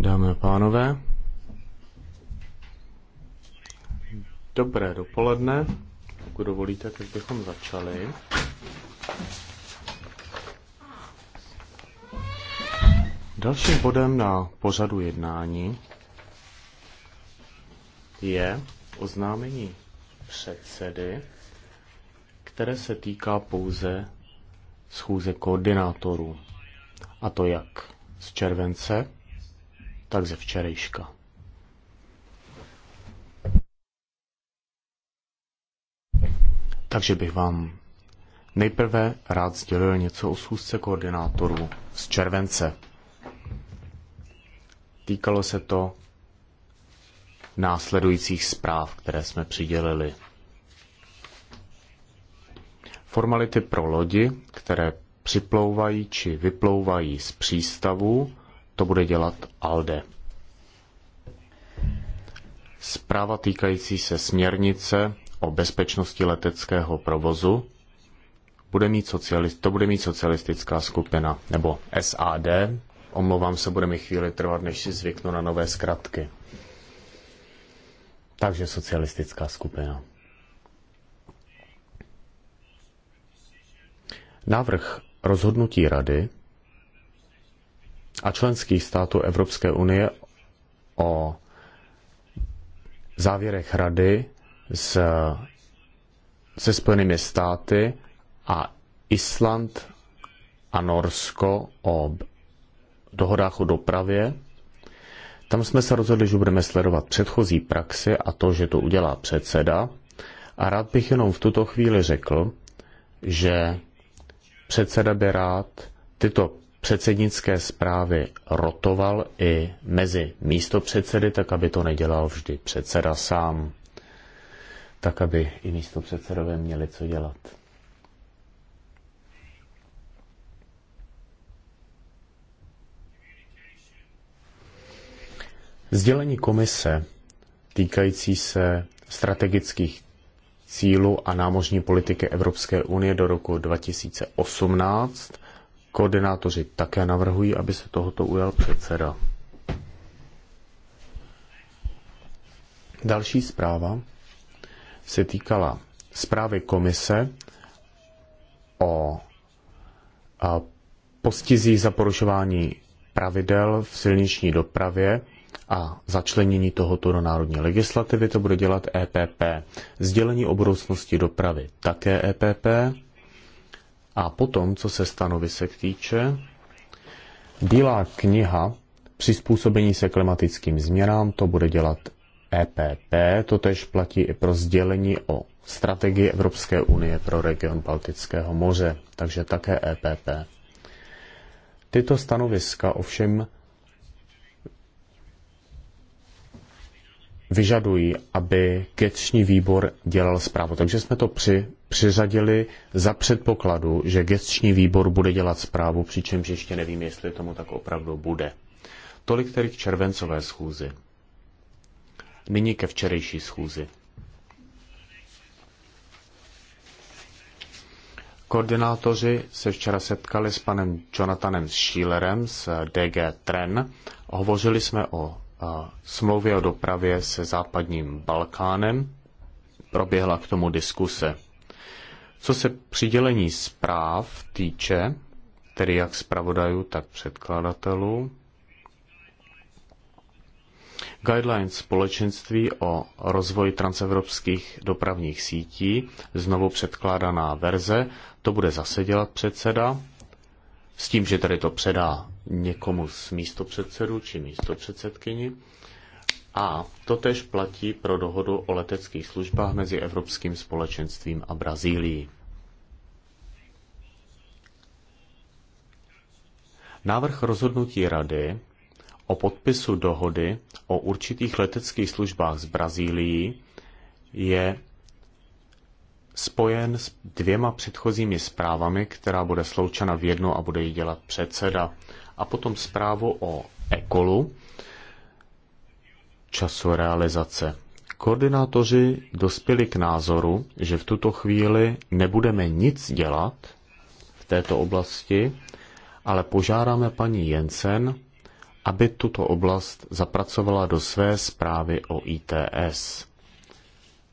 Dámy a pánové, dobré dopoledne. Pokud dovolíte, tak bychom začali. Dalším bodem na pořadu jednání je oznámení předsedy, které se týká pouze schůze koordinátorů. A to jak? z července, tak ze včerejška. Takže bych vám nejprve rád sdělil něco o schůzce koordinátorů z července. Týkalo se to následujících zpráv, které jsme přidělili. Formality pro lodi, které připlouvají či vyplouvají z přístavu, to bude dělat ALDE. Zpráva týkající se směrnice o bezpečnosti leteckého provozu bude mít socialist, to bude mít socialistická skupina, nebo SAD. Omlouvám se, bude mi chvíli trvat, než si zvyknu na nové zkratky. Takže socialistická skupina. Návrh rozhodnutí Rady a členských států Evropské unie o závěrech Rady s, se Spojenými státy a Island a Norsko o dohodách o dopravě. Tam jsme se rozhodli, že budeme sledovat předchozí praxi a to, že to udělá předseda. A rád bych jenom v tuto chvíli řekl, že předseda by rád tyto předsednické zprávy rotoval i mezi místopředsedy, tak aby to nedělal vždy předseda sám, tak aby i místopředsedové měli co dělat. Sdělení komise týkající se strategických cílu a námořní politiky Evropské unie do roku 2018. Koordinátoři také navrhují, aby se tohoto ujal předseda. Další zpráva se týkala zprávy komise o postizích za porušování pravidel v silniční dopravě a začlenění tohoto do národní legislativy to bude dělat EPP. Sdělení o budoucnosti dopravy také EPP. A potom, co se stanovisek týče, Bílá kniha přizpůsobení se klimatickým změnám to bude dělat EPP. To tež platí i pro sdělení o strategii Evropské unie pro region Baltického moře, takže také EPP. Tyto stanoviska ovšem vyžadují, aby gestční výbor dělal zprávu. Takže jsme to při, přiřadili za předpokladu, že gestční výbor bude dělat zprávu, přičemž ještě nevím, jestli tomu tak opravdu bude. Tolik tedy k červencové schůzi. Nyní ke včerejší schůzi. Koordinátoři se včera setkali s panem Jonathanem Schillerem z DG Tren. Hovořili jsme o smlouvě o dopravě se západním Balkánem. Proběhla k tomu diskuse. Co se přidělení zpráv týče, tedy jak zpravodajů, tak předkladatelů, Guidelines společenství o rozvoji transevropských dopravních sítí, znovu předkládaná verze, to bude zase dělat předseda, s tím, že tady to předá někomu z místopředsedů či místopředsedkyni. A to tež platí pro dohodu o leteckých službách mezi Evropským společenstvím a Brazílií. Návrh rozhodnutí Rady o podpisu dohody o určitých leteckých službách s Brazílií je spojen s dvěma předchozími zprávami, která bude sloučena v jednu a bude ji dělat předseda a potom zprávu o ekolu času realizace. Koordinátoři dospěli k názoru, že v tuto chvíli nebudeme nic dělat v této oblasti, ale požádáme paní Jensen, aby tuto oblast zapracovala do své zprávy o ITS.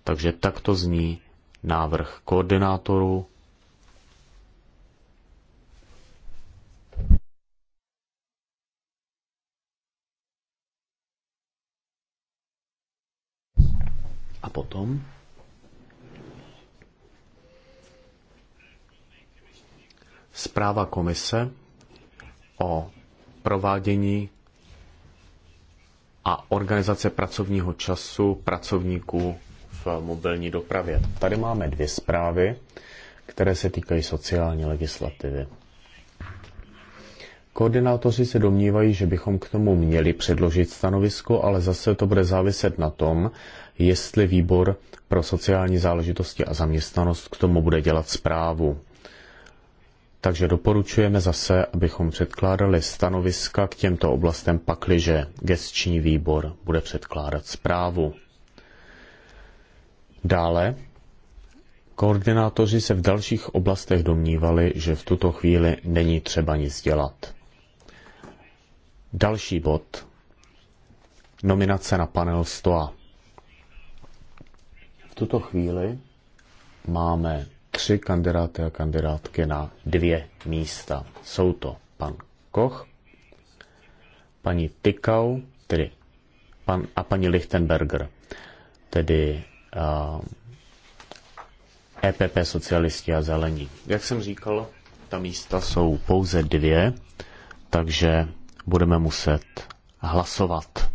Takže takto zní návrh koordinátorů A potom? Zpráva komise o provádění a organizace pracovního času pracovníků v mobilní dopravě. Tady máme dvě zprávy, které se týkají sociální legislativy. Koordinátoři se domnívají, že bychom k tomu měli předložit stanovisko, ale zase to bude záviset na tom, jestli výbor pro sociální záležitosti a zaměstnanost k tomu bude dělat zprávu. Takže doporučujeme zase, abychom předkládali stanoviska k těmto oblastem pakliže gestční výbor bude předkládat zprávu. Dále Koordinátoři se v dalších oblastech domnívali, že v tuto chvíli není třeba nic dělat. Další bod. Nominace na panel STOA tuto chvíli máme tři kandidáty a kandidátky na dvě místa. Jsou to pan Koch, paní Tykau, tedy pan, a paní Lichtenberger, tedy uh, EPP socialisti a zelení. Jak jsem říkal, ta místa jsou pouze dvě, takže budeme muset hlasovat.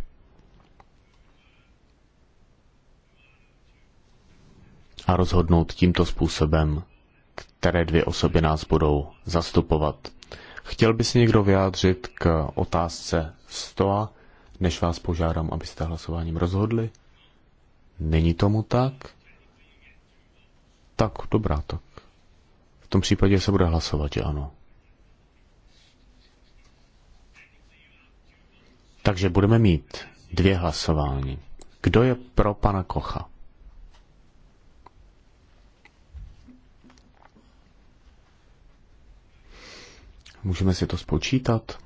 a rozhodnout tímto způsobem, které dvě osoby nás budou zastupovat. Chtěl by si někdo vyjádřit k otázce stoa, než vás požádám, abyste hlasováním rozhodli? Není tomu tak? Tak, dobrá, tak. V tom případě se bude hlasovat, že ano. Takže budeme mít dvě hlasování. Kdo je pro pana Kocha? Můžeme si to spočítat?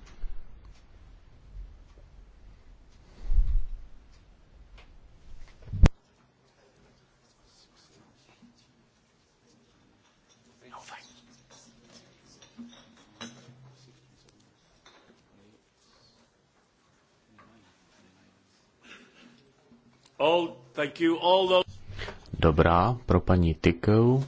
Oh, Dobrá, pro paní Tykou.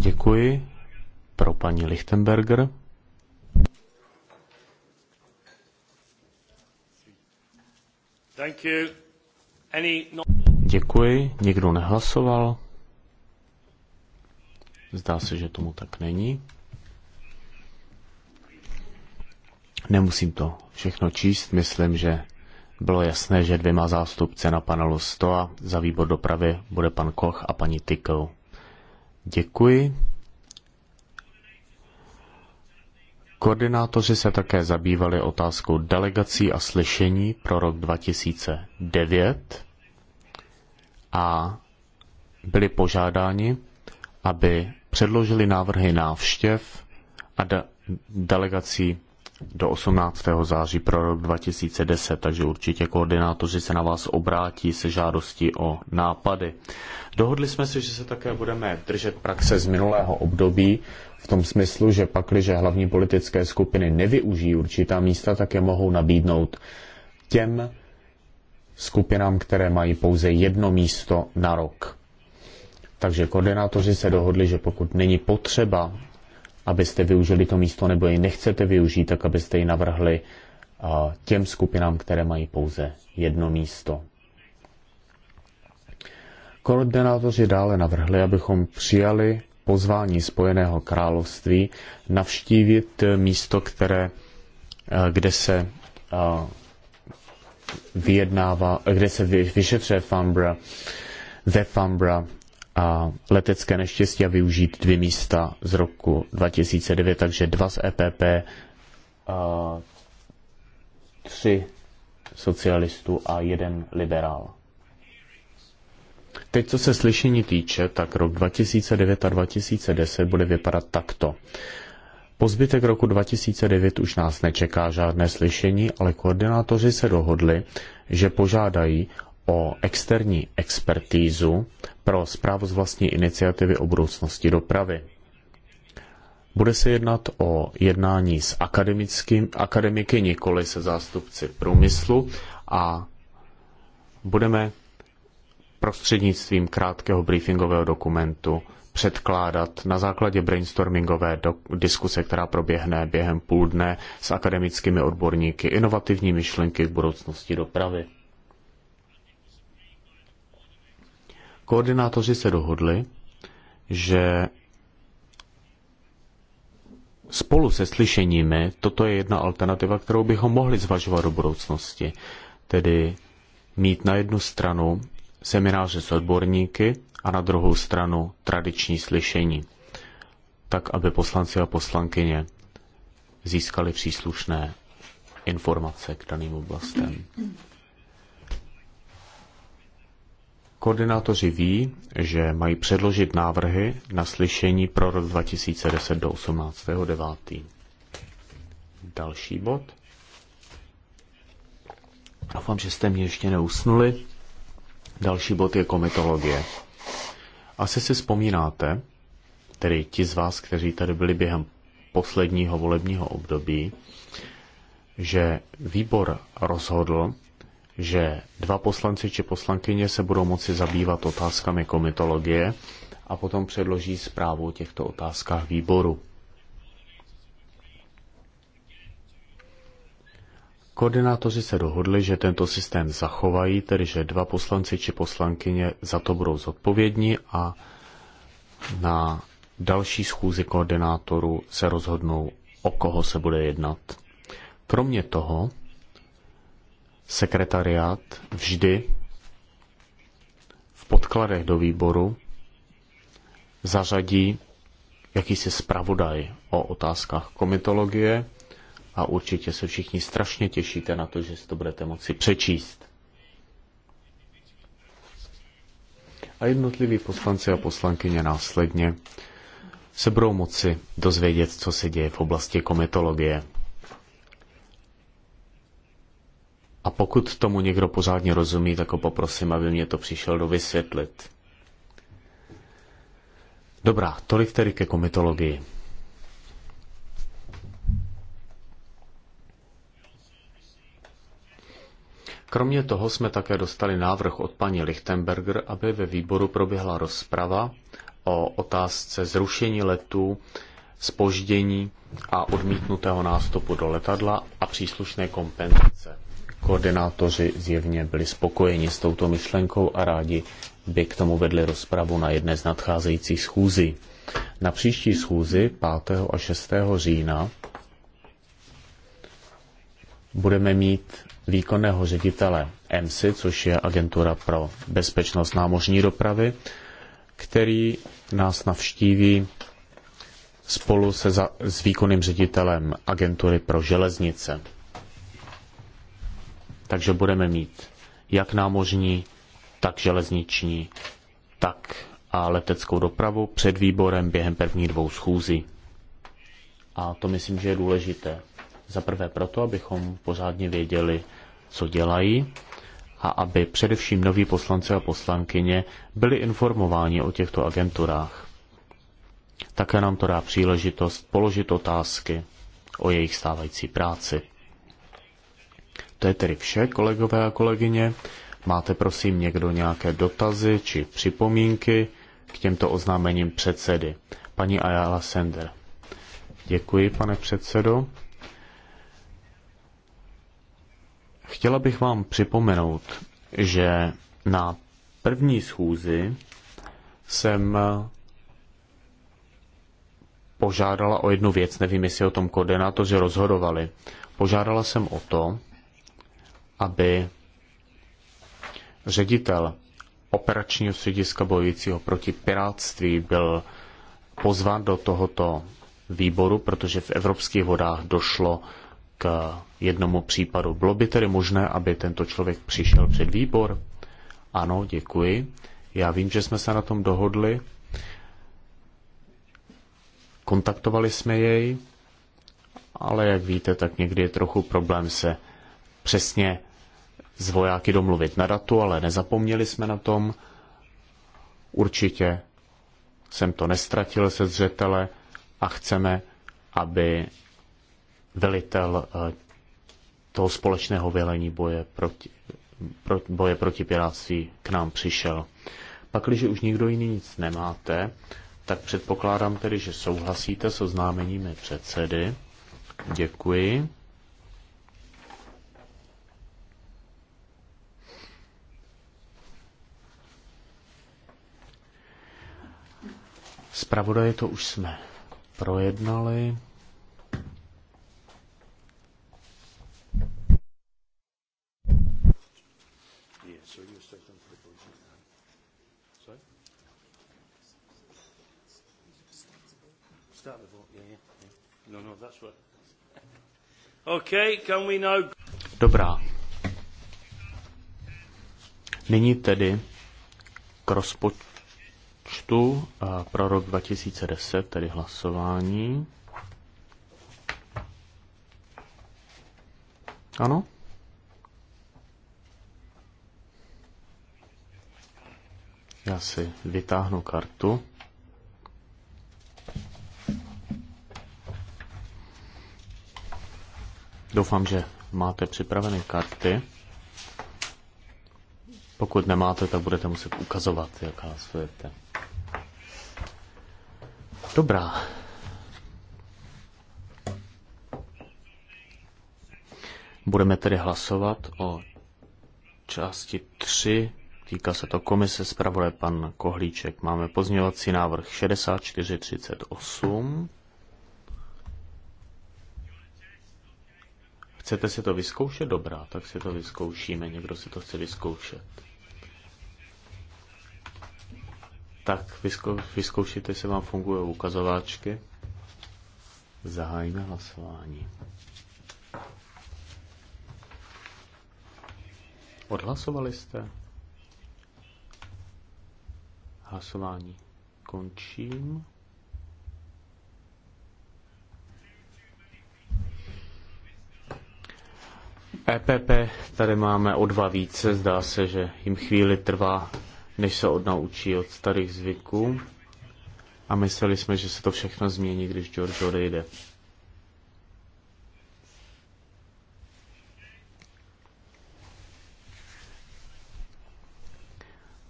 Děkuji. Pro paní Lichtenberger. No- Děkuji. Nikdo nehlasoval. Zdá se, že tomu tak není. Nemusím to všechno číst, myslím, že bylo jasné, že dvěma zástupce na panelu STOA za výbor dopravy bude pan Koch a paní Tykou. Děkuji. Koordinátoři se také zabývali otázkou delegací a slyšení pro rok 2009 a byli požádáni, aby předložili návrhy návštěv a de- delegací do 18. září pro rok 2010, takže určitě koordinátoři se na vás obrátí se žádostí o nápady. Dohodli jsme se, že se také budeme držet praxe z minulého období, v tom smyslu, že pakliže hlavní politické skupiny nevyužijí určitá místa, tak je mohou nabídnout těm skupinám, které mají pouze jedno místo na rok. Takže koordinátoři se dohodli, že pokud není potřeba abyste využili to místo, nebo ji nechcete využít, tak abyste ji navrhli těm skupinám, které mají pouze jedno místo. Koordinátoři dále navrhli, abychom přijali pozvání Spojeného království navštívit místo, které, kde se vyjednává, kde se vyšetřuje Fambra, ve Fambra a letecké neštěstí a využít dvě místa z roku 2009, takže dva z EPP, a tři socialistů a jeden liberál. Teď, co se slyšení týče, tak rok 2009 a 2010 bude vypadat takto. Po zbytek roku 2009 už nás nečeká žádné slyšení, ale koordinátoři se dohodli, že požádají o externí expertízu pro zprávu z vlastní iniciativy o budoucnosti dopravy. Bude se jednat o jednání s akademickým, akademiky, nikoli se zástupci průmyslu a budeme prostřednictvím krátkého briefingového dokumentu předkládat na základě brainstormingové do, diskuse, která proběhne během půl dne s akademickými odborníky inovativní myšlenky k budoucnosti dopravy. Koordinátoři se dohodli, že spolu se slyšeními toto je jedna alternativa, kterou bychom mohli zvažovat do budoucnosti. Tedy mít na jednu stranu semináře s odborníky a na druhou stranu tradiční slyšení, tak aby poslanci a poslankyně získali příslušné informace k daným oblastem. Koordinátoři ví, že mají předložit návrhy na slyšení pro rok 2010 do 9. Další bod. Doufám, že jste mě ještě neusnuli. Další bod je komitologie. Asi si vzpomínáte, tedy ti z vás, kteří tady byli během posledního volebního období, že výbor rozhodl, že dva poslanci či poslankyně se budou moci zabývat otázkami komitologie a potom předloží zprávu o těchto otázkách výboru. Koordinátoři se dohodli, že tento systém zachovají, tedy že dva poslanci či poslankyně za to budou zodpovědní a na další schůzi koordinátorů se rozhodnou, o koho se bude jednat. Kromě toho sekretariát vždy v podkladech do výboru zařadí jakýsi zpravodaj o otázkách komitologie a určitě se všichni strašně těšíte na to, že si to budete moci přečíst. A jednotliví poslanci a poslankyně následně se budou moci dozvědět, co se děje v oblasti komitologie. A pokud tomu někdo pořádně rozumí, tak ho poprosím, aby mě to přišel dovysvětlit. Dobrá, tolik tedy ke komitologii. Kromě toho jsme také dostali návrh od paní Lichtenberger, aby ve výboru proběhla rozprava o otázce zrušení letů, spoždění a odmítnutého nástupu do letadla a příslušné kompenzace koordinátoři zjevně byli spokojeni s touto myšlenkou a rádi by k tomu vedli rozpravu na jedné z nadcházejících schůzí. Na příští schůzi 5. a 6. října budeme mít výkonného ředitele EMSI, což je agentura pro bezpečnost námořní dopravy, který nás navštíví spolu se za, s výkonným ředitelem agentury pro železnice. Takže budeme mít jak námořní, tak železniční, tak a leteckou dopravu před výborem během prvních dvou schůzí. A to myslím, že je důležité. Za prvé proto, abychom pořádně věděli, co dělají a aby především noví poslanci a poslankyně byli informováni o těchto agenturách. Také nám to dá příležitost položit otázky o jejich stávající práci. To je tedy vše, kolegové a kolegyně. Máte prosím někdo nějaké dotazy či připomínky k těmto oznámením předsedy? Paní Ayala Sender. Děkuji, pane předsedo. Chtěla bych vám připomenout, že na první schůzi jsem požádala o jednu věc, nevím, jestli o tom koordinátoři rozhodovali. Požádala jsem o to, aby ředitel operačního střediska bojujícího proti pirátství byl pozván do tohoto výboru, protože v evropských vodách došlo k jednomu případu. Bylo by tedy možné, aby tento člověk přišel před výbor? Ano, děkuji. Já vím, že jsme se na tom dohodli. Kontaktovali jsme jej, ale jak víte, tak někdy je trochu problém se přesně s vojáky domluvit na datu, ale nezapomněli jsme na tom. Určitě jsem to nestratil se zřetele a chceme, aby velitel eh, toho společného velení boje proti, pro, boje proti piráctví k nám přišel. Pak, když už nikdo jiný nic nemáte, tak předpokládám tedy, že souhlasíte s oznámeními předsedy. Děkuji. Zpravodaje to už jsme projednali. Dobrá. Nyní tedy k rozpočtu rozpočtu pro rok 2010, tedy hlasování. Ano? Já si vytáhnu kartu. Doufám, že máte připravené karty. Pokud nemáte, tak budete muset ukazovat, jaká hlasujete. Dobrá. Budeme tedy hlasovat o části 3. Týká se to komise zpravodaj pan Kohlíček. Máme pozměňovací návrh 6438. Chcete si to vyzkoušet? Dobrá, tak si to vyzkoušíme. Někdo si to chce vyzkoušet. Tak vyzkoušíte, jestli vám fungují ukazováčky. Zahájíme hlasování. Odhlasovali jste? Hlasování končím. EPP tady máme o dva více, zdá se, že jim chvíli trvá než se odnaučí od starých zvyků. A mysleli jsme, že se to všechno změní, když George odejde.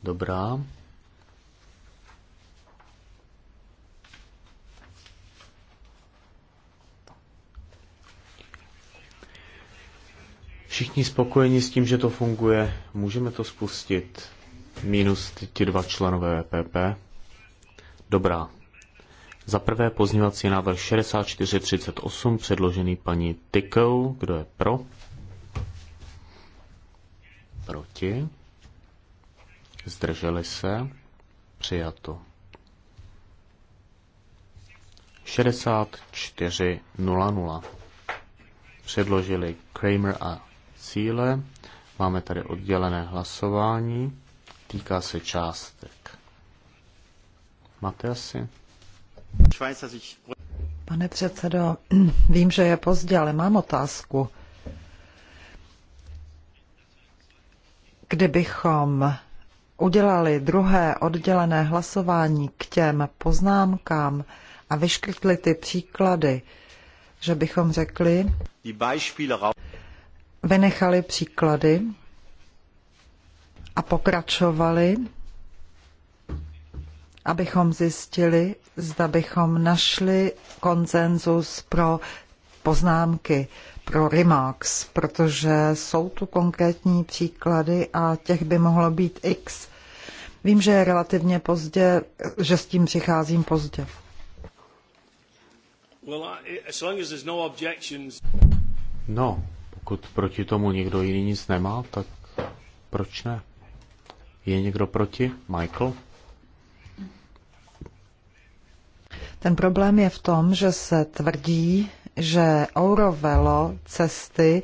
Dobrá. Všichni spokojeni s tím, že to funguje, můžeme to spustit minus ti dva členové PP. E Dobrá. Za prvé pozněvací návrh 6438 předložený paní Tykou. Kdo je pro? Proti? Zdrželi se? Přijato. 64.00 předložili Kramer a Cíle. Máme tady oddělené hlasování týká se částek. Máte asi? Pane předsedo, vím, že je pozdě, ale mám otázku. Kdybychom udělali druhé oddělené hlasování k těm poznámkám a vyškrtli ty příklady, že bychom řekli, vynechali příklady, a pokračovali, abychom zjistili, zda bychom našli konsenzus pro poznámky, pro remarks, protože jsou tu konkrétní příklady a těch by mohlo být x. Vím, že je relativně pozdě, že s tím přicházím pozdě. No, no, pokud proti tomu nikdo jiný nic nemá, tak proč ne? Je někdo proti? Michael? Ten problém je v tom, že se tvrdí, že Eurovelo cesty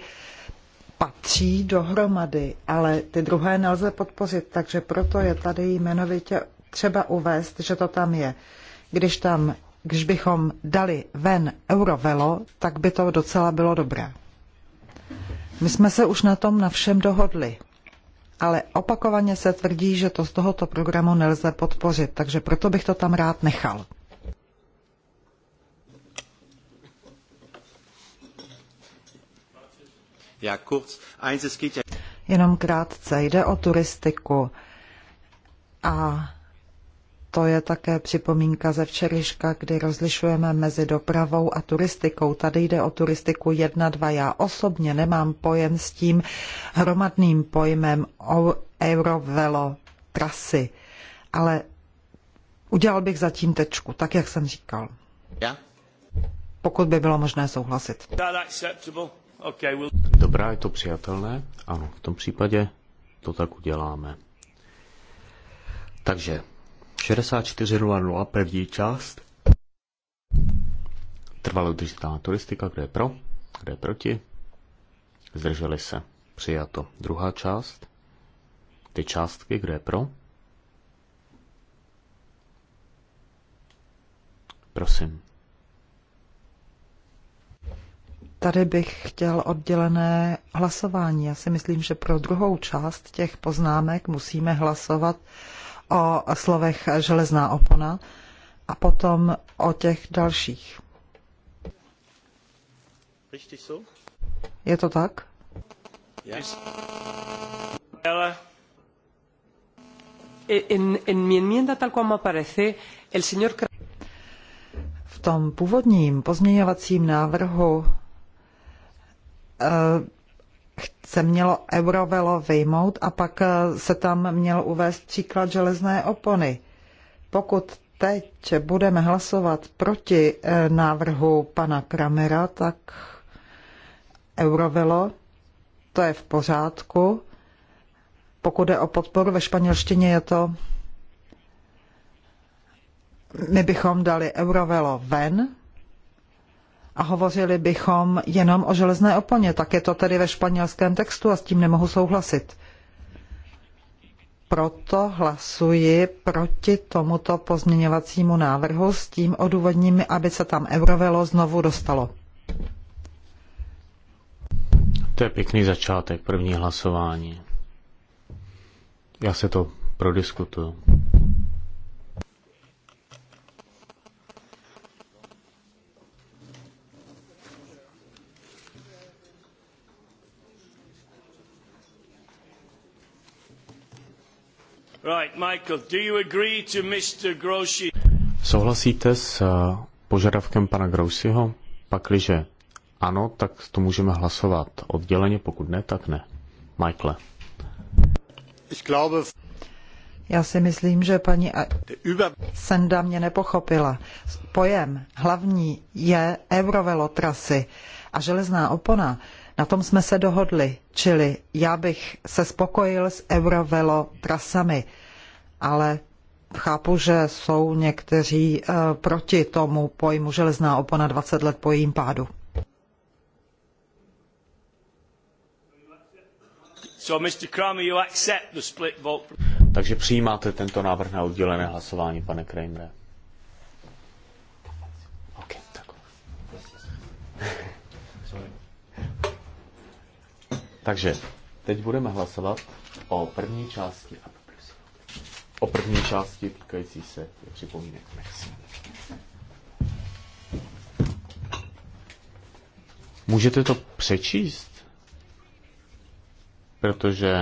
patří dohromady, ale ty druhé nelze podpořit, takže proto je tady jmenovitě třeba uvést, že to tam je. Když tam, když bychom dali ven Eurovelo, tak by to docela bylo dobré. My jsme se už na tom na všem dohodli ale opakovaně se tvrdí, že to z tohoto programu nelze podpořit, takže proto bych to tam rád nechal. Jenom krátce, jde o turistiku a to je také připomínka ze včerejška, kdy rozlišujeme mezi dopravou a turistikou. Tady jde o turistiku 1, 2. Já osobně nemám pojem s tím hromadným pojmem eurovelo trasy, ale udělal bych zatím tečku, tak jak jsem říkal. Pokud by bylo možné souhlasit. Dobrá, je to přijatelné? Ano, v tom případě to tak uděláme. Takže 64.00 první část. Trvalo udržitelná turistika, kde je pro, kde je proti. Zdrželi se. Přijato. Druhá část. Ty částky, kde je pro. Prosím. Tady bych chtěl oddělené hlasování. Já si myslím, že pro druhou část těch poznámek musíme hlasovat uh, o slovech železná opona a potom o těch dalších. Je to tak? E, v tom původním pozměňovacím návrhu eh, se mělo Eurovelo vyjmout a pak eh, se tam měl uvést příklad železné opony. Pokud teď budeme hlasovat proti eh, návrhu pana Kramera, tak Eurovelo, to je v pořádku. Pokud je o podporu ve španělštině, je to my bychom dali Eurovelo ven a hovořili bychom jenom o železné oponě. Tak je to tedy ve španělském textu a s tím nemohu souhlasit. Proto hlasuji proti tomuto pozměňovacímu návrhu s tím odůvodním, aby se tam eurovelo znovu dostalo. To je pěkný začátek, první hlasování. Já se to prodiskutuju. Right, Michael, do you agree to Mr. Souhlasíte s eh, požadavkem pana Grossiho? Pakliže ano, tak to můžeme hlasovat odděleně, pokud ne, tak ne. Michael. Ich glaube... Já si myslím, že paní Senda mě nepochopila. Pojem hlavní je eurovelotrasy a železná opona na tom jsme se dohodli, čili já bych se spokojil s eurovelo trasami, ale chápu, že jsou někteří eh, proti tomu pojmu železná opona 20 let po jejím pádu. So, Mr. Kramer, you accept the split vote. Takže přijímáte tento návrh na oddělené hlasování, pane Kramer. Takže teď budeme hlasovat o první části o první části týkající se připomínek Můžete to přečíst? Protože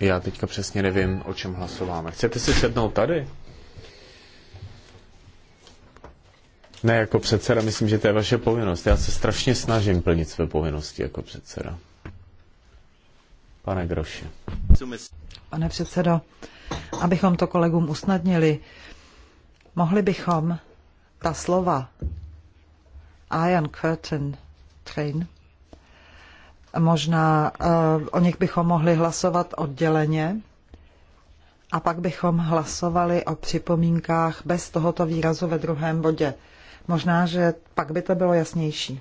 já teďka přesně nevím, o čem hlasováme. Chcete si sednout tady? Ne, jako předseda, myslím, že to je vaše povinnost. Já se strašně snažím plnit své povinnosti jako předseda. Pane Groši. Pane předsedo, abychom to kolegům usnadnili, mohli bychom ta slova Iron Curtain Train možná eh, o nich bychom mohli hlasovat odděleně a pak bychom hlasovali o připomínkách bez tohoto výrazu ve druhém bodě. Možná, že pak by to bylo jasnější.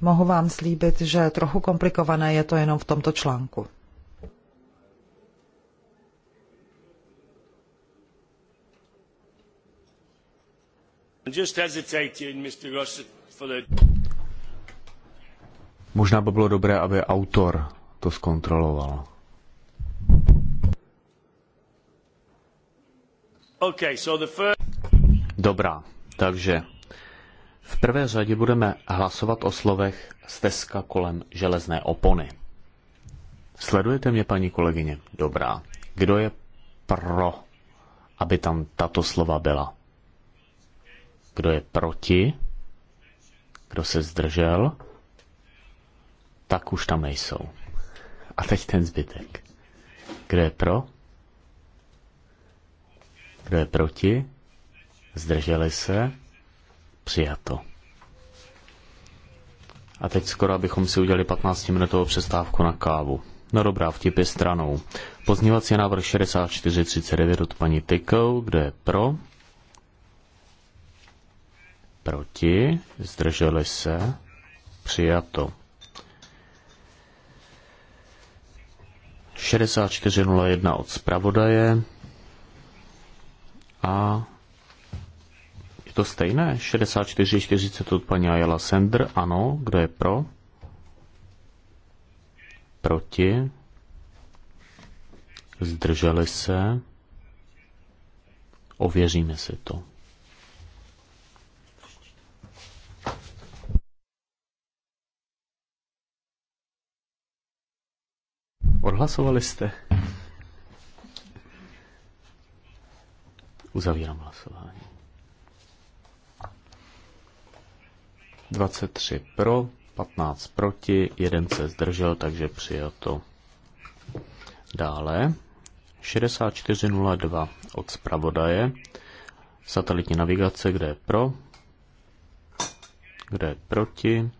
Mohu vám slíbit, že trochu komplikované je to jenom v tomto článku. Možná by bylo dobré, aby autor to zkontroloval. Dobrá, takže v prvé řadě budeme hlasovat o slovech stezka kolem železné opony. Sledujete mě, paní kolegyně? Dobrá. Kdo je pro, aby tam tato slova byla? Kdo je proti? Kdo se zdržel? Tak už tam nejsou. A teď ten zbytek. Kdo je pro? Kdo je proti? Zdrželi se? Přijato. A teď skoro, abychom si udělali 15-minutovou přestávku na kávu. No dobrá, vtipy stranou. Pozněvací návrh 6439 od paní Tykou, Kdo je pro? Proti? Zdrželi se? Přijato. 6401 od zpravodaje, a je to stejné? 64 64-40 od paní Ayala Sender, ano. Kdo je pro? Proti? Zdrželi se? Ověříme si to. Odhlasovali jste? Uzavírám hlasování. 23 pro, 15 proti, jeden se zdržel, takže přijel to. Dále 6402 od zpravodaje. Satelitní navigace, kde je pro, kde je proti,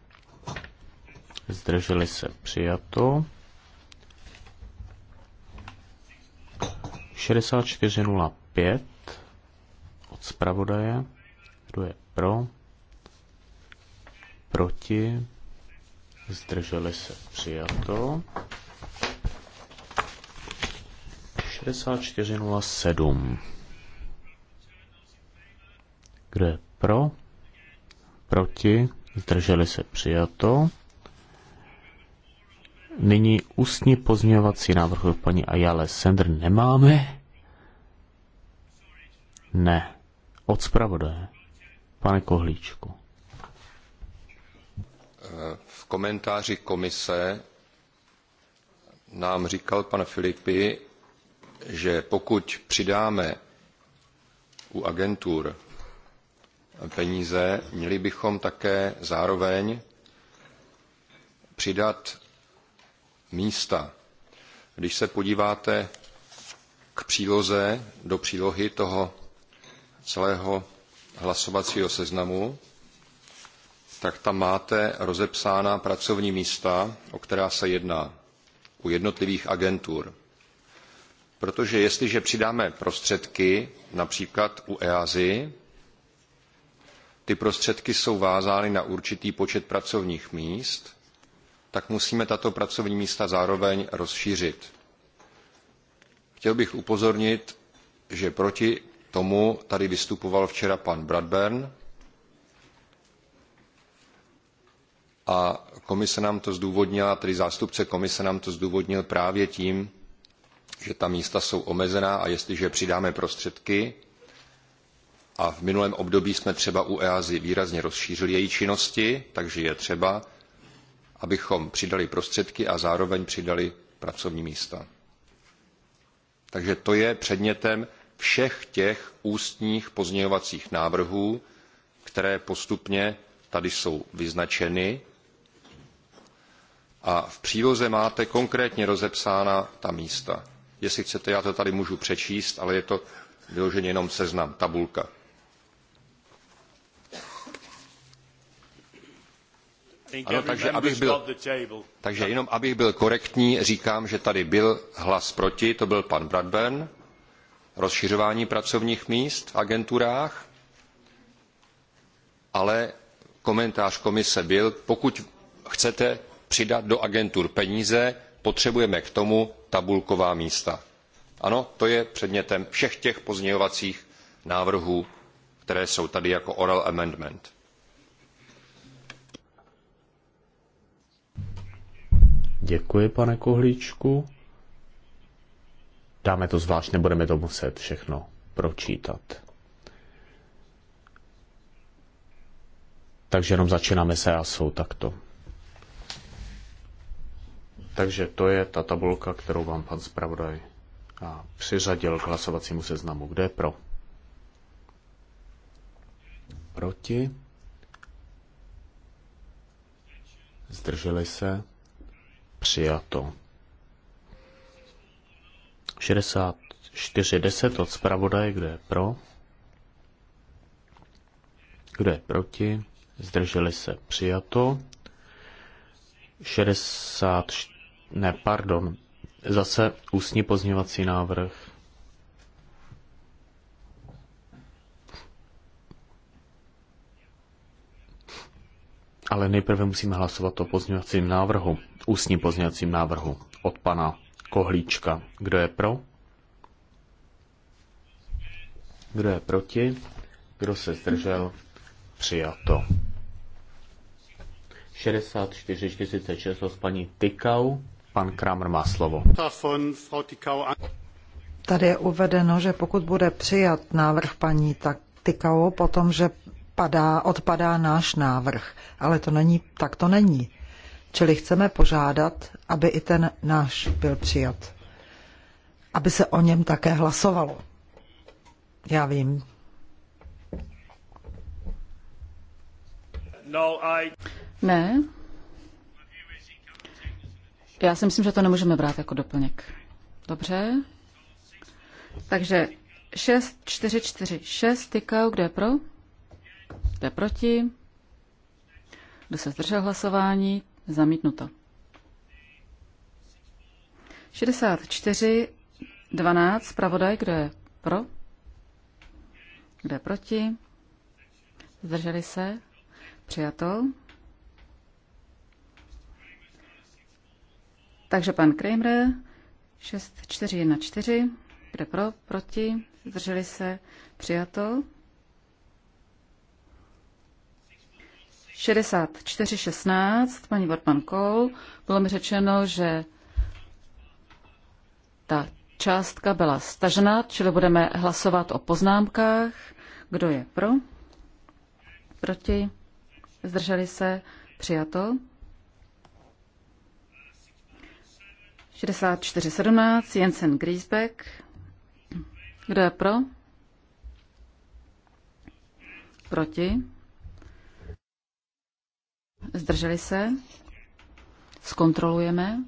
zdrželi se přijato. 6405 zpravodaje. Kdo je pro? Proti? Zdrželi se přijato. 6407. Kdo je pro? Proti? Zdrželi se přijato. Nyní ústní pozměňovací návrh paní Ajale Sender nemáme. Ne od zpravodaje. Pane Kohlíčku. V komentáři komise nám říkal pan Filipi, že pokud přidáme u agentur peníze, měli bychom také zároveň přidat místa. Když se podíváte k příloze, do přílohy toho celého hlasovacího seznamu, tak tam máte rozepsána pracovní místa, o která se jedná u jednotlivých agentur. Protože jestliže přidáme prostředky, například u EASY, ty prostředky jsou vázány na určitý počet pracovních míst, tak musíme tato pracovní místa zároveň rozšířit. Chtěl bych upozornit, že proti tomu tady vystupoval včera pan Bradburn a komise nám to zdůvodnila, tedy zástupce komise nám to zdůvodnil právě tím, že ta místa jsou omezená a jestliže přidáme prostředky, a v minulém období jsme třeba u EASY výrazně rozšířili její činnosti, takže je třeba, abychom přidali prostředky a zároveň přidali pracovní místa. Takže to je předmětem všech těch ústních pozměňovacích návrhů, které postupně tady jsou vyznačeny. A v příloze máte konkrétně rozepsána ta místa. Jestli chcete, já to tady můžu přečíst, ale je to vyloženě jenom seznam, tabulka. Ano, takže, abych byl, takže jenom abych byl korektní, říkám, že tady byl hlas proti, to byl pan Bradburn rozšiřování pracovních míst v agenturách, ale komentář komise byl, pokud chcete přidat do agentur peníze, potřebujeme k tomu tabulková místa. Ano, to je předmětem všech těch pozměňovacích návrhů, které jsou tady jako oral amendment. Děkuji, pane Kohlíčku. Dáme to zvlášť, nebudeme to muset všechno pročítat. Takže jenom začínáme se jsou takto. Takže to je ta tabulka, kterou vám pan zpravodaj přiřadil k hlasovacímu seznamu. Kde je pro? Proti? Zdrželi se? Přijato. 6410 od zpravodaje, kdo je pro, kdo je proti, zdrželi se přijato. 60, ne, pardon, zase ústní pozměvací návrh. Ale nejprve musíme hlasovat o pozměňovacím návrhu, ústním pozměňovacím návrhu od pana Kohlíčka. Kdo je pro? Kdo je proti? Kdo se zdržel? Přijato. 64-46 od paní Tykau. Pan Kramer má slovo. Tady je uvedeno, že pokud bude přijat návrh paní tak Tykau, potom, že padá, odpadá náš návrh. Ale to není, tak to není. Čili chceme požádat, aby i ten náš byl přijat. Aby se o něm také hlasovalo. Já vím. No, ne. Já si myslím, že to nemůžeme brát jako doplněk. Dobře. Takže 6, 4, 4, 6 tykal, kdo je pro? Kdo je proti? Kdo se zdržel hlasování? Zamítnuto. 64, 12, zpravodaj, kdo je pro? Kdo je proti? Zdrželi se? Přijato. Takže pan Kramer, 6, 4, 1, 4, kde pro, proti, zdrželi se, přijato. 6416, paní Vortman Kohl, bylo mi řečeno, že ta částka byla stažena, čili budeme hlasovat o poznámkách. Kdo je pro? Proti? Zdrželi se? Přijato? 6417, Jensen Griesbeck. Kdo je pro? Proti? zdrželi se, zkontrolujeme.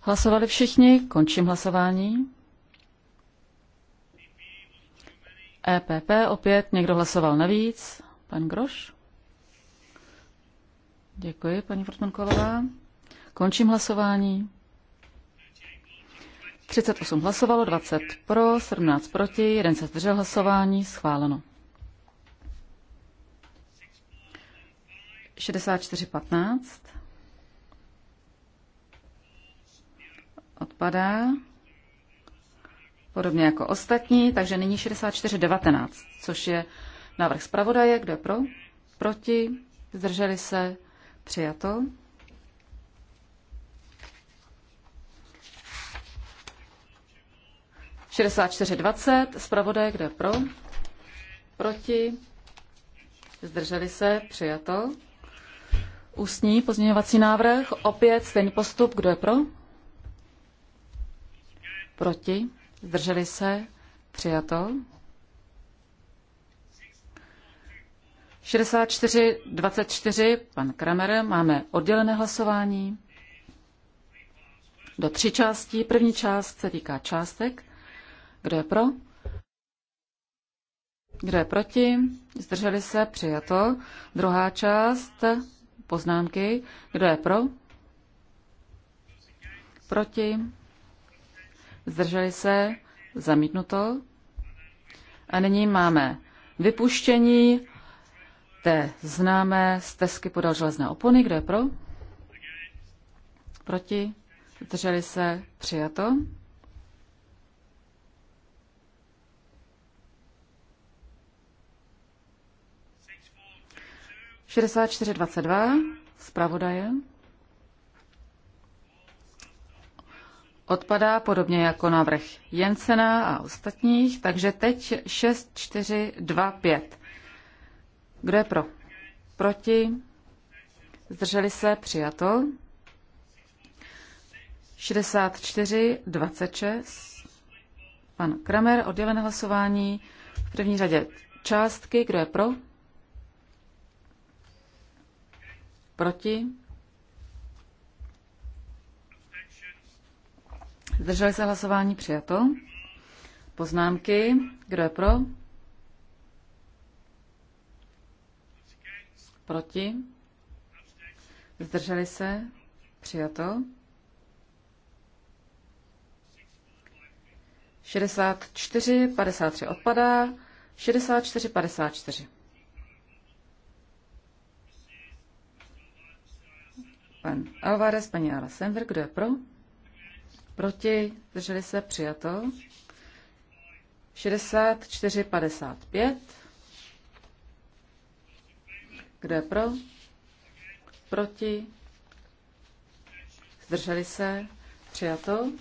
Hlasovali všichni, končím hlasování. EPP opět, někdo hlasoval navíc. Pan Groš? Děkuji, paní Fortunkolová. Končím hlasování. 38 hlasovalo, 20 pro, 17 proti, 1 se zdržel hlasování, schváleno. 64.15 odpadá, podobně jako ostatní, takže nyní 64.19, což je návrh zpravodaje, kdo je pro, proti, zdrželi se, přijato. 6420, zpravodaj, kde pro? Proti? Zdrželi se, přijato. Ústní pozměňovací návrh, opět stejný postup, kdo je pro? Proti? Zdrželi se, přijato. 64-24, pan Kramer, máme oddělené hlasování do tří částí. První část se týká částek. Kdo je pro? Kdo je proti? Zdrželi se? Přijato. Druhá část poznámky. Kdo je pro? Proti? Zdrželi se? Zamítnuto. A nyní máme vypuštění té známé stezky podal železné opony. Kdo je pro? Proti? Zdrželi se? Přijato. 6422 zpravodaje. Odpadá podobně jako návrh Jensena a ostatních, takže teď 6425. Kdo je pro? Proti? Zdrželi se? Přijato. 6426. Pan Kramer, oddělené hlasování. V první řadě částky. Kdo je pro? Proti? Zdrželi se hlasování přijato. Poznámky. Kdo je pro? Proti? Zdrželi se? Přijato. 64, 53 odpadá. 64, 54. Pan Alvarez, paní Ala kdo je pro? Proti, zdrželi se, přijato. 64,55. Kdo je pro? Proti? Zdrželi se? Přijato.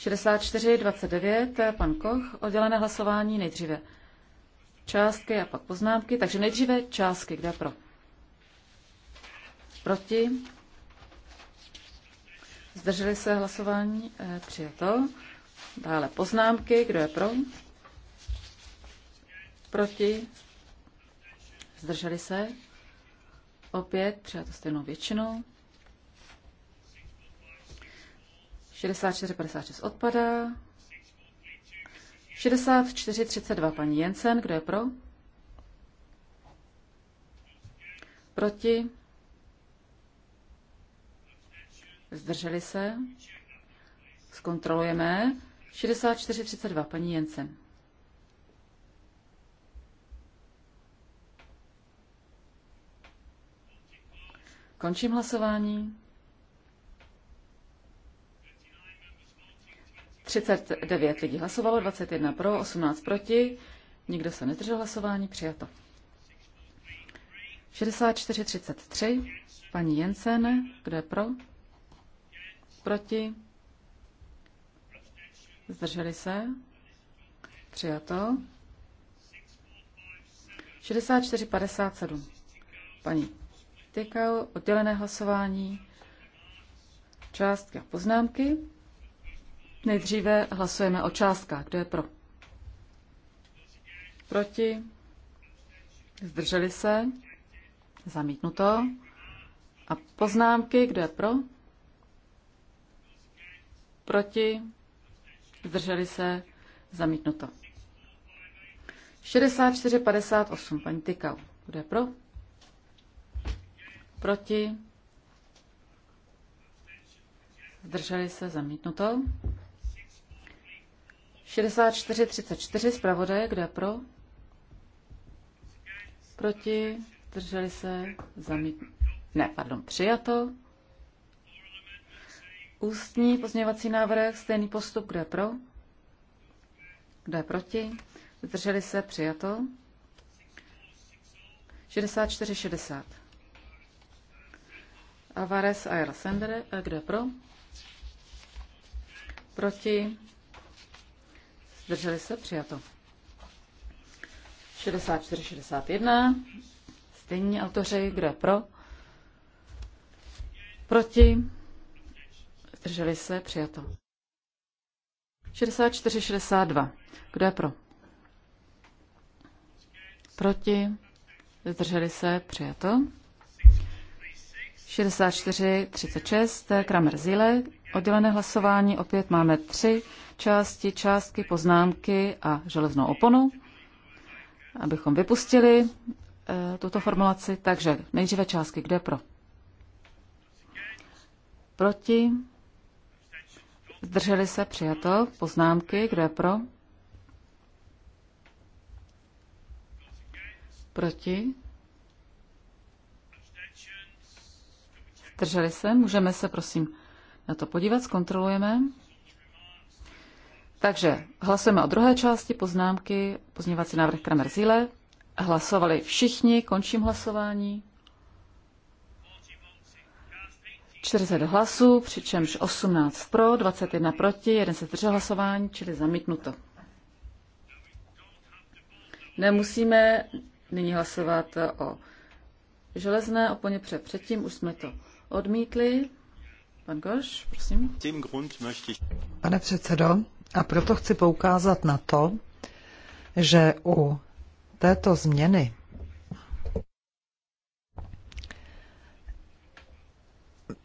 64.29, pan Koch, oddělené hlasování nejdříve částky a pak poznámky. Takže nejdříve částky, kde pro? Proti? Zdrželi se hlasování? E, přijato. Dále poznámky, kdo je pro? Proti? Zdrželi se? Opět přijato stejnou většinou. 64,56 odpadá. 64,32 paní Jensen, kdo je pro? Proti? Zdrželi se? Zkontrolujeme. 64,32 paní Jensen. Končím hlasování. 39 lidí hlasovalo, 21 pro, 18 proti, nikdo se nezdržel hlasování, přijato. 64-33, paní Jensen, kdo je pro? Proti? Zdrželi se? Přijato. 64-57, paní Tykal, oddělené hlasování, částka poznámky. Nejdříve hlasujeme o částkách. Kdo je pro? Proti? Zdrželi se? Zamítnuto. A poznámky, kdo je pro? Proti? Zdrželi se? Zamítnuto. 64,58. Paní Tykau. Kdo je pro? Proti? Zdrželi se? Zamítnuto. 64-34, zpravodaje, kdo je pro? Proti, drželi se, zamít... Ne, pardon, přijato. Ústní pozměňovací návrh, stejný postup, kdo je pro? Kdo je proti? Zdrželi se, přijato. 64-60. Alvarez a Sender, eh, kdo je pro? Proti, Zdrželi se? Přijato. 64, 61. Stejní autoři, kdo je pro? Proti? Zdrželi se? Přijato. 64, 62. Kdo je pro? Proti? Zdrželi se? Přijato. 64, 36. Kramer Zile. Oddělené hlasování opět máme tři části, částky, poznámky a železnou oponu, abychom vypustili e, tuto formulaci. Takže nejdříve částky, kde pro? Proti? Zdrželi se, přijato. Poznámky, kde pro? Proti? Zdrželi se, můžeme se, prosím, na to podívat, zkontrolujeme. Takže hlasujeme o druhé části poznámky, pozměňovací návrh Kramer Zile. Hlasovali všichni, končím hlasování. 40 hlasů, přičemž 18 pro, 21 proti, jeden se zdržel hlasování, čili zamítnuto. Nemusíme nyní hlasovat o železné oponě, protože předtím už jsme to odmítli. Pan Gorš, prosím. Pane předsedo, a proto chci poukázat na to, že u této změny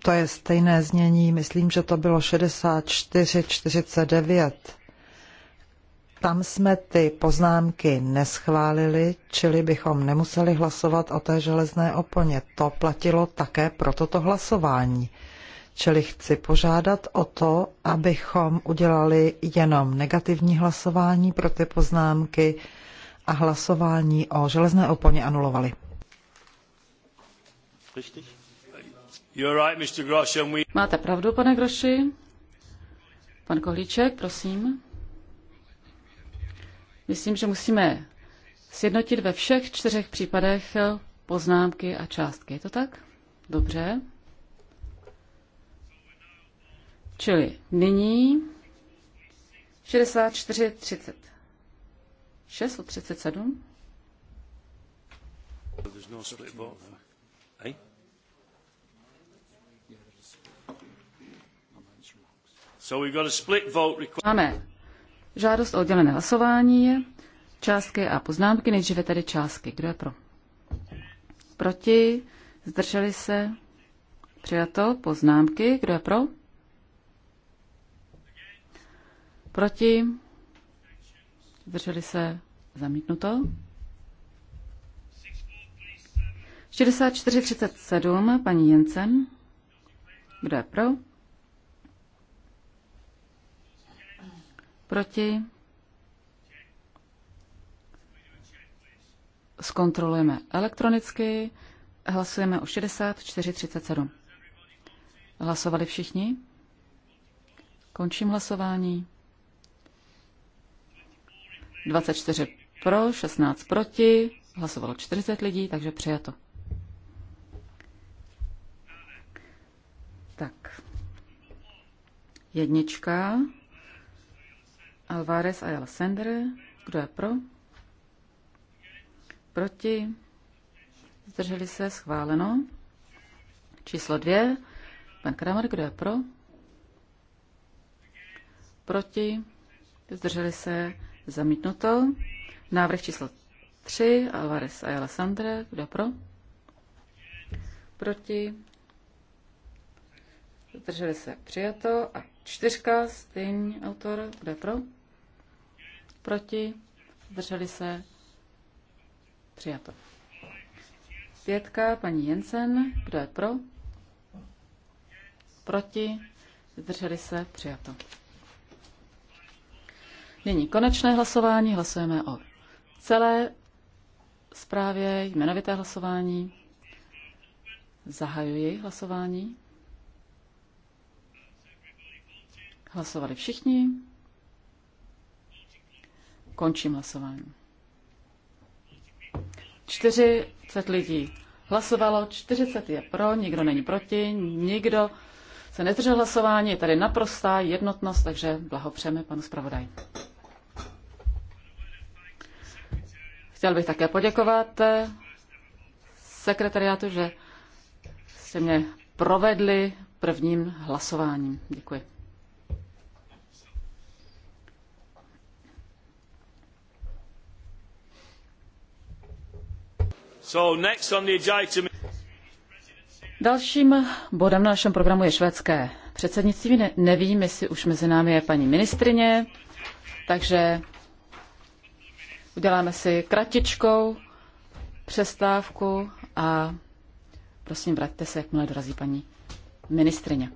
to je stejné znění, myslím, že to bylo 64-49. Tam jsme ty poznámky neschválili, čili bychom nemuseli hlasovat o té železné oponě. To platilo také pro toto hlasování. Čili chci požádat o to, abychom udělali jenom negativní hlasování pro ty poznámky a hlasování o železné oponě anulovali. Máte pravdu, pane Groši. Pan Kohlíček, prosím. Myslím, že musíme sjednotit ve všech čtyřech případech poznámky a částky. Je to tak? Dobře. Čili nyní 64, 30. 6 od 37. Máme žádost o oddělené hlasování, částky a poznámky, nejdříve tady částky. Kdo je pro? Proti? Zdrželi se? Přijato? Poznámky? Kdo je pro? Proti? Zdrželi se zamítnuto. 6437, paní Jensen. Kdo je pro? Proti? Zkontrolujeme elektronicky. Hlasujeme o 6437. Hlasovali všichni? Končím hlasování. 24 pro, 16 proti, hlasovalo 40 lidí, takže přijato. Tak. Jednička. Alvarez a Jala Kdo je pro? Proti? Zdrželi se? Schváleno. Číslo dvě. Pan Kramer, kdo je pro? Proti? Zdrželi se? Zamítnuto. Návrh číslo 3, Alvarez a Alessandra, kdo pro? Proti. Zdrželi se přijato. A čtyřka, stejný autor, kdo pro? Proti. Zdrželi se přijato. Pětka, paní Jensen, kdo je pro? Proti. Zdrželi se přijato. Nyní konečné hlasování. Hlasujeme o celé zprávě jmenovité hlasování. Zahajuji hlasování. Hlasovali všichni. Končím hlasování. 40 lidí hlasovalo, 40 je pro, nikdo není proti, nikdo se nezdržel hlasování, je tady naprostá jednotnost, takže blahopřejeme panu zpravodaji. Chtěl bych také poděkovat eh, sekretariátu, že jste mě provedli prvním hlasováním. Děkuji. So next on the agenda... Dalším bodem na našem programu je švédské předsednictví. Ne, nevím, jestli už mezi námi je paní ministrině, takže uděláme si kratičkou přestávku a prosím, vraťte se, jakmile dorazí paní ministrině.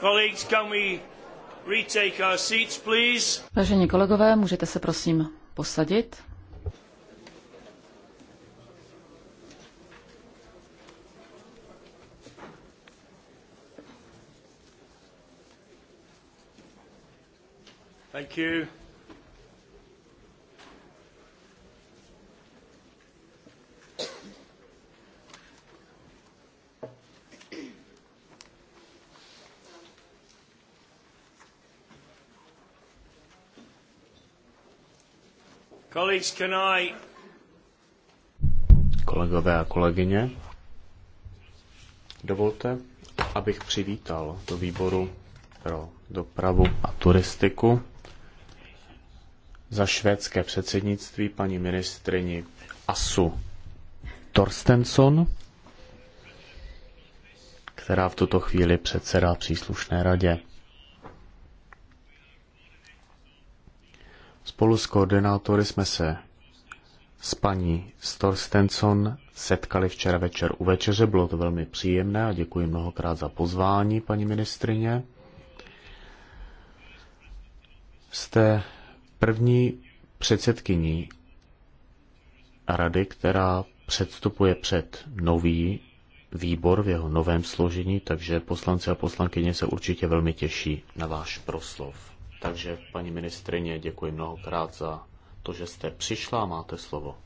Colleagues, can we retake our seats, please? Vážení kolegové, můžete se prosím posadit. Thank you. Kolegové a kolegyně, dovolte, abych přivítal do výboru pro dopravu a turistiku za švédské předsednictví paní ministrini Asu Torstenson, která v tuto chvíli předsedá příslušné radě. Spolu s koordinátory jsme se s paní Storstenson setkali včera večer u večeře. Bylo to velmi příjemné a děkuji mnohokrát za pozvání, paní ministrině. Jste první předsedkyní rady, která předstupuje před nový výbor v jeho novém složení, takže poslanci a poslankyně se určitě velmi těší na váš proslov. Takže paní ministrině, děkuji mnohokrát za to, že jste přišla a máte slovo.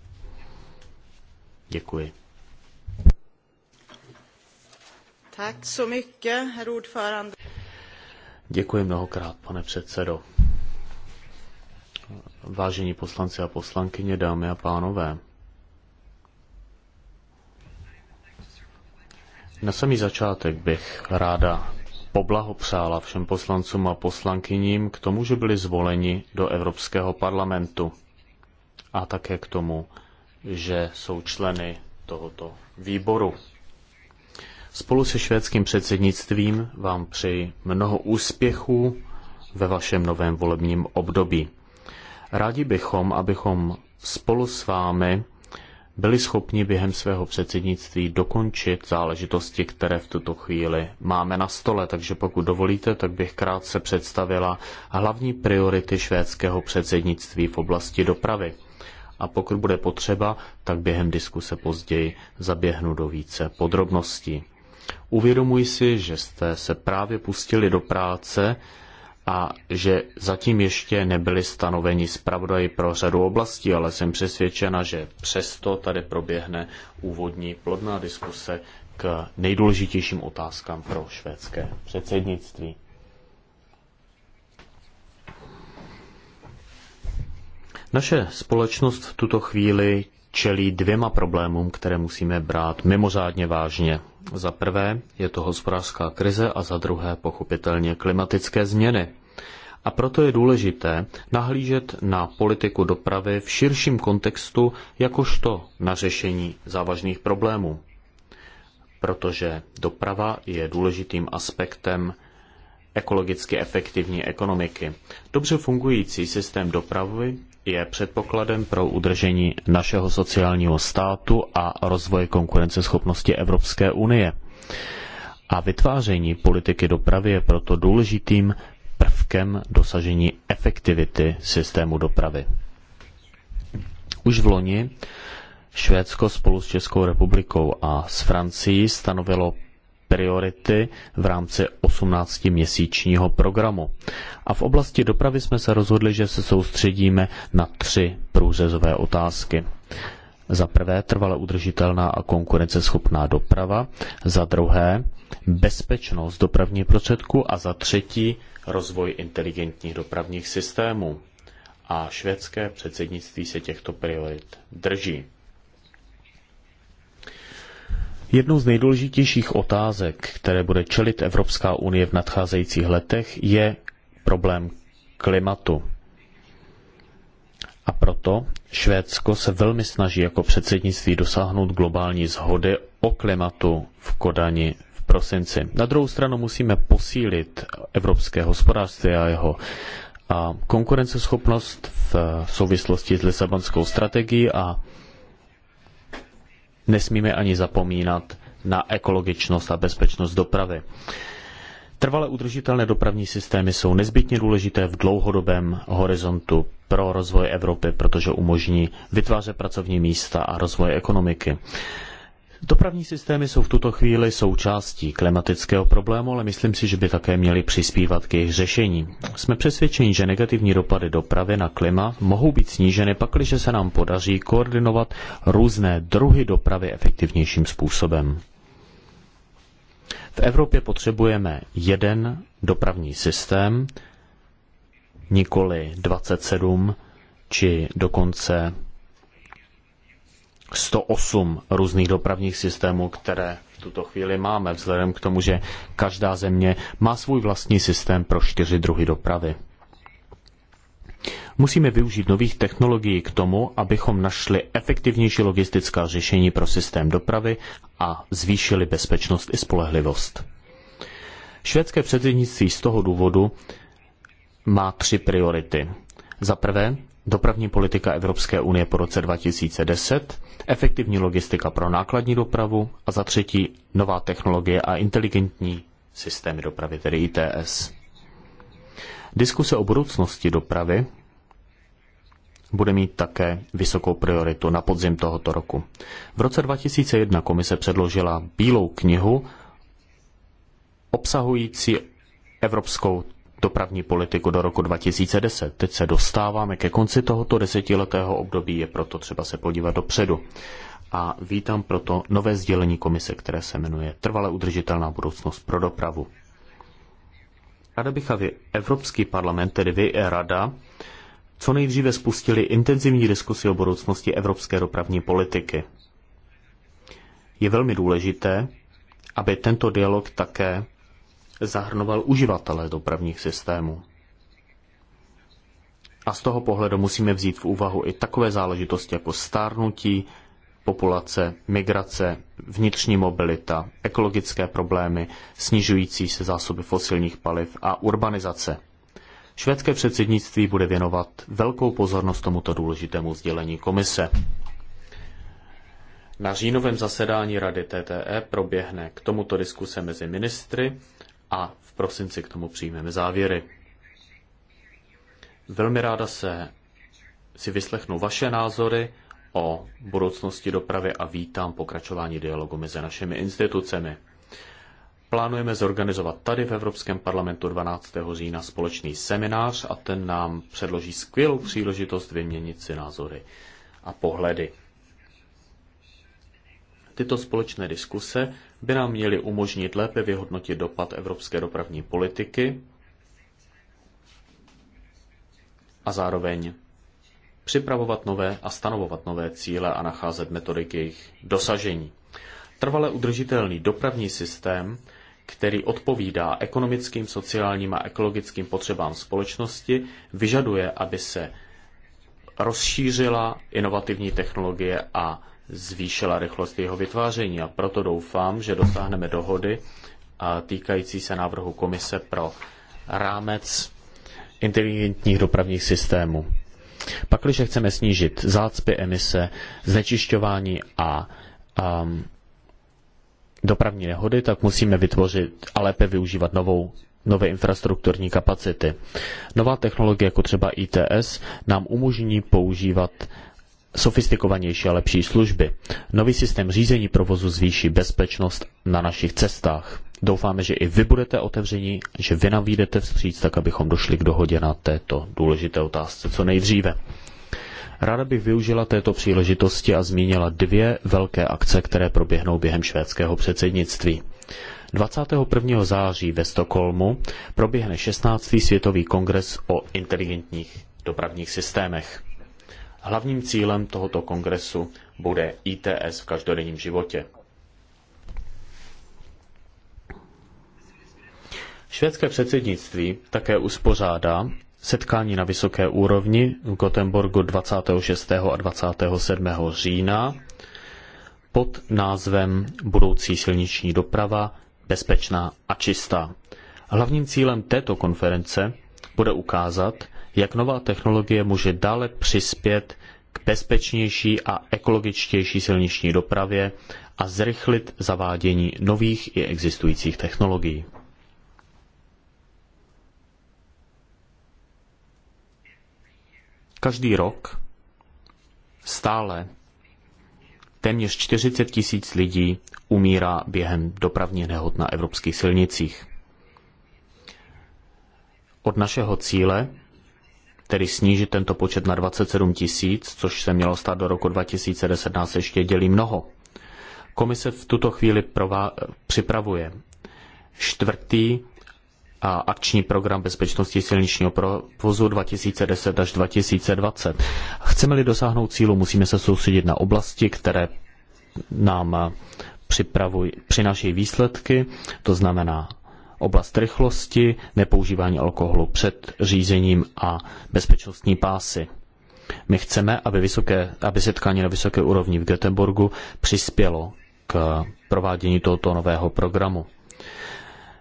Děkuji. Tak so mycket, Děkuji mnohokrát, pane předsedo. Vážení poslanci a poslankyně, dámy a pánové. Na samý začátek bych ráda poblahopřála všem poslancům a poslankyním k tomu, že byli zvoleni do Evropského parlamentu a také k tomu, že jsou členy tohoto výboru. Spolu se švédským předsednictvím vám přeji mnoho úspěchů ve vašem novém volebním období. Rádi bychom, abychom spolu s vámi byli schopni během svého předsednictví dokončit záležitosti, které v tuto chvíli máme na stole. Takže pokud dovolíte, tak bych krátce představila hlavní priority švédského předsednictví v oblasti dopravy. A pokud bude potřeba, tak během diskuse později zaběhnu do více podrobností. Uvědomuji si, že jste se právě pustili do práce a že zatím ještě nebyly stanoveni zpravodaji pro řadu oblastí, ale jsem přesvědčena, že přesto tady proběhne úvodní plodná diskuse k nejdůležitějším otázkám pro švédské předsednictví. Naše společnost v tuto chvíli čelí dvěma problémům, které musíme brát mimořádně vážně. Za prvé je to hospodářská krize a za druhé pochopitelně klimatické změny. A proto je důležité nahlížet na politiku dopravy v širším kontextu jakožto na řešení závažných problémů. Protože doprava je důležitým aspektem ekologicky efektivní ekonomiky. Dobře fungující systém dopravy je předpokladem pro udržení našeho sociálního státu a rozvoje konkurenceschopnosti Evropské unie. A vytváření politiky dopravy je proto důležitým prvkem dosažení efektivity systému dopravy. Už v loni Švédsko spolu s Českou republikou a s Francií stanovilo priority v rámci 18-měsíčního programu. A v oblasti dopravy jsme se rozhodli, že se soustředíme na tři průřezové otázky. Za prvé trvale udržitelná a konkurenceschopná doprava, za druhé bezpečnost dopravní prostředku a za třetí rozvoj inteligentních dopravních systémů. A švédské předsednictví se těchto priorit drží. Jednou z nejdůležitějších otázek, které bude čelit Evropská unie v nadcházejících letech, je problém klimatu. A proto Švédsko se velmi snaží jako předsednictví dosáhnout globální zhody o klimatu v Kodani v prosinci. Na druhou stranu musíme posílit evropské hospodářství a jeho a konkurenceschopnost v souvislosti s Lisabonskou strategií a nesmíme ani zapomínat na ekologičnost a bezpečnost dopravy. Trvale udržitelné dopravní systémy jsou nezbytně důležité v dlouhodobém horizontu pro rozvoj Evropy, protože umožní vytvářet pracovní místa a rozvoj ekonomiky. Dopravní systémy jsou v tuto chvíli součástí klimatického problému, ale myslím si, že by také měly přispívat k jejich řešení. Jsme přesvědčeni, že negativní dopady dopravy na klima mohou být sníženy, pakliže se nám podaří koordinovat různé druhy dopravy efektivnějším způsobem. V Evropě potřebujeme jeden dopravní systém, nikoli 27 či dokonce 108 různých dopravních systémů, které v tuto chvíli máme, vzhledem k tomu, že každá země má svůj vlastní systém pro čtyři druhy dopravy. Musíme využít nových technologií k tomu, abychom našli efektivnější logistická řešení pro systém dopravy a zvýšili bezpečnost i spolehlivost. Švédské předsednictví z toho důvodu má tři priority. Za prvé, dopravní politika Evropské unie po roce 2010, efektivní logistika pro nákladní dopravu a za třetí nová technologie a inteligentní systémy dopravy, tedy ITS. Diskuse o budoucnosti dopravy bude mít také vysokou prioritu na podzim tohoto roku. V roce 2001 komise předložila bílou knihu obsahující evropskou dopravní politiku do roku 2010. Teď se dostáváme ke konci tohoto desetiletého období, je proto třeba se podívat dopředu. A vítám proto nové sdělení komise, které se jmenuje Trvale udržitelná budoucnost pro dopravu. Rada bych, aby Evropský parlament, tedy vy Rada, co nejdříve spustili intenzivní diskusi o budoucnosti evropské dopravní politiky. Je velmi důležité, aby tento dialog také zahrnoval uživatele dopravních systémů. A z toho pohledu musíme vzít v úvahu i takové záležitosti jako stárnutí, populace, migrace, vnitřní mobilita, ekologické problémy, snižující se zásoby fosilních paliv a urbanizace. Švédské předsednictví bude věnovat velkou pozornost tomuto důležitému sdělení komise. Na říjnovém zasedání Rady TTE proběhne k tomuto diskuse mezi ministry a v prosinci k tomu přijmeme závěry. Velmi ráda se si vyslechnu vaše názory o budoucnosti dopravy a vítám pokračování dialogu mezi našimi institucemi. Plánujeme zorganizovat tady v Evropském parlamentu 12. října společný seminář a ten nám předloží skvělou příležitost vyměnit si názory a pohledy. Tyto společné diskuse by nám měly umožnit lépe vyhodnotit dopad evropské dopravní politiky a zároveň připravovat nové a stanovovat nové cíle a nacházet metodiky jejich dosažení. Trvale udržitelný dopravní systém, který odpovídá ekonomickým, sociálním a ekologickým potřebám společnosti, vyžaduje, aby se rozšířila inovativní technologie a zvýšila rychlost jeho vytváření a proto doufám, že dosáhneme dohody a týkající se návrhu komise pro rámec inteligentních dopravních systémů. Pakliže chceme snížit zácpy emise, znečišťování a um, dopravní nehody, tak musíme vytvořit a lépe využívat novou nové infrastrukturní kapacity. Nová technologie, jako třeba ITS, nám umožní používat sofistikovanější a lepší služby. Nový systém řízení provozu zvýší bezpečnost na našich cestách. Doufáme, že i vy budete otevření, že vy nám vyjdete vstříc, tak abychom došli k dohodě na této důležité otázce co nejdříve. Ráda bych využila této příležitosti a zmínila dvě velké akce, které proběhnou během švédského předsednictví. 21. září ve Stokholmu proběhne 16. světový kongres o inteligentních dopravních systémech. Hlavním cílem tohoto kongresu bude ITS v každodenním životě. Švédské předsednictví také uspořádá setkání na vysoké úrovni v Gotemborgu 26. a 27. října pod názvem Budoucí silniční doprava bezpečná a čistá. Hlavním cílem této konference bude ukázat, jak nová technologie může dále přispět k bezpečnější a ekologičtější silniční dopravě a zrychlit zavádění nových i existujících technologií. Každý rok stále téměř 40 tisíc lidí umírá během dopravní nehod na evropských silnicích. Od našeho cíle tedy snížit tento počet na 27 tisíc, což se mělo stát do roku 2010, ještě dělí mnoho. Komise v tuto chvíli prová- připravuje čtvrtý a akční program bezpečnosti silničního provozu 2010 až 2020. Chceme-li dosáhnout cílu, musíme se soustředit na oblasti, které nám připravují, přináší výsledky, to znamená oblast rychlosti, nepoužívání alkoholu před řízením a bezpečnostní pásy. My chceme, aby, vysoké, aby setkání na vysoké úrovni v Göteborgu přispělo k provádění tohoto nového programu.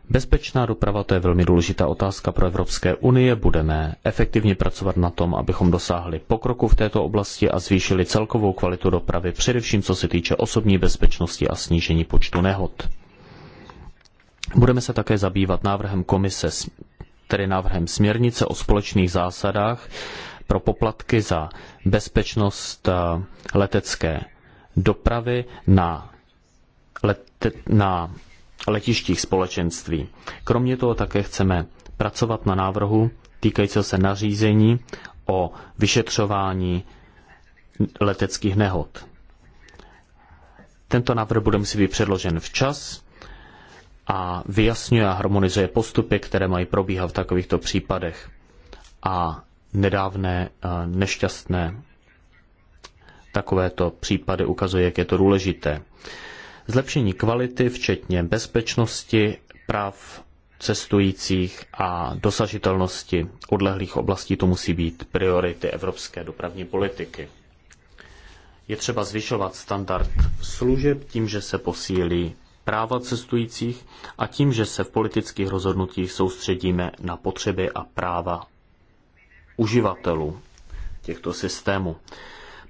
Bezpečná doprava to je velmi důležitá otázka pro Evropské unie. Budeme efektivně pracovat na tom, abychom dosáhli pokroku v této oblasti a zvýšili celkovou kvalitu dopravy, především co se týče osobní bezpečnosti a snížení počtu nehod. Budeme se také zabývat návrhem komise, tedy návrhem směrnice o společných zásadách pro poplatky za bezpečnost eh, letecké dopravy na, lete, na letištích společenství. Kromě toho také chceme pracovat na návrhu týkajícího se nařízení o vyšetřování leteckých nehod. Tento návrh bude muset být předložen včas a vyjasňuje a harmonizuje postupy, které mají probíhat v takovýchto případech. A nedávné eh, nešťastné takovéto případy ukazuje, jak je to důležité. Zlepšení kvality, včetně bezpečnosti, práv cestujících a dosažitelnosti odlehlých oblastí, to musí být priority evropské dopravní politiky. Je třeba zvyšovat standard služeb tím, že se posílí práva cestujících a tím, že se v politických rozhodnutích soustředíme na potřeby a práva uživatelů těchto systémů.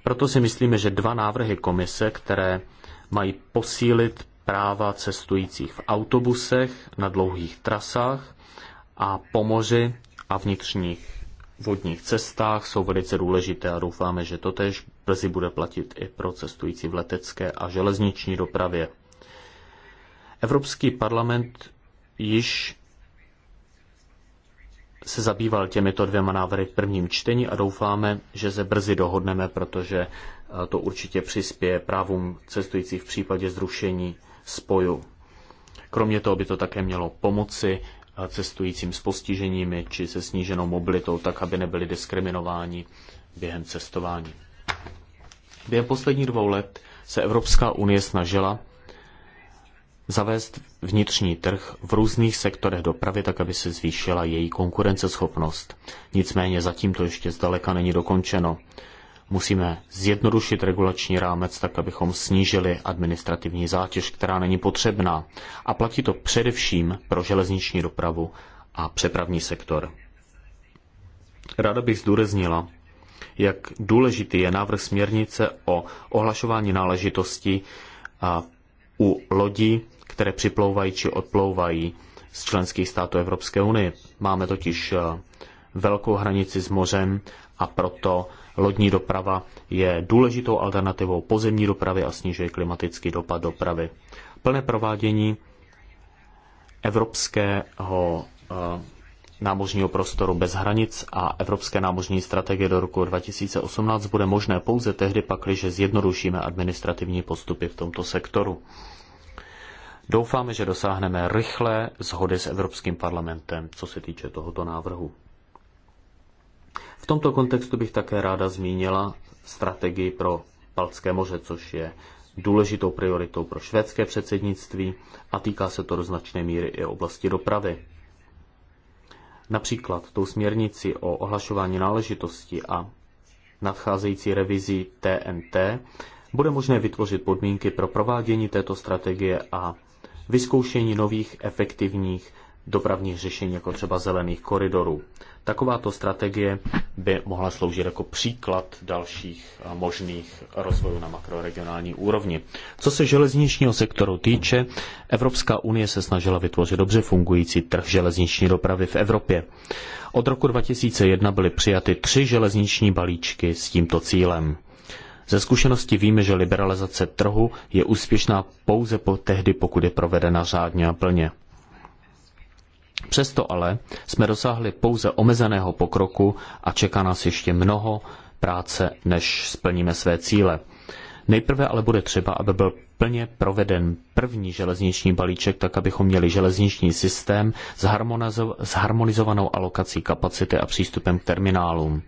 Proto si myslíme, že dva návrhy komise, které mají posílit práva cestujících v autobusech, na dlouhých trasách a po moři a vnitřních vodních cestách jsou velice důležité a doufáme, že totež brzy bude platit i pro cestující v letecké a železniční dopravě. Evropský parlament již se zabýval těmito dvěma návrhy v prvním čtení a doufáme, že se brzy dohodneme, protože eh, to určitě přispěje právům cestujících v případě zrušení spoju. Kromě toho by to také mělo pomoci eh, cestujícím s postiženími či se sníženou mobilitou, tak aby nebyli diskriminováni během cestování. Během posledních dvou let se Evropská unie snažila zavést vnitřní trh v různých sektorech dopravy, tak aby se zvýšila její konkurenceschopnost. Nicméně zatím to ještě zdaleka není dokončeno. Musíme zjednodušit regulační rámec tak, abychom snížili administrativní zátěž, která není potřebná. A platí to především pro železniční dopravu a přepravní sektor. Ráda bych zdůraznila, jak důležitý je návrh směrnice o ohlašování náležitosti u lodí které připlouvají či odplouvají z členských států Evropské unie. Máme totiž eh, velkou hranici s mořem a proto lodní doprava je důležitou alternativou pozemní dopravy a snižuje klimatický dopad dopravy. Plné provádění evropského eh, námořního prostoru bez hranic a Evropské námořní strategie do roku 2018 bude možné pouze tehdy pakliže zjednodušíme administrativní postupy v tomto sektoru. Doufáme, že dosáhneme rychlé zhody s Evropským parlamentem, co se týče tohoto návrhu. V tomto kontextu bych také ráda zmínila strategii pro Palcké moře, což je důležitou prioritou pro švédské předsednictví a týká se to do značné míry i oblasti dopravy. Například tou směrnici o ohlašování náležitosti a nadcházející revizi TNT bude možné vytvořit podmínky pro provádění této strategie a vyzkoušení nových efektivních dopravních řešení, jako třeba zelených koridorů. Takováto strategie by mohla sloužit jako příklad dalších eh, možných rozvojů na makroregionální úrovni. Co se železničního sektoru týče, Evropská unie se snažila vytvořit dobře fungující trh železniční dopravy v Evropě. Od roku 2001 byly přijaty tři železniční balíčky s tímto cílem. Ze zkušenosti víme, že liberalizace trhu je úspěšná pouze po tehdy, pokud je provedena řádně a plně. Přesto ale jsme dosáhli pouze omezeného pokroku a čeká nás ještě mnoho práce, než splníme své cíle. Nejprve ale bude třeba, aby byl plně proveden první železniční balíček, tak abychom měli železniční systém s harmonizovanou alokací kapacity a přístupem k terminálům.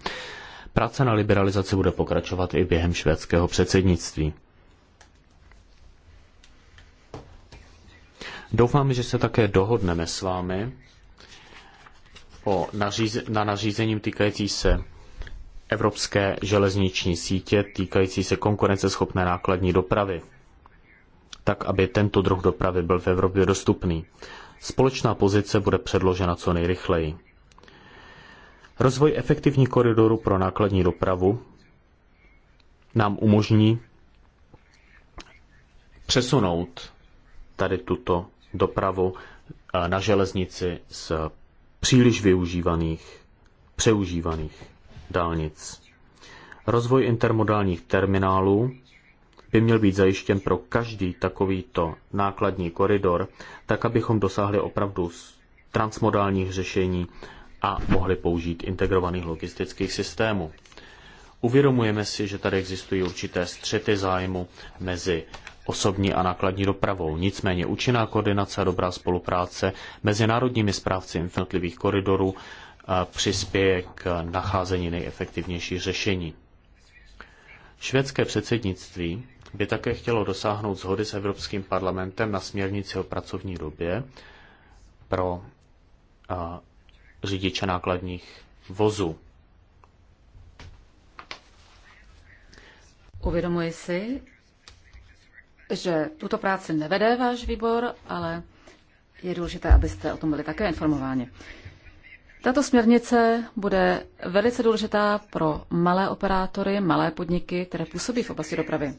Práce na liberalizaci bude pokračovat i během švédského předsednictví. Doufám, že se také dohodneme s vámi o naříze- na nařízení týkající se evropské železniční sítě, týkající se konkurenceschopné nákladní dopravy, tak aby tento druh dopravy byl v Evropě dostupný. Společná pozice bude předložena co nejrychleji. Rozvoj efektivní koridoru pro nákladní dopravu nám umožní přesunout tady tuto dopravu eh, na železnici z příliš využívaných, přeužívaných dálnic. Rozvoj intermodálních terminálů by měl být zajištěn pro každý takovýto nákladní koridor, tak abychom dosáhli opravdu transmodálních řešení a mohli použít integrovaných logistických systémů. Uvědomujeme si, že tady existují určité střety zájmu mezi osobní a nákladní dopravou. Nicméně účinná koordinace a dobrá spolupráce mezi národními správci jednotlivých koridorů eh, přispěje k nacházení nejefektivnější řešení. Švédské předsednictví by také chtělo dosáhnout zhody s Evropským parlamentem na směrnici o pracovní době pro eh, řidiče nákladních vozů. Uvědomuji si, že tuto práci nevede váš výbor, ale je důležité, abyste o tom byli také informováni. Tato směrnice bude velice důležitá pro malé operátory, malé podniky, které působí v oblasti dopravy.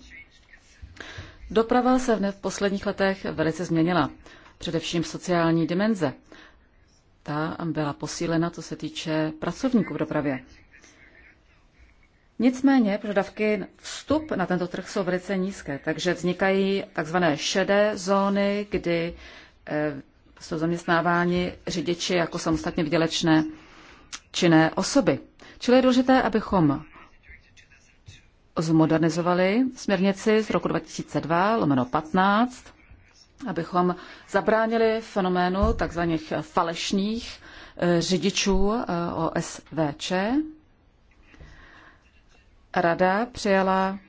Doprava se v posledních letech velice změnila, především sociální dimenze ta byla posílena, co se týče pracovníků v dopravě. Nicméně požadavky vstup na tento trh jsou velice nízké, takže vznikají takzvané šedé zóny, kdy eh, jsou zaměstnáváni řidiči jako samostatně vydělečné činné osoby. Čili je důležité, abychom zmodernizovali směrnici z roku 2002, lomeno 15, abychom zabránili fenoménu tzv. falešných eh, řidičů eh, OSVČ. Rada přijala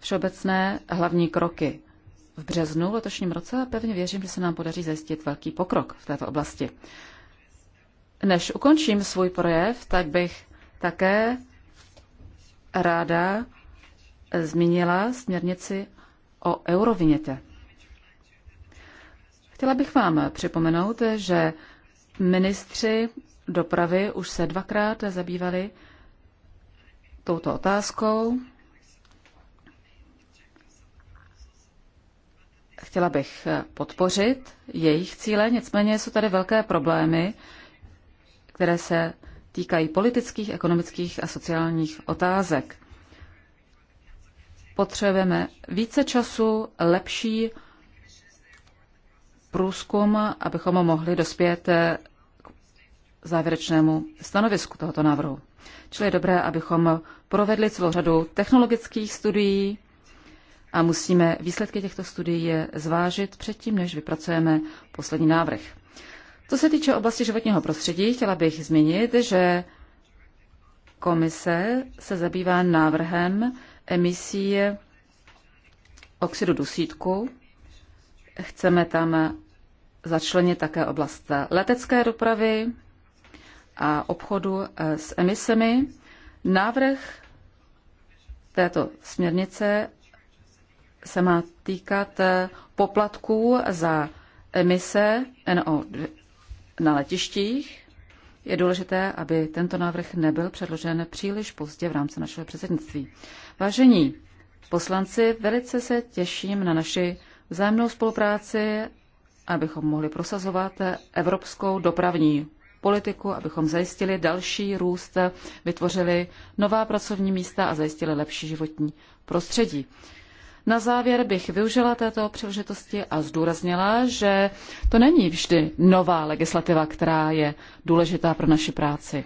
všeobecné hlavní kroky v březnu v letošním roce a pevně věřím, že se nám podaří zajistit velký pokrok v této oblasti. Než ukončím svůj projev, tak bych také ráda zmínila směrnici o eurovinětě. Chtěla bych vám připomenout, že ministři dopravy už se dvakrát zabývali touto otázkou. Chtěla bych podpořit jejich cíle, nicméně jsou tady velké problémy, které se týkají politických, ekonomických a sociálních otázek. Potřebujeme více času, lepší průzkum, abychom mohli dospět eh, k závěrečnému stanovisku tohoto návrhu. Čili je dobré, abychom provedli celou řadu technologických studií a musíme výsledky těchto studií zvážit předtím, než vypracujeme poslední návrh. Co se týče oblasti životního prostředí, chtěla bych zmínit, že komise se zabývá návrhem emisí oxidu dusítku. Chceme tam začlenit také oblast letecké dopravy a obchodu eh, s emisemi. Návrh této směrnice se má týkat eh, poplatků za emise NO na letištích. Je důležité, aby tento návrh nebyl předložen příliš pozdě v rámci našeho předsednictví. Vážení poslanci, velice se těším na naši vzájemnou spolupráci abychom mohli prosazovat evropskou dopravní politiku, abychom zajistili další růst, vytvořili nová pracovní místa a zajistili lepší životní prostředí. Na závěr bych využila této příležitosti a zdůraznila, že to není vždy nová legislativa, která je důležitá pro naši práci.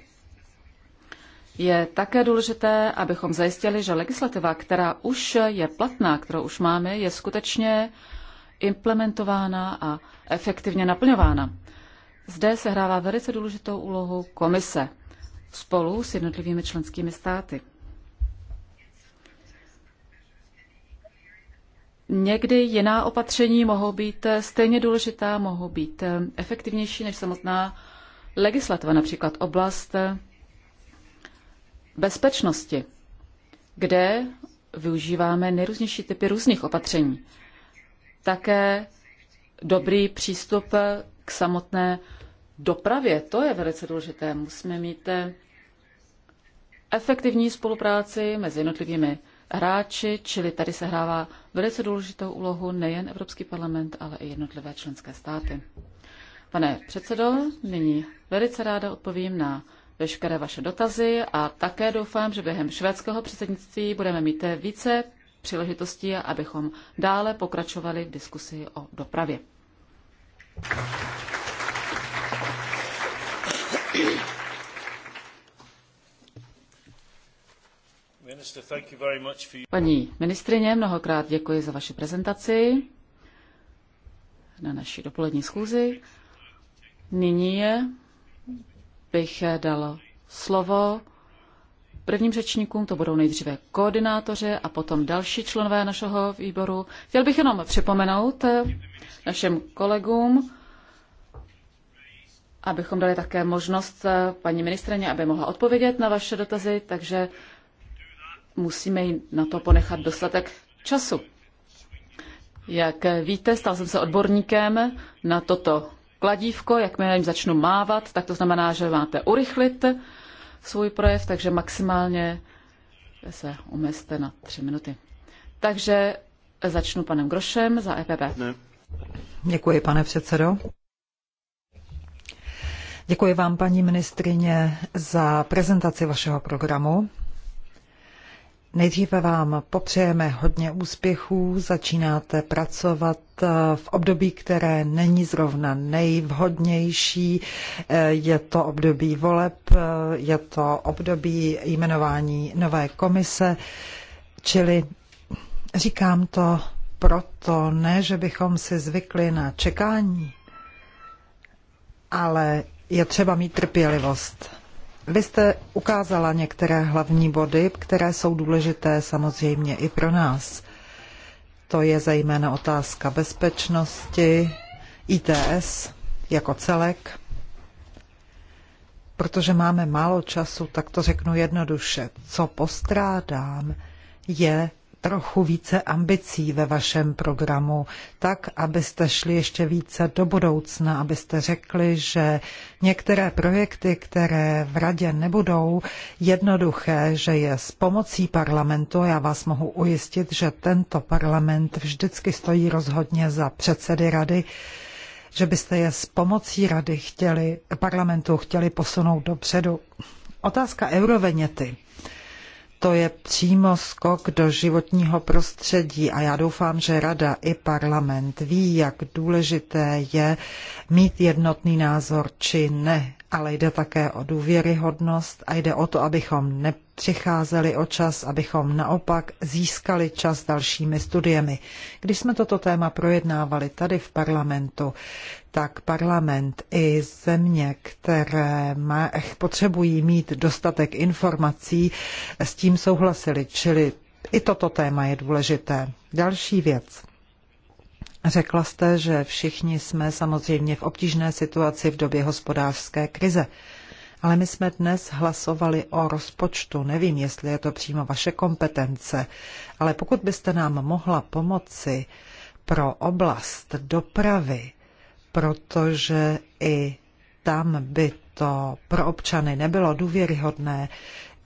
Je také důležité, abychom zajistili, že legislativa, která už je platná, kterou už máme, je skutečně implementována a efektivně naplňována. Zde se hrává velice důležitou úlohu komise spolu s jednotlivými členskými státy. Někdy jiná opatření mohou být stejně důležitá, mohou být efektivnější než samotná legislativa, například oblast bezpečnosti, kde využíváme nejrůznější typy různých opatření také dobrý přístup k samotné dopravě. To je velice důležité. Musíme mít eh, efektivní spolupráci mezi jednotlivými hráči, čili tady se hrává velice důležitou úlohu nejen Evropský parlament, ale i jednotlivé členské státy. Pane předsedo, nyní velice ráda odpovím na veškeré vaše dotazy a také doufám, že během švédského předsednictví budeme mít eh, více příležitostí, abychom dále pokračovali v diskusi o dopravě. Paní ministrině, mnohokrát děkuji za vaši prezentaci na naší dopolední schůzi. Nyní bych dal slovo prvním řečníkům, to budou nejdříve koordinátoři a potom další členové našeho výboru. Chtěl bych jenom připomenout eh, našem kolegům, abychom dali také možnost eh, paní ministrině, aby mohla odpovědět na vaše dotazy, takže musíme jí na to ponechat dostatek času. Jak víte, stal jsem se odborníkem na toto kladívko. Jakmile jim začnu mávat, tak to znamená, že máte urychlit svůj projev, takže maximálně se omezte na tři minuty. Takže začnu panem Grošem za EPP. Ne. Děkuji, pane předsedo. Děkuji vám, paní ministrině, za prezentaci vašeho programu. Nejdříve vám popřejeme hodně úspěchů, začínáte pracovat eh, v období, které není zrovna nejvhodnější. Eh, je to období voleb, eh, je to období jmenování nové komise, čili říkám to proto ne, že bychom si zvykli na čekání, ale je třeba mít trpělivost vy jste ukázala některé hlavní body, které jsou důležité samozřejmě i pro nás. To je zejména otázka bezpečnosti, ITS jako celek. Protože máme málo času, tak to řeknu jednoduše. Co postrádám, je trochu více ambicí ve vašem programu, tak, abyste šli ještě více do budoucna, abyste řekli, že některé projekty, které v radě nebudou jednoduché, že je s pomocí parlamentu, já vás mohu ujistit, že tento parlament vždycky stojí rozhodně za předsedy rady, že byste je s pomocí rady chtěli, parlamentu chtěli posunout dopředu. Otázka euroveněty to je přímo skok do životního prostředí a já doufám, že Rada i parlament ví, jak důležité je mít jednotný názor či ne ale jde také o důvěryhodnost a jde o to, abychom nepřicházeli o čas, abychom naopak získali čas dalšími studiemi. Když jsme toto téma projednávali tady v parlamentu, tak parlament i země, které má, potřebují mít dostatek informací, s tím souhlasili, čili i toto téma je důležité. Další věc. Řekla jste, že všichni jsme samozřejmě v obtížné situaci v době hospodářské krize. Ale my jsme dnes hlasovali o rozpočtu. Nevím, jestli je to přímo vaše kompetence, ale pokud byste nám mohla pomoci pro oblast dopravy, protože i tam by to pro občany nebylo důvěryhodné,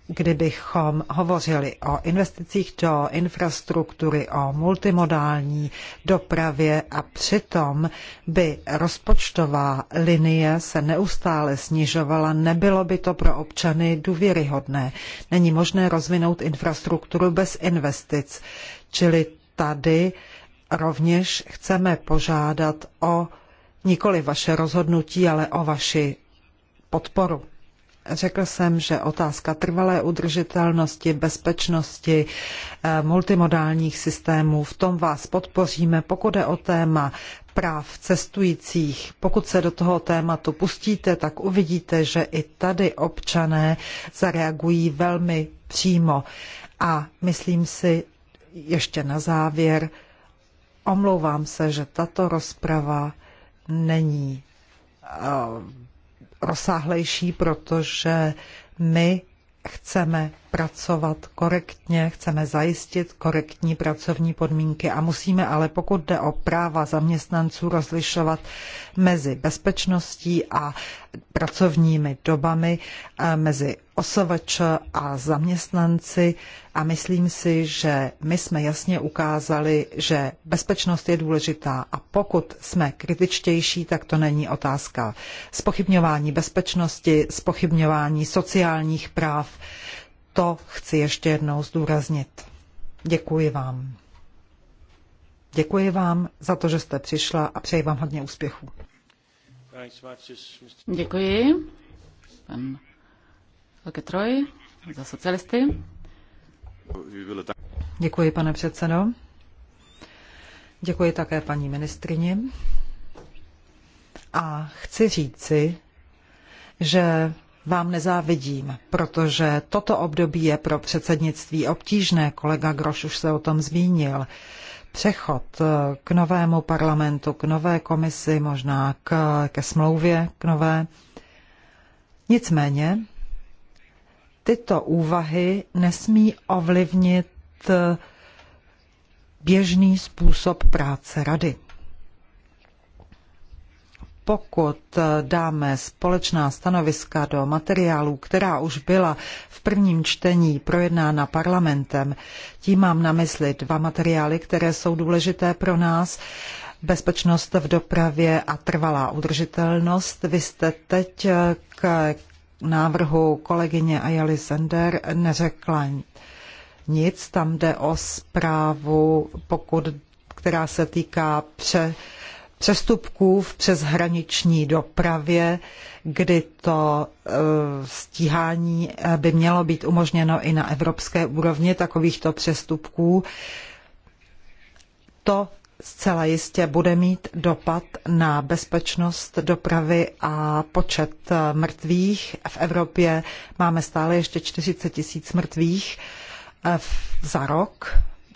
kdybychom hovořili o investicích do infrastruktury, o multimodální dopravě a přitom by rozpočtová linie se neustále snižovala, nebylo by to pro občany důvěryhodné. Není možné rozvinout infrastrukturu bez investic. Čili tady rovněž chceme požádat o nikoli vaše rozhodnutí, ale o vaši podporu. Řekl jsem, že otázka trvalé udržitelnosti, bezpečnosti, eh, multimodálních systémů, v tom vás podpoříme, pokud je o téma práv cestujících. Pokud se do toho tématu pustíte, tak uvidíte, že i tady občané zareagují velmi přímo. A myslím si ještě na závěr, omlouvám se, že tato rozprava není eh, rozsáhlejší, protože my chceme pracovat korektně, chceme zajistit korektní pracovní podmínky a musíme ale, pokud jde o práva zaměstnanců, rozlišovat mezi bezpečností a pracovními dobami, eh, mezi osovač a zaměstnanci a myslím si, že my jsme jasně ukázali, že bezpečnost je důležitá a pokud jsme kritičtější, tak to není otázka spochybňování bezpečnosti, spochybňování sociálních práv, to chci ještě jednou zdůraznit. Děkuji vám. Děkuji vám za to, že jste přišla a přeji vám hodně úspěchů. Děkuji. Pan Troj za socialisty. Děkuji, pane předsedo. Děkuji také paní ministrině. A chci říci, že vám nezávidím, protože toto období je pro předsednictví obtížné. Kolega Groš už se o tom zmínil. Přechod eh, k novému parlamentu, k nové komisi, možná k, ke smlouvě, k nové. Nicméně, tyto úvahy nesmí ovlivnit eh, běžný způsob práce rady pokud eh, dáme společná stanoviska do materiálů, která už byla v prvním čtení projednána parlamentem, tím mám na mysli dva materiály, které jsou důležité pro nás, bezpečnost v dopravě a trvalá udržitelnost. Vy jste teď eh, k návrhu kolegyně Ayali Sender neřekla nic, tam jde o zprávu, pokud, která se týká pře přestupků v přeshraniční dopravě, kdy to e, stíhání e, by mělo být umožněno i na evropské úrovni takovýchto přestupků. To zcela jistě bude mít dopad na bezpečnost dopravy a počet e, mrtvých. V Evropě máme stále ještě 40 tisíc mrtvých za rok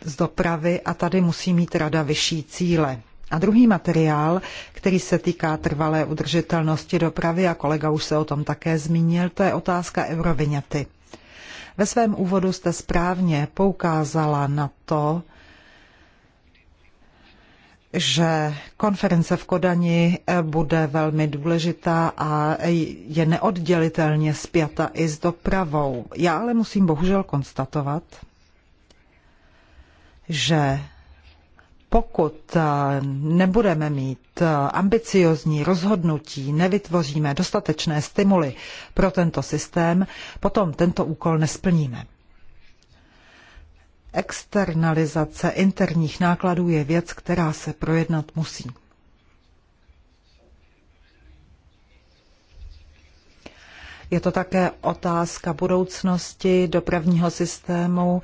z dopravy a tady musí mít rada vyšší cíle. A druhý materiál, který se týká trvalé udržitelnosti dopravy, a kolega už se o tom také zmínil, to je otázka eurovinety. Ve svém úvodu jste správně poukázala na to, že konference v Kodani bude velmi důležitá a je neoddělitelně spjata i s dopravou. Já ale musím bohužel konstatovat, že pokud eh, nebudeme mít eh, ambiciozní rozhodnutí, nevytvoříme dostatečné stimuly pro tento systém, potom tento úkol nesplníme. Externalizace interních nákladů je věc, která se projednat musí. Je to také otázka budoucnosti dopravního systému.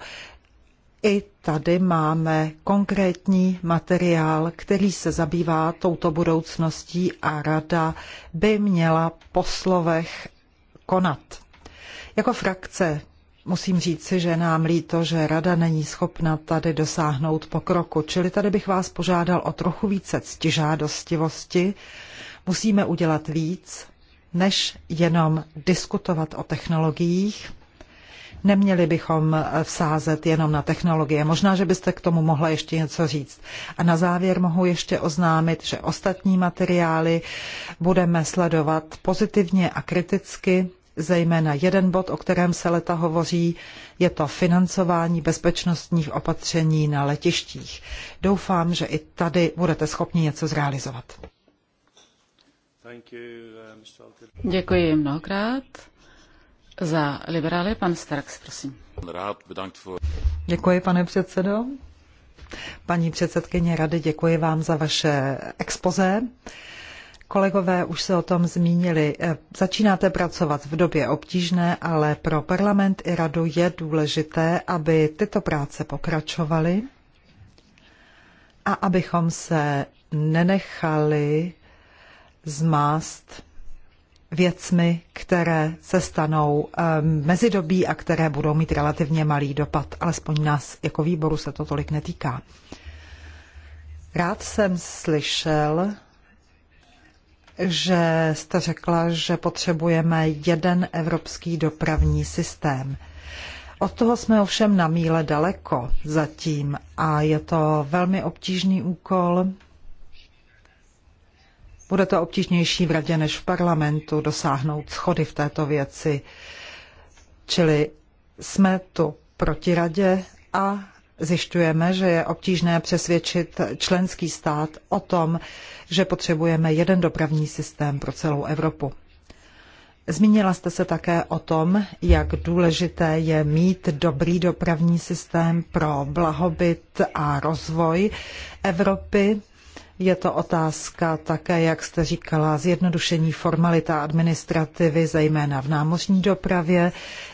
I tady máme konkrétní materiál, který se zabývá touto budoucností a rada by měla po slovech konat. Jako frakce musím říci, že nám líto, že rada není schopna tady dosáhnout pokroku, čili tady bych vás požádal o trochu více ctižádostivosti. Musíme udělat víc, než jenom diskutovat o technologiích, Neměli bychom vsázet jenom na technologie. Možná, že byste k tomu mohla ještě něco říct. A na závěr mohu ještě oznámit, že ostatní materiály budeme sledovat pozitivně a kriticky, zejména jeden bod, o kterém se leta hovoří, je to financování bezpečnostních opatření na letištích. Doufám, že i tady budete schopni něco zrealizovat. Uh, Děkuji mnohokrát. Za liberály pan Starks, prosím. Děkuji, pane předsedo. Paní předsedkyně rady, děkuji vám za vaše expoze. Kolegové už se o tom zmínili. Eh, začínáte pracovat v době obtížné, ale pro parlament i radu je důležité, aby tyto práce pokračovaly a abychom se nenechali zmást věcmi, které se stanou ehm, mezidobí a které budou mít relativně malý dopad. Alespoň nás jako výboru se to tolik netýká. Rád jsem slyšel, že jste řekla, že potřebujeme jeden evropský dopravní systém. Od toho jsme ovšem na míle daleko zatím a je to velmi obtížný úkol, bude to obtížnější v radě než v parlamentu dosáhnout schody v této věci. Čili jsme tu proti radě a zjišťujeme, že je obtížné přesvědčit členský stát o tom, že potřebujeme jeden dopravní systém pro celou Evropu. Zmínila jste se také o tom, jak důležité je mít dobrý dopravní systém pro blahobyt a rozvoj Evropy je to otázka také, jak jste říkala, zjednodušení formalita administrativy, zejména v námořní dopravě.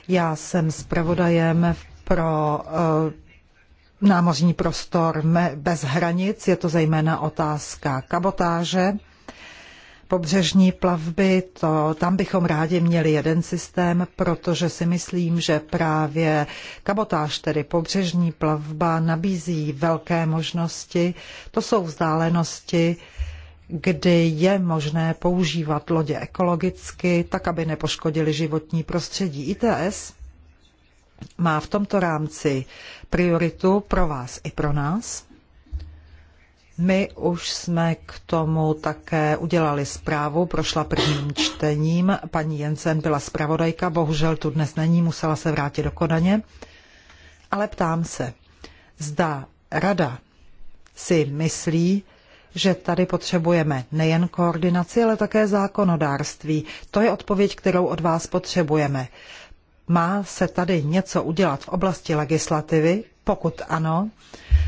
Já jsem zpravodajem pro eh, námořní prostor bez hranic, je to zejména otázka kabotáže pobřežní plavby, to, tam bychom rádi měli jeden systém, protože si myslím, že právě kabotáž, tedy pobřežní plavba, nabízí velké možnosti. To jsou vzdálenosti, kdy je možné používat lodě ekologicky, tak, aby nepoškodili životní prostředí. ITS má v tomto rámci prioritu pro vás i pro nás. My už jsme k tomu také udělali zprávu, prošla prvním čtením. Paní Jensen byla zpravodajka, bohužel tu dnes není, musela se vrátit do Kodaně. Ale ptám se, zda rada si myslí, že tady potřebujeme nejen koordinaci, ale také zákonodárství. To je odpověď, kterou od vás potřebujeme. Má se tady něco udělat v oblasti legislativy, pokud ano,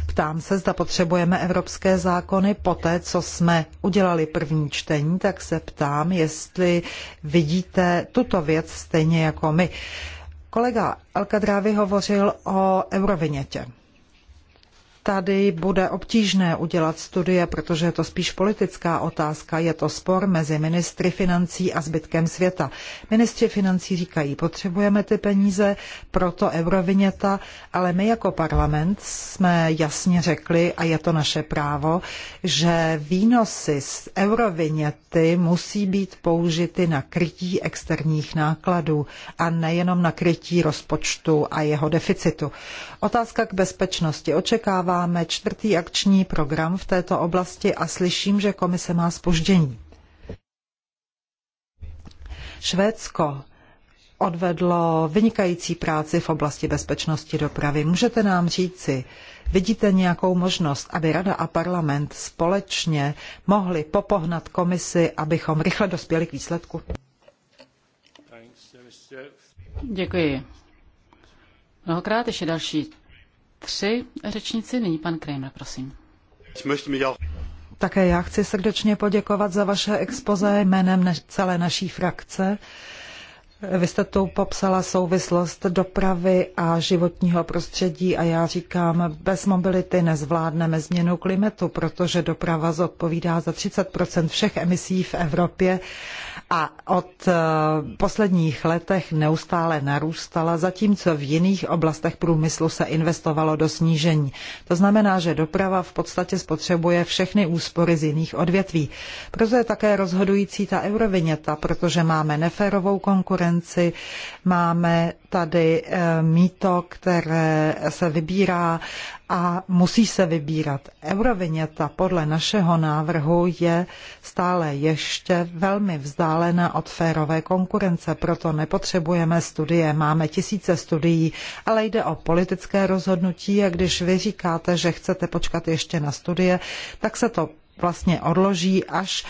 ptám se, zda potřebujeme evropské zákony. Poté, co jsme udělali první čtení, tak se ptám, jestli vidíte tuto věc stejně jako my. Kolega Alkadrávy hovořil o eurovinětě tady bude obtížné udělat studie, protože je to spíš politická otázka. Je to spor mezi ministry financí a zbytkem světa. Ministři financí říkají, potřebujeme ty peníze, proto euroviněta, ale my jako parlament jsme jasně řekli, a je to naše právo, že výnosy z euroviněty musí být použity na krytí externích nákladů a nejenom na krytí rozpočtu a jeho deficitu. Otázka k bezpečnosti. Očekává Máme čtvrtý akční program v této oblasti a slyším, že komise má spoždění. Švédsko odvedlo vynikající práci v oblasti bezpečnosti dopravy. Můžete nám říci, vidíte nějakou možnost, aby Rada a parlament společně mohli popohnat komisi, abychom rychle dospěli k výsledku? Děkuji. Mnohokrát ještě další tři řečníci. Nyní pan Kramer, prosím. Také já chci srdečně poděkovat za vaše expoze jménem celé naší frakce. Vy jste tu popsala souvislost dopravy a životního prostředí a já říkám, bez mobility nezvládneme změnu klimatu, protože doprava zodpovídá za 30 všech emisí v Evropě a od eh, posledních letech neustále narůstala, zatímco v jiných oblastech průmyslu se investovalo do snížení. To znamená, že doprava v podstatě spotřebuje všechny úspory z jiných odvětví. Proto je také rozhodující ta euroviněta, protože máme neférovou konkurenci, máme tady eh, míto, které se vybírá a musí se vybírat. Euroviněta podle našeho návrhu je stále ještě velmi vzdálená od férové konkurence, proto nepotřebujeme studie. Máme tisíce studií, ale jde o politické rozhodnutí a když vy říkáte, že chcete počkat ještě na studie, tak se to vlastně odloží až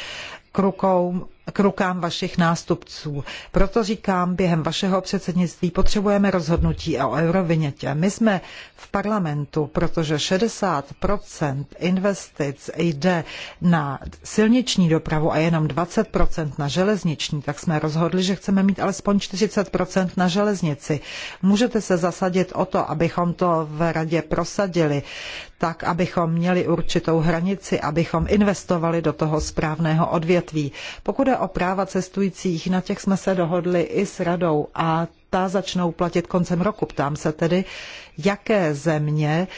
k rukou k rukám vašich nástupců. Proto říkám, během vašeho předsednictví potřebujeme rozhodnutí o eurovinětě. My jsme v parlamentu, protože 60% investic jde na silniční dopravu a jenom 20% na železniční, tak jsme rozhodli, že chceme mít alespoň 40% na železnici. Můžete se zasadit o to, abychom to v radě prosadili, tak abychom měli určitou hranici, abychom investovali do toho správného odvětví. Pokud je o práva cestujících, na těch jsme se dohodli i s radou a ta začnou platit koncem roku. Ptám se tedy, jaké země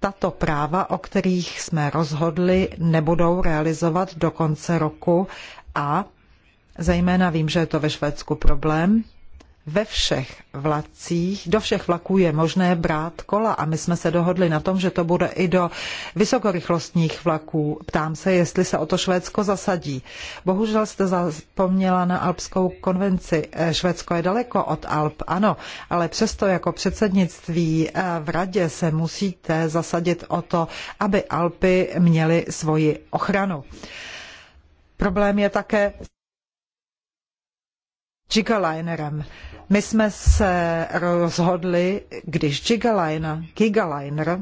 tato práva, o kterých jsme rozhodli, nebudou realizovat do konce roku a zejména vím, že je to ve Švédsku problém, ve všech vlacích, do všech vlaků je možné brát kola a my jsme se dohodli na tom, že to bude i do vysokorychlostních vlaků. Ptám se, jestli se o to Švédsko zasadí. Bohužel jste zapomněla na Alpskou konvenci. Eh, Švédsko je daleko od Alp, ano, ale přesto jako předsednictví eh, v radě se musíte zasadit o to, aby Alpy měly svoji ochranu. Problém je také Gigalinerem. My jsme se rozhodli, když Gigaliner, Gigaliner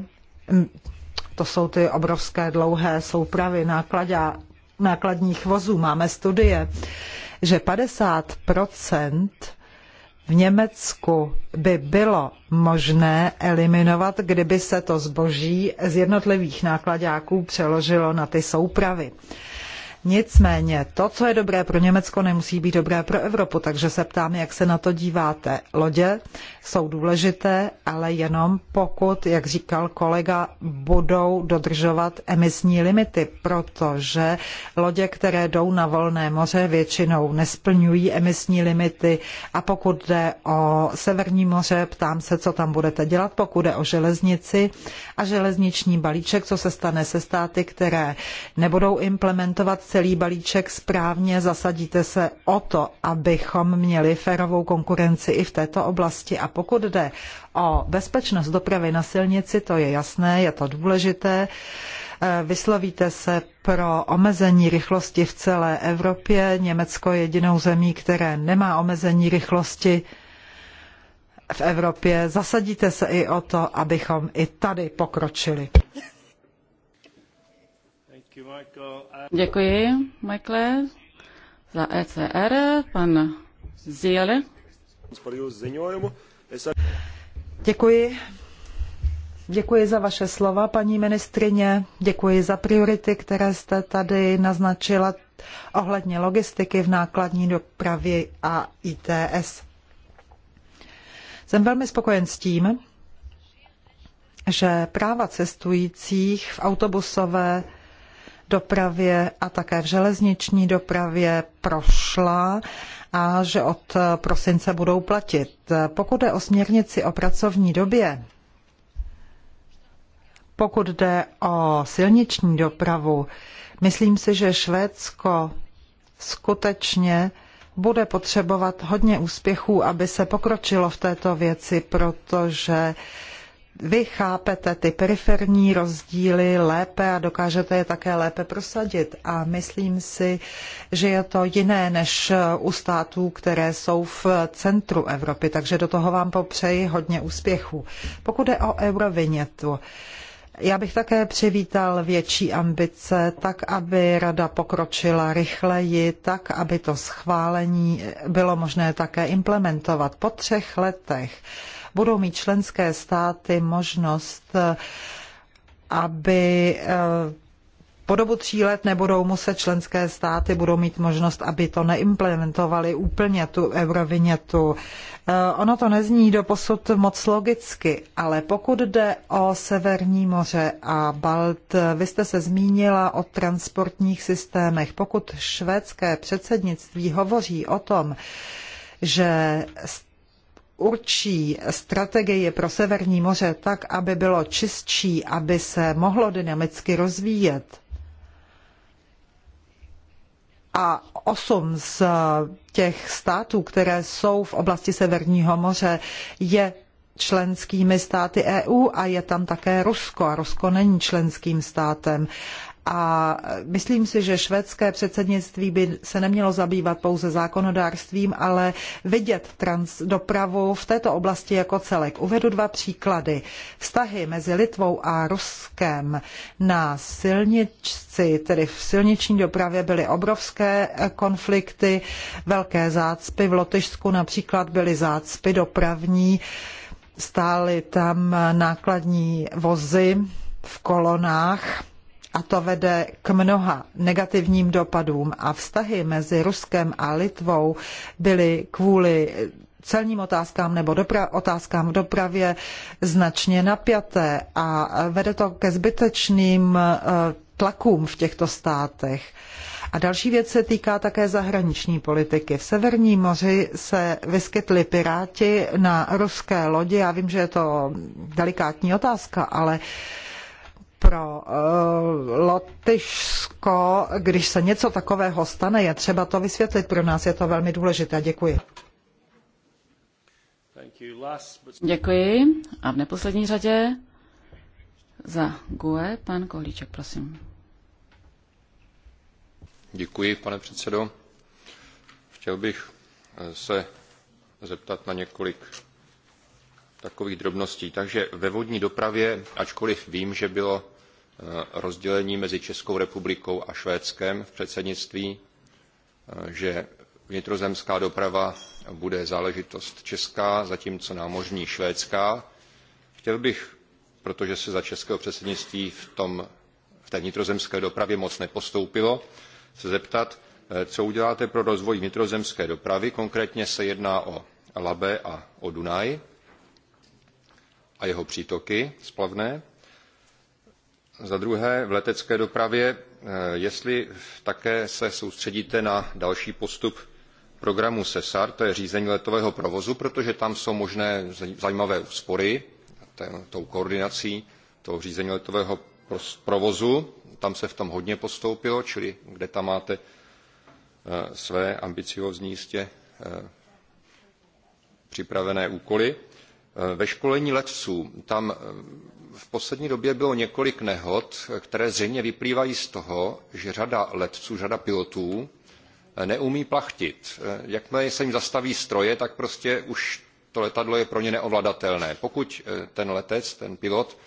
to jsou ty obrovské dlouhé soupravy nákladě, nákladních vozů, máme studie, že 50 v Německu by bylo možné eliminovat, kdyby se to zboží z jednotlivých nákladáků přeložilo na ty soupravy. Uh, Nicméně to, co je dobré pro Německo, nemusí být dobré pro Evropu, takže se ptám, jak se na to díváte. Lodě jsou důležité, ale jenom pokud, jak říkal kolega, budou dodržovat emisní limity, protože lodě, které jdou na volné moře, většinou nesplňují emisní limity a pokud jde o Severní moře, ptám se, co tam budete dělat, pokud jde o železnici a železniční balíček, co se stane se státy, které nebudou implementovat celý balíček správně, zasadíte se o to, abychom měli férovou konkurenci i v této oblasti. A pokud jde o bezpečnost dopravy na silnici, to je jasné, je to důležité. Eh, vyslovíte se pro omezení rychlosti v celé Evropě. Německo je jedinou zemí, které nemá omezení rychlosti v Evropě. Zasadíte se i o to, abychom i tady pokročili. Děkuji, Michael, za ECR, pan Ziele. Děkuji. Děkuji za vaše slova, paní ministrině. Děkuji za priority, které jste tady naznačila ohledně logistiky v nákladní dopravě a ITS. Jsem velmi spokojen s tím, že práva cestujících v autobusové dopravě a také v železniční dopravě prošla a že od prosince budou platit. Pokud jde o směrnici o pracovní době, pokud jde o silniční dopravu, myslím si, že Švédsko skutečně bude potřebovat hodně úspěchů, aby se pokročilo v této věci, protože vy chápete ty periferní rozdíly lépe a dokážete je také lépe prosadit. A myslím si, že je to jiné než u států, které jsou v centru Evropy. Takže do toho vám popřeji hodně úspěchů. Pokud je o eurovinětu, já bych také přivítal větší ambice, tak aby rada pokročila rychleji, tak aby to schválení bylo možné také implementovat po třech letech budou mít členské státy možnost, eh, aby eh, po dobu tří let nebudou muset členské státy, budou mít možnost, aby to neimplementovali úplně tu eurovinětu. Eh, ono to nezní do posud moc logicky, ale pokud jde o Severní moře a Balt, vy jste se zmínila o transportních systémech. Pokud švédské předsednictví hovoří o tom, že určí strategii pro Severní moře tak, aby bylo čistší, aby se mohlo dynamicky rozvíjet. A osm z těch států, které jsou v oblasti Severního moře, je členskými státy EU a je tam také Rusko. A Rusko není členským státem. A myslím si, že švédské předsednictví by se nemělo zabývat pouze zákonodárstvím, ale vidět trans dopravu v této oblasti jako celek. Uvedu dva příklady. Vztahy mezi Litvou a Ruskem na silničci, tedy v silniční dopravě, byly obrovské konflikty, velké zácpy. V Lotyšsku například byly zácpy dopravní, stály tam nákladní vozy v kolonách a to vede k mnoha negativním dopadům a vztahy mezi Ruskem a Litvou byly kvůli celním otázkám nebo dopra- otázkám v dopravě značně napjaté a vede to ke zbytečným eh, tlakům v těchto státech. A další věc se týká také zahraniční politiky. V Severním moři se vyskytli piráti na ruské lodi. Já vím, že je to delikátní otázka, ale uh, pro eh, Lotyšsko, když se něco takového stane, je třeba to vysvětlit. Pro nás je to velmi důležité. Děkuji. Děkuji. A v neposlední řadě za GUE pan Kohlíček, prosím. Děkuji, pane předsedo. Chtěl bych eh, se zeptat na několik takových drobností. Takže ve vodní dopravě, ačkoliv vím, že bylo Eh, rozdělení mezi Českou republikou a Švédskem v předsednictví, eh, že vnitrozemská doprava bude záležitost česká, zatímco námořní švédská. Chtěl bych, protože se za českého předsednictví v, tom, v té vnitrozemské dopravě moc nepostoupilo, se zeptat, eh, co uděláte pro rozvoj vnitrozemské dopravy. Konkrétně se jedná o Labe a o Dunaj a jeho přítoky splavné za druhé, v letecké dopravě, eh, jestli také se soustředíte na další postup programu SESAR, to je řízení letového provozu, protože tam jsou možné zajímavé úspory tou koordinací toho řízení letového provozu. Tam se v tom hodně postoupilo, čili kde tam máte eh, své ambiciózní jistě eh, připravené úkoly. Ve školení letců tam v poslední době bylo několik nehod, které zřejmě vyplývají z toho, že řada letců, řada pilotů eh, neumí plachtit. Eh, jakmile se jim zastaví stroje, tak prostě už to letadlo je pro ně neovladatelné. Pokud eh, ten letec, ten pilot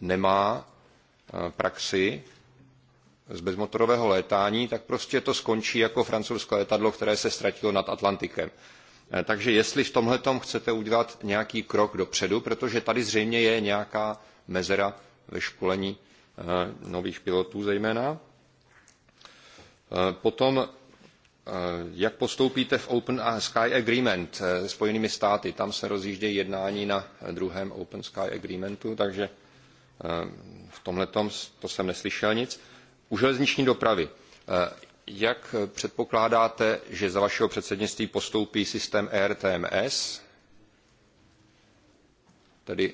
nemá praxi z bezmotorového létání, tak prostě to skončí jako francouzské letadlo, které se ztratilo nad Atlantikem. Takže jestli v tomhle chcete udělat nějaký krok dopředu, protože tady zřejmě je nějaká mezera ve školení eh, nových pilotů zejména. Eh, potom, eh, jak postoupíte v Open Sky Agreement se Spojenými státy? Tam se rozjíždějí jednání na druhém Open Sky Agreementu, takže v tomhle to jsem neslyšel nic. U železniční dopravy. Jak předpokládáte, že za vašeho předsednictví postoupí systém ERTMS, tedy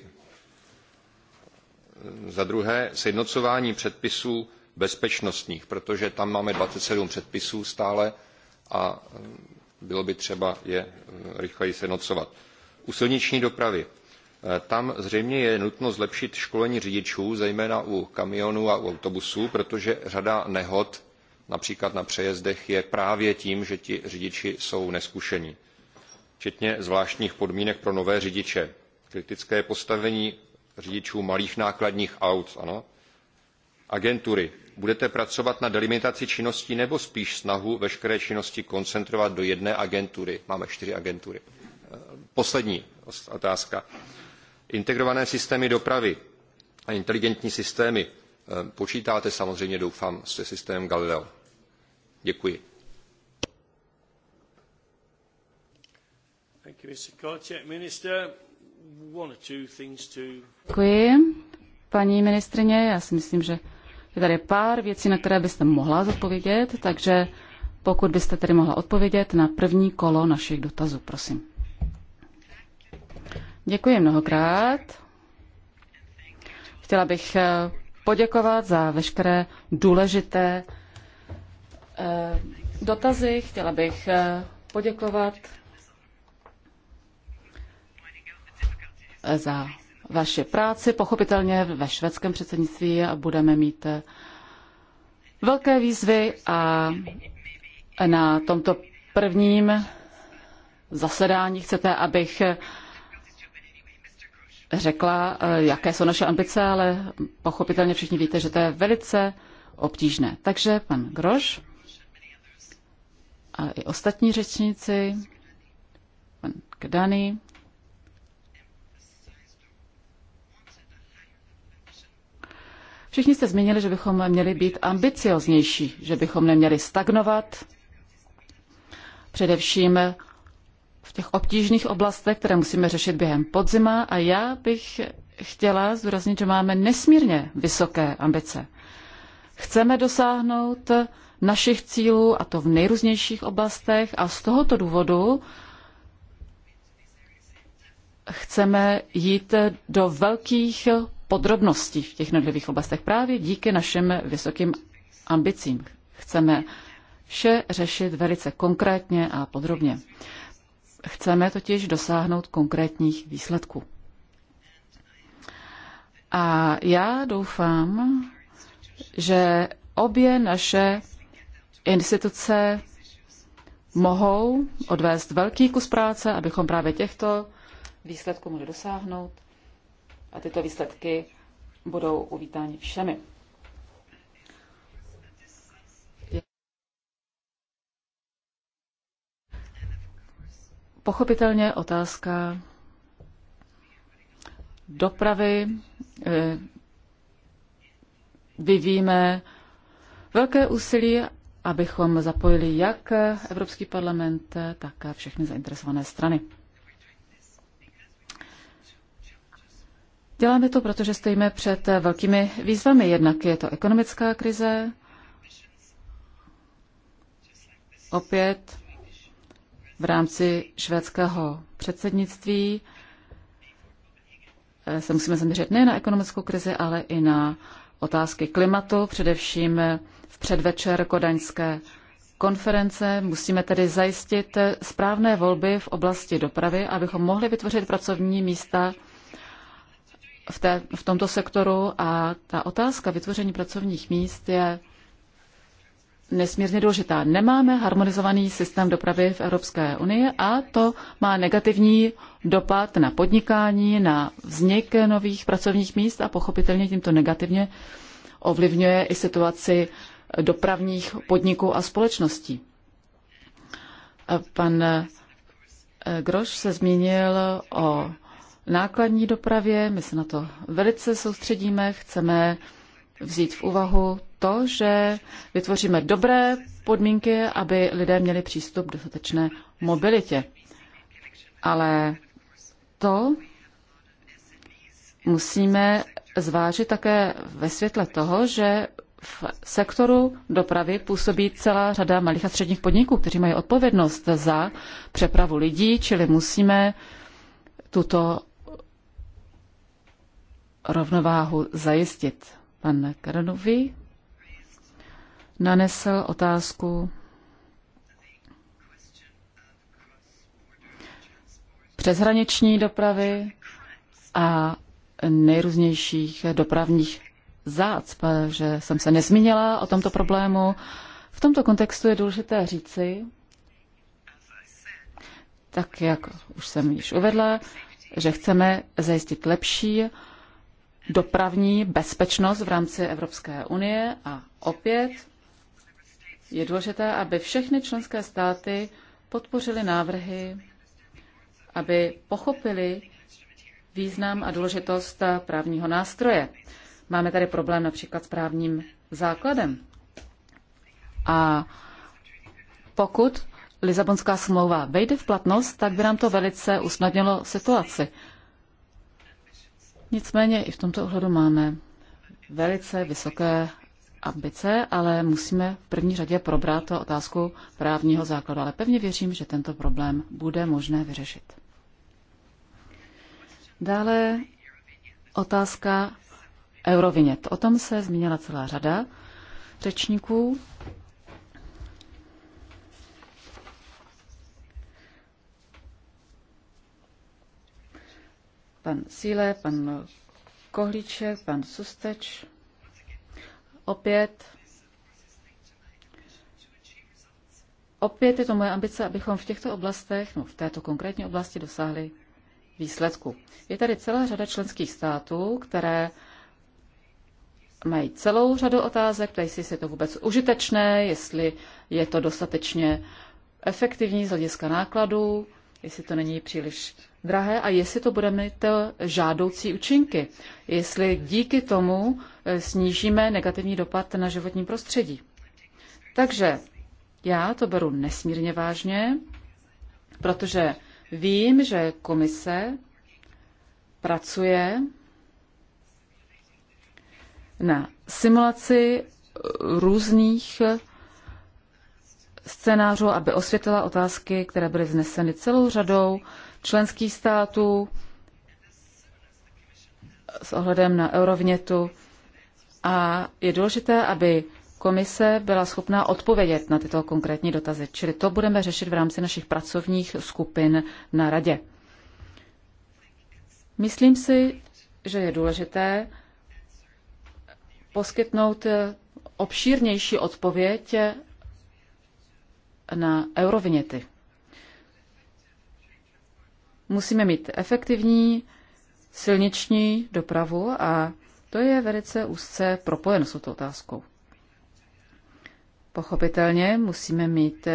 za druhé sjednocování předpisů bezpečnostních, protože tam máme 27 předpisů stále a eh, bylo by třeba je eh, rychleji sjednocovat. U silniční dopravy. Eh, tam zřejmě je nutno zlepšit školení řidičů, zejména u kamionů a u autobusů, protože řada nehod, například na přejezdech, je právě tím, že ti řidiči jsou neskušení. Včetně zvláštních podmínek pro nové řidiče. Kritické postavení řidičů malých nákladních aut, ano? Agentury, budete pracovat na delimitaci činností nebo spíš snahu veškeré činnosti koncentrovat do jedné agentury? Máme čtyři agentury. Eh, poslední otázka. Integrované systémy dopravy a inteligentní systémy. Eh, počítáte samozřejmě, doufám, se systémem Galileo. Děkuji. Thank you, Mr. Děkuji. Paní ministrině, já si myslím, že je tady pár věcí, na které byste mohla zodpovědět, takže pokud byste tedy mohla odpovědět na první kolo našich dotazů, prosím. Děkuji mnohokrát. Chtěla bych eh, poděkovat za veškeré důležité eh, dotazy. Chtěla bych eh, poděkovat za vaši práci. Pochopitelně ve švédském předsednictví budeme mít eh, velké výzvy a na tomto prvním zasedání chcete, abych eh, řekla, eh, jaké jsou naše ambice, ale pochopitelně všichni víte, že to je velice obtížné. Takže pan Groš a i ostatní řečníci, pan Kdany, Všichni jste zmínili, že bychom měli být ambicioznější, že bychom neměli stagnovat, především v těch obtížných oblastech, které musíme řešit během podzima. A já bych chtěla zdůraznit, že máme nesmírně vysoké ambice. Chceme dosáhnout našich cílů, a to v nejrůznějších oblastech, a z tohoto důvodu chceme jít do velkých podrobností v těch jednotlivých oblastech právě díky našim vysokým ambicím. Chceme vše řešit velice konkrétně a podrobně. Chceme totiž dosáhnout konkrétních výsledků. A já doufám, že obě naše instituce mohou odvést velký kus práce, abychom právě těchto výsledků mohli dosáhnout a tyto výsledky budou uvítáni všemi. Pochopitelně otázka dopravy. Eh, vyvíjíme velké úsilí, abychom zapojili jak Evropský parlament, tak všechny zainteresované strany. Děláme to, protože stojíme před velkými výzvami. Jednak je to ekonomická krize, opět v rámci švédského předsednictví se musíme zaměřit ne na ekonomickou krizi, ale i na otázky klimatu, především v předvečer kodaňské konference. Musíme tedy zajistit správné volby v oblasti dopravy, abychom mohli vytvořit pracovní místa v, té, v tomto sektoru a ta otázka vytvoření pracovních míst je nesmírně důležitá. Nemáme harmonizovaný systém dopravy v Evropské unii a to má negativní dopad na podnikání, na vznik nových pracovních míst a pochopitelně tímto negativně ovlivňuje i situaci dopravních podniků a společností. Pan eh, Groš se zmínil o nákladní dopravě. My se na to velice soustředíme, chceme vzít v úvahu to, že vytvoříme dobré podmínky, aby lidé měli přístup k dostatečné mobilitě. Ale to musíme zvážit také ve světle toho, že v sektoru dopravy působí celá řada malých a středních podniků, kteří mají odpovědnost za přepravu lidí, čili musíme tuto rovnováhu zajistit. Pan Karanovi nanesl otázku přeshraniční dopravy a nejrůznějších dopravních zácp, že jsem se nezmínila o tomto problému. V tomto kontextu je důležité říci, tak jak už jsem již uvedla, že chceme zajistit lepší dopravní bezpečnost v rámci Evropské unie a opět je důležité, aby všechny členské státy podpořily návrhy, aby pochopili význam a důležitost právního nástroje. Máme tady problém například s právním základem. A pokud Lisabonská smlouva vejde v platnost, tak by nám to velice usnadnilo situaci. Nicméně i v tomto ohledu máme velice vysoké ambice, ale musíme v první řadě probrat to otázku právního základu. Ale pevně věřím, že tento problém bude možné vyřešit. Dále otázka eurovinět. O tom se zmínila celá řada řečníků. pan Síle, pan Kohlíček, pan Susteč. Opět Opět je to moje ambice, abychom v těchto oblastech, no v této konkrétní oblasti, dosáhli výsledku. Je tady celá řada členských států, které mají celou řadu otázek, ptají si, jestli je to vůbec užitečné, jestli je to dostatečně efektivní z hlediska nákladů, jestli to není příliš drahé a jestli to bude mít eh, žádoucí účinky. Jestli díky tomu eh, snížíme negativní dopad na životní prostředí. Takže já to beru nesmírně vážně, protože vím, že komise pracuje na simulaci různých eh, scénářů, aby osvětlila otázky, které byly vzneseny celou řadou členských států s ohledem na eurovnětu a je důležité, aby komise byla schopná odpovědět na tyto konkrétní dotazy. Čili to budeme řešit v rámci našich pracovních skupin na radě. Myslím si, že je důležité poskytnout obšírnější odpověď na euroviněty. Musíme mít efektivní silniční dopravu a to je velice úzce propojeno s touto otázkou. Pochopitelně musíme mít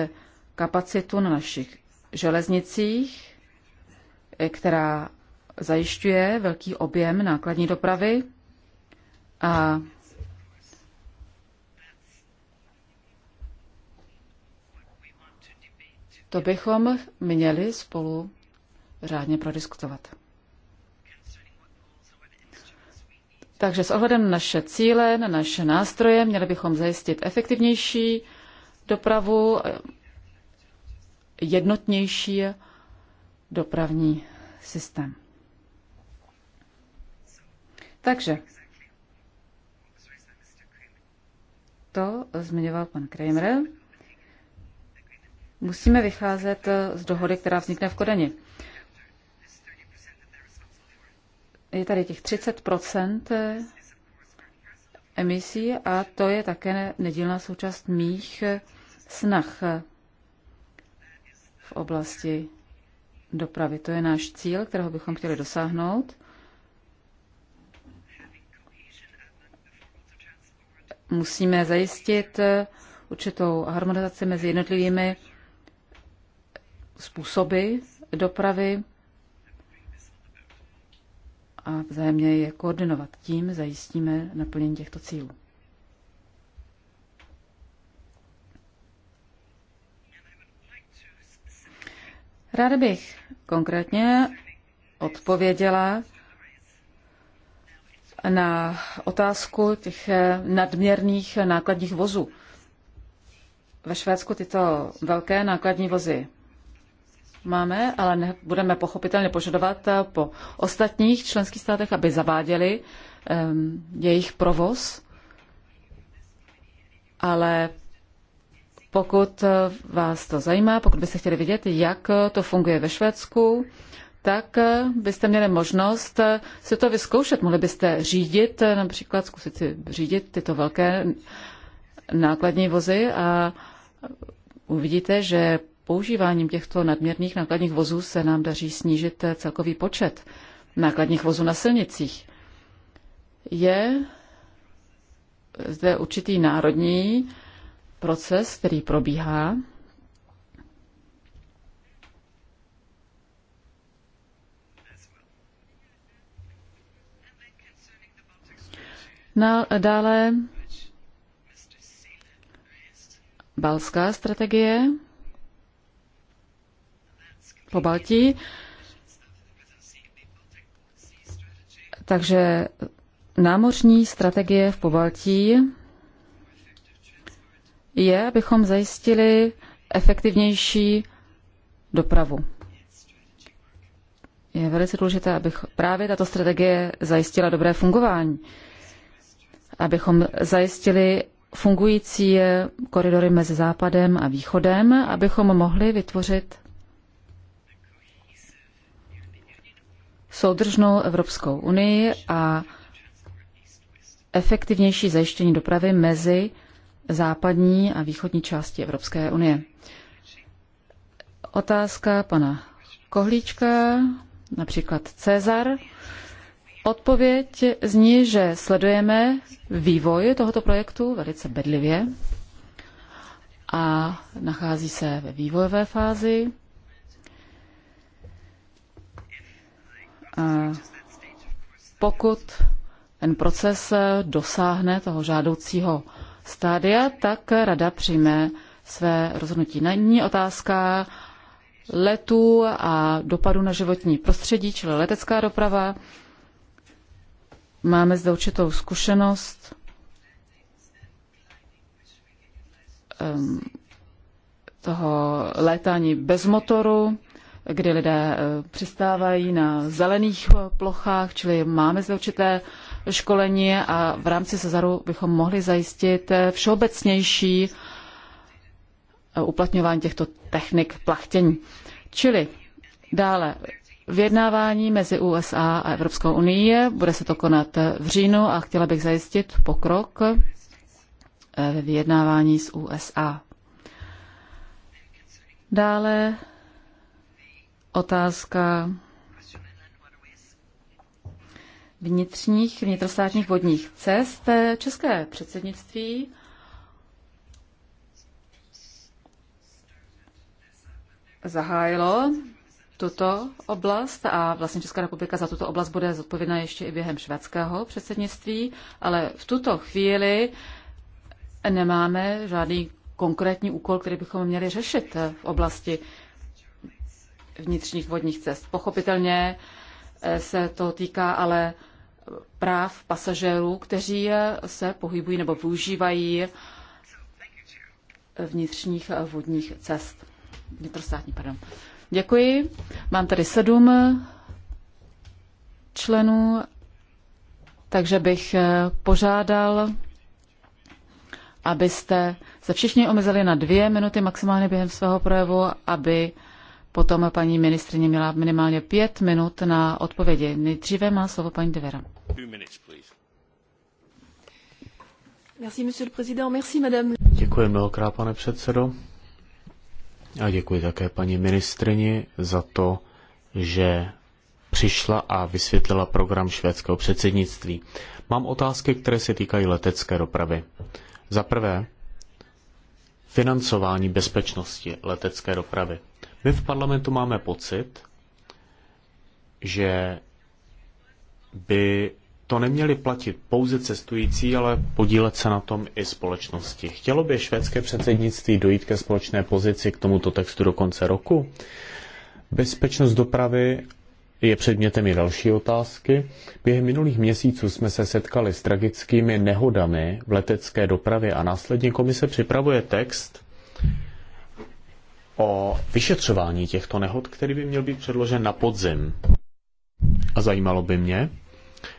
kapacitu na našich železnicích, která zajišťuje velký objem nákladní dopravy a to bychom měli spolu řádně prodiskutovat. Takže s ohledem na naše cíle, na naše nástroje, měli bychom zajistit efektivnější dopravu, jednotnější dopravní systém. Takže to zmiňoval pan Kramer. Musíme vycházet z dohody, která vznikne v Kodani. je tady těch 30 eh, emisí a to je také nedílná součást mých eh, snah eh, v oblasti dopravy. To je náš cíl, kterého bychom chtěli dosáhnout. Musíme zajistit určitou harmonizaci mezi jednotlivými způsoby dopravy a vzájemně je koordinovat. Tím zajistíme naplnění těchto cílů. Ráda bych konkrétně odpověděla na otázku těch nadměrných nákladních vozů. Ve Švédsku tyto velké nákladní vozy máme, ale ne, budeme pochopitelně požadovat eh, po ostatních členských státech, aby zaváděli um, jejich provoz. Ale pokud eh, vás to zajímá, pokud byste chtěli vidět, jak eh, to funguje ve Švédsku, tak byste měli možnost si to vyzkoušet. Mohli byste řídit, například zkusit si řídit tyto velké nákladní vozy a uvidíte, že používáním těchto nadměrných nákladních vozů se nám daří snížit celkový počet nákladních vozů na silnicích. Je zde určitý národní proces, který probíhá. Na Dále balská strategie po Baltii. Takže námořní strategie v Pobaltí je, abychom zajistili efektivnější dopravu. Je velice důležité, abych právě tato strategie zajistila dobré fungování, abychom zajistili fungující koridory mezi západem a východem, abychom mohli vytvořit soudržnou Evropskou unii a efektivnější zajištění dopravy mezi západní a východní části Evropské unie. Otázka pana Kohlíčka, například Cezar. Odpověď zní, že sledujeme vývoj tohoto projektu velice bedlivě a nachází se ve vývojové fázi. pokud ten proces dosáhne toho žádoucího stádia, tak rada přijme své rozhodnutí. Není otázka letů a dopadu na životní prostředí, čili letecká doprava. Máme zde určitou zkušenost. Ehm, toho létání bez motoru kdy lidé eh, přistávají na zelených eh, plochách, čili máme zde určité školení a v rámci Sezaru bychom mohli zajistit eh, všeobecnější uplatňování těchto technik plachtění. Čili dále vyjednávání mezi USA a Evropskou unii. Bude se to konat v říjnu a chtěla bych zajistit pokrok ve vyjednávání s USA. Dále otázka vnitřních, vnitrostátních vodních cest. České předsednictví zahájilo tuto oblast a vlastně Česká republika za tuto oblast bude zodpovědná ještě i během švédského předsednictví, ale v tuto chvíli nemáme žádný konkrétní úkol, který bychom měli řešit v oblasti vnitřních vodních cest. Pochopitelně eh, se to týká ale práv pasažérů, kteří eh, se pohybují nebo využívají vnitřních eh, vodních cest. Vnitrostátní, pardon. Děkuji. Mám tady sedm členů, takže bych požádal, abyste se všichni omezili na dvě minuty maximálně během svého projevu, aby Potom paní ministrině měla minimálně pět minut na odpovědi. Nejdříve má slovo paní Devera. Děkuji mnohokrát, pane předsedo. A děkuji také paní ministrině za to, že přišla a vysvětlila program švédského předsednictví. Mám otázky, které se týkají letecké dopravy. Za prvé, financování bezpečnosti letecké dopravy. My v parlamentu máme pocit, že by to neměli platit pouze cestující, ale podílet se na tom i společnosti. Chtělo by švédské předsednictví dojít ke společné pozici k tomuto textu do konce roku? Bezpečnost dopravy je předmětem i další otázky. Během minulých měsíců jsme se setkali s tragickými nehodami v letecké dopravě a následně komise připravuje text, o vyšetřování těchto nehod, který by měl být předložen na podzim. A zajímalo by mě,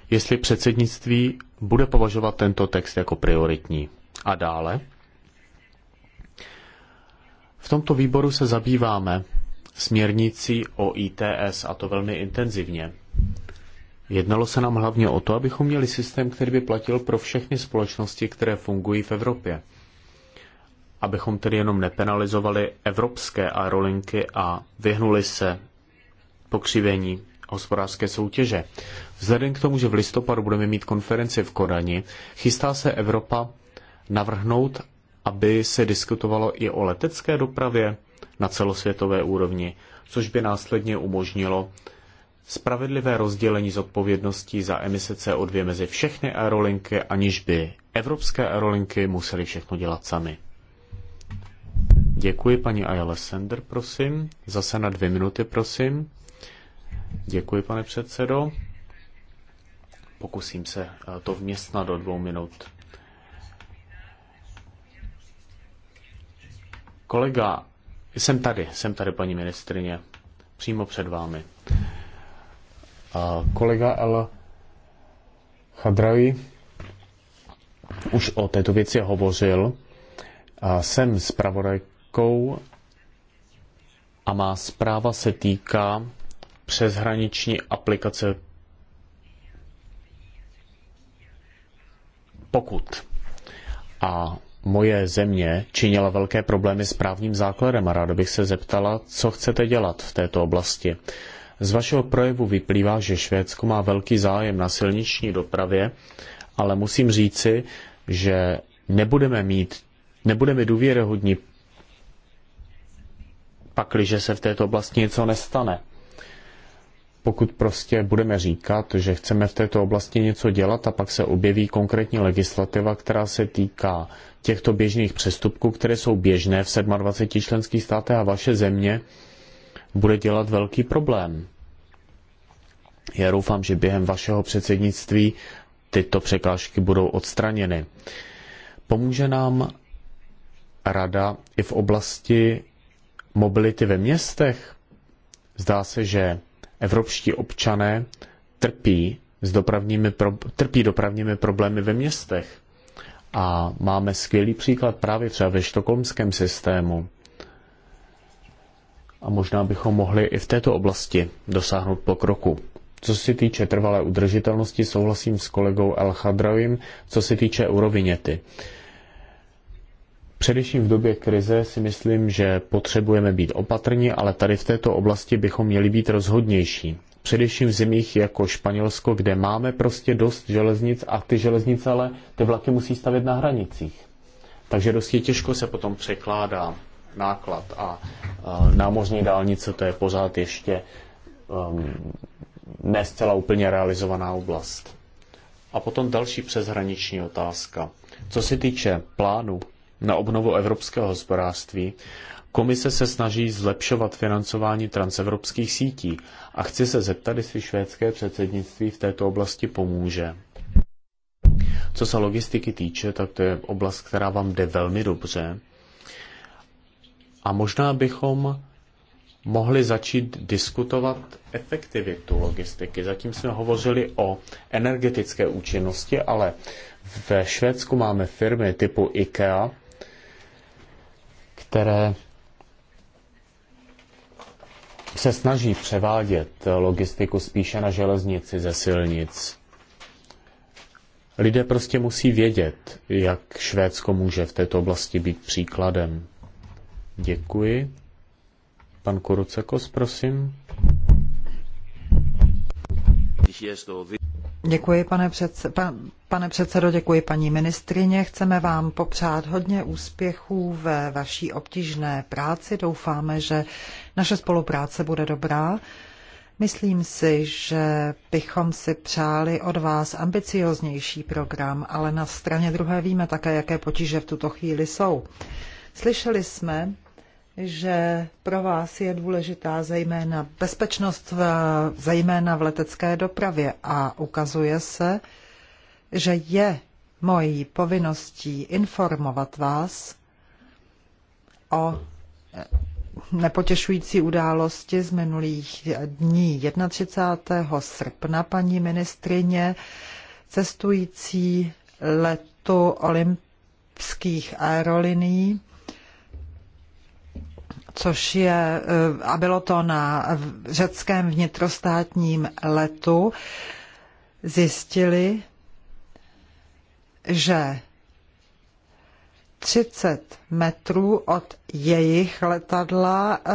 jestli předsednictví bude považovat tento text jako prioritní. A dále. V tomto výboru se zabýváme směrnicí o ITS a to velmi intenzivně. Jednalo se nám hlavně o to, abychom měli systém, který by platil pro všechny společnosti, které fungují v Evropě abychom tedy jenom nepenalizovali evropské aerolinky a vyhnuli se pokřivení hospodářské soutěže. Vzhledem k tomu, že v listopadu budeme mít konferenci v Kodani, chystá se Evropa navrhnout, aby se diskutovalo i o letecké dopravě na celosvětové úrovni, což by následně umožnilo spravedlivé rozdělení zodpovědností za emise CO2 mezi všechny aerolinky, aniž by evropské aerolinky musely všechno dělat sami. Děkuji paní Ayala Sender, prosím. Zase na dvě minuty, prosím. Děkuji, pane předsedo. Pokusím se eh, to vměstnat do dvou minut. Kolega, jsem tady, jsem tady, paní ministrině, přímo před vámi. A kolega El Chadravi už o této věci hovořil. A jsem zpravodaj otázkou a má zpráva se týká přeshraniční aplikace pokud. A moje země činila velké problémy s právním základem a ráda bych se zeptala, co chcete dělat v této oblasti. Z vašeho projevu vyplývá, že Švédsko má velký zájem na silniční dopravě, ale musím říci, že nebudeme mít, nebudeme důvěryhodní, pakliže se v této oblasti něco nestane. Pokud prostě budeme říkat, že chceme v této oblasti něco dělat a pak se objeví konkrétní legislativa, která se týká těchto běžných přestupků, které jsou běžné v 27 členských státech a vaše země, bude dělat velký problém. Já doufám, že během vašeho předsednictví tyto překážky budou odstraněny. Pomůže nám rada i v oblasti mobility ve městech? Zdá se, že evropští občané trpí, s dopravními pro, trpí dopravními problémy ve městech. A máme skvělý příklad právě třeba ve štokomském systému. A možná bychom mohli i v této oblasti dosáhnout pokroku. Co se týče trvalé udržitelnosti, souhlasím s kolegou El co se týče eurovinety. Uh, Především v době krize si myslím, že potřebujeme být opatrní, ale tady v této oblasti bychom měli být rozhodnější. Především v zemích jako Španělsko, kde máme prostě dost železnic a ty železnice ale ty vlaky musí stavět na hranicích. Takže dosti těžko se potom překládá náklad a námořní dálnice, to je pořád ještě um, ne zcela úplně realizovaná oblast. A potom další přeshraniční otázka. Co se týče plánu na obnovu evropského hospodářství, komise se snaží zlepšovat financování transevropských sítí a chci se zeptat, jestli švédské předsednictví v této oblasti pomůže. Co se logistiky týče, tak to je oblast, která vám jde velmi dobře. A možná bychom mohli začít diskutovat efektivitu logistiky. Zatím jsme hovořili o energetické účinnosti, ale ve Švédsku máme firmy typu IKEA, které se snaží převádět logistiku spíše na železnici ze silnic. Lidé prostě musí vědět, jak Švédsko může v této oblasti být příkladem. Děkuji. Pan Kurucekos, prosím. Děkuji, pane, předse, pan, pane předsedo, děkuji paní ministrině. Chceme vám popřát hodně úspěchů ve vaší obtížné práci. Doufáme, že naše spolupráce bude dobrá. Myslím si, že bychom si přáli od vás ambicioznější program, ale na straně druhé víme také, jaké potíže v tuto chvíli jsou. Slyšeli jsme, že pro vás je důležitá zejména bezpečnost, v, zejména v letecké dopravě a ukazuje se, že je mojí povinností informovat vás o eh, nepotěšující události z minulých dní. 31. srpna paní ministrině cestující letu olympijských aerolinií což je, eh, a bylo to na řeckém vnitrostátním letu, zjistili, že 30 metrů od jejich letadla eh,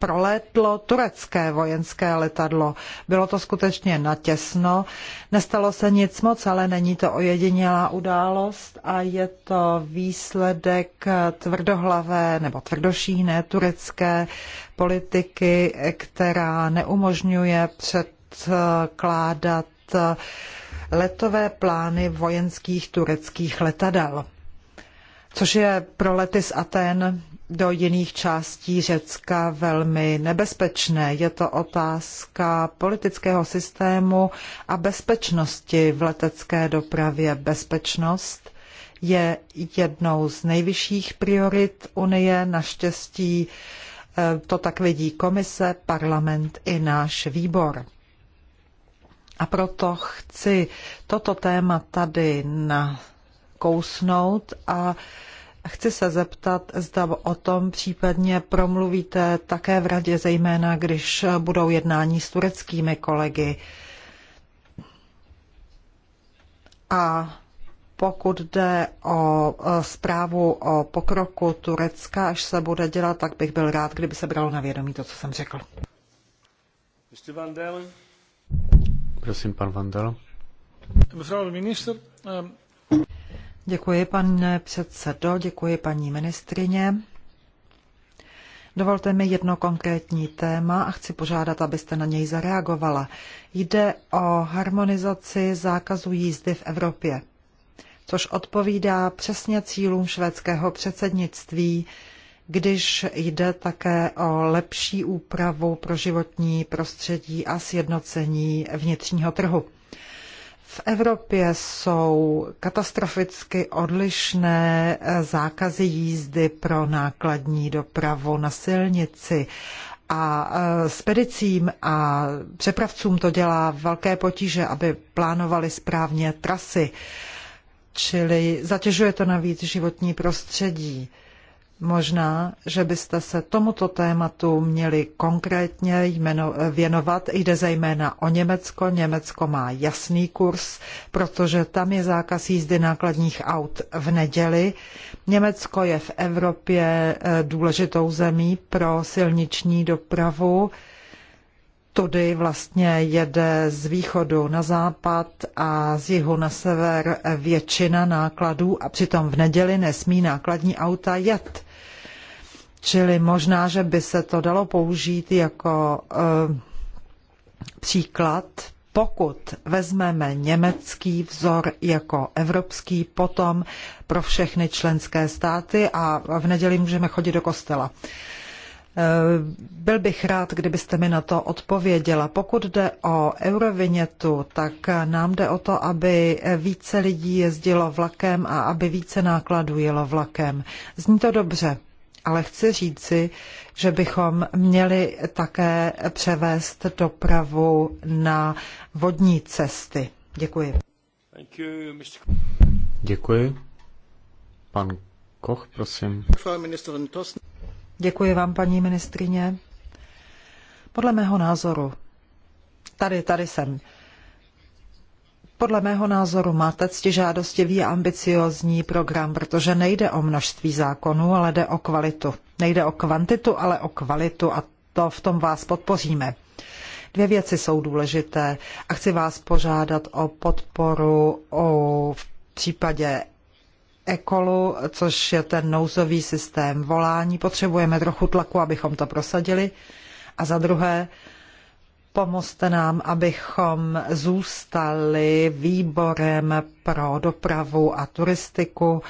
prolétlo turecké vojenské letadlo. Bylo to skutečně natěsno. Nestalo se nic moc, ale není to ojedinělá událost a je to výsledek tvrdohlavé nebo tvrdošíné turecké politiky, která neumožňuje předkládat letové plány vojenských tureckých letadel což je pro lety z Aten do jiných částí Řecka velmi nebezpečné. Je to otázka politického systému a bezpečnosti v letecké dopravě. Bezpečnost je jednou z nejvyšších priorit Unie. Naštěstí eh, to tak vidí komise, parlament i náš výbor. A proto chci toto téma tady nakousnout a Chci se zeptat, zda o tom případně promluvíte také v radě, zejména když budou jednání s tureckými kolegy. A pokud jde o e, zprávu o pokroku Turecka, až se bude dělat, tak bych byl rád, kdyby se bralo na vědomí to, co jsem řekl. Prosím, pan Vandel. Mevrouw minister, ehm, Děkuji, pane předsedo, děkuji, paní ministrině. Dovolte mi jedno konkrétní téma a chci požádat, abyste na něj zareagovala. Jde o harmonizaci zákazu jízdy v Evropě, což odpovídá přesně cílům švédského předsednictví, když jde také o lepší úpravu pro životní prostředí a sjednocení vnitřního trhu. V Evropě jsou katastroficky odlišné eh, zákazy jízdy pro nákladní dopravu na silnici a eh, spedicím a přepravcům to dělá velké potíže, aby plánovali správně trasy, čili zatěžuje to navíc životní prostředí. Možná, že byste se tomuto tématu měli konkrétně jmeno, věnovat. Jde zejména o Německo. Německo má jasný kurz, protože tam je zákaz jízdy nákladních aut v neděli. Německo je v Evropě e, důležitou zemí pro silniční dopravu. Tudy vlastně jede z východu na západ a z jihu na sever většina nákladů a přitom v neděli nesmí nákladní auta jet. Čili možná, že by se to dalo použít jako eh, příklad pokud vezmeme německý vzor jako evropský, potom pro všechny členské státy a v neděli můžeme chodit do kostela. Eh, byl bych rád, kdybyste mi na to odpověděla. Pokud jde o eurovinětu, tak nám jde o to, aby více lidí jezdilo vlakem a aby více nákladů jelo vlakem. Zní to dobře. Ale chci říci, že bychom měli také převést dopravu na vodní cesty. Děkuji. Děkuji. Pan Koch, prosím. Děkuji vám, paní ministrině. Podle mého názoru, tady, tady jsem, podle mého názoru máte ctižádostivý a ambiciozní program, protože nejde o množství zákonů, ale jde o kvalitu. Nejde o kvantitu, ale o kvalitu a to v tom vás podpoříme. Dvě věci jsou důležité a chci vás požádat o podporu o, v případě ECOLu, což je ten nouzový systém volání. Potřebujeme trochu tlaku, abychom to prosadili. A za druhé, Pomozte nám, abychom zůstali výborem pro dopravu a turistiku,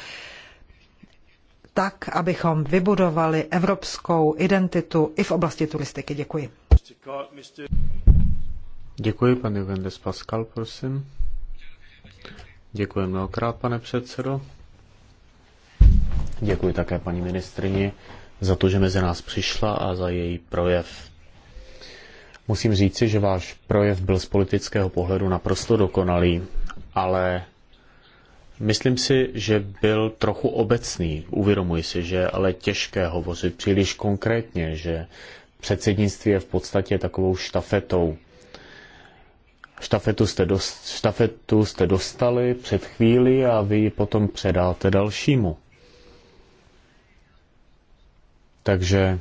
tak, abychom vybudovali evropskou identitu i v oblasti turistiky. Děkuji. Děkuji, pane Vendes Pascal, prosím. Děkuji mnohokrát, pane předsedo. Děkuji také paní ministrině za to, že mezi nás přišla a za její projev. Musím říci, že váš projev byl z politického pohledu naprosto dokonalý, ale myslím si, že byl trochu obecný. Uvědomuji si, že ale těžké hovořit příliš konkrétně, že předsednictví je v podstatě takovou štafetou. Štafetu jste, dost, štafetu jste dostali před chvíli a vy ji potom předáte dalšímu. Takže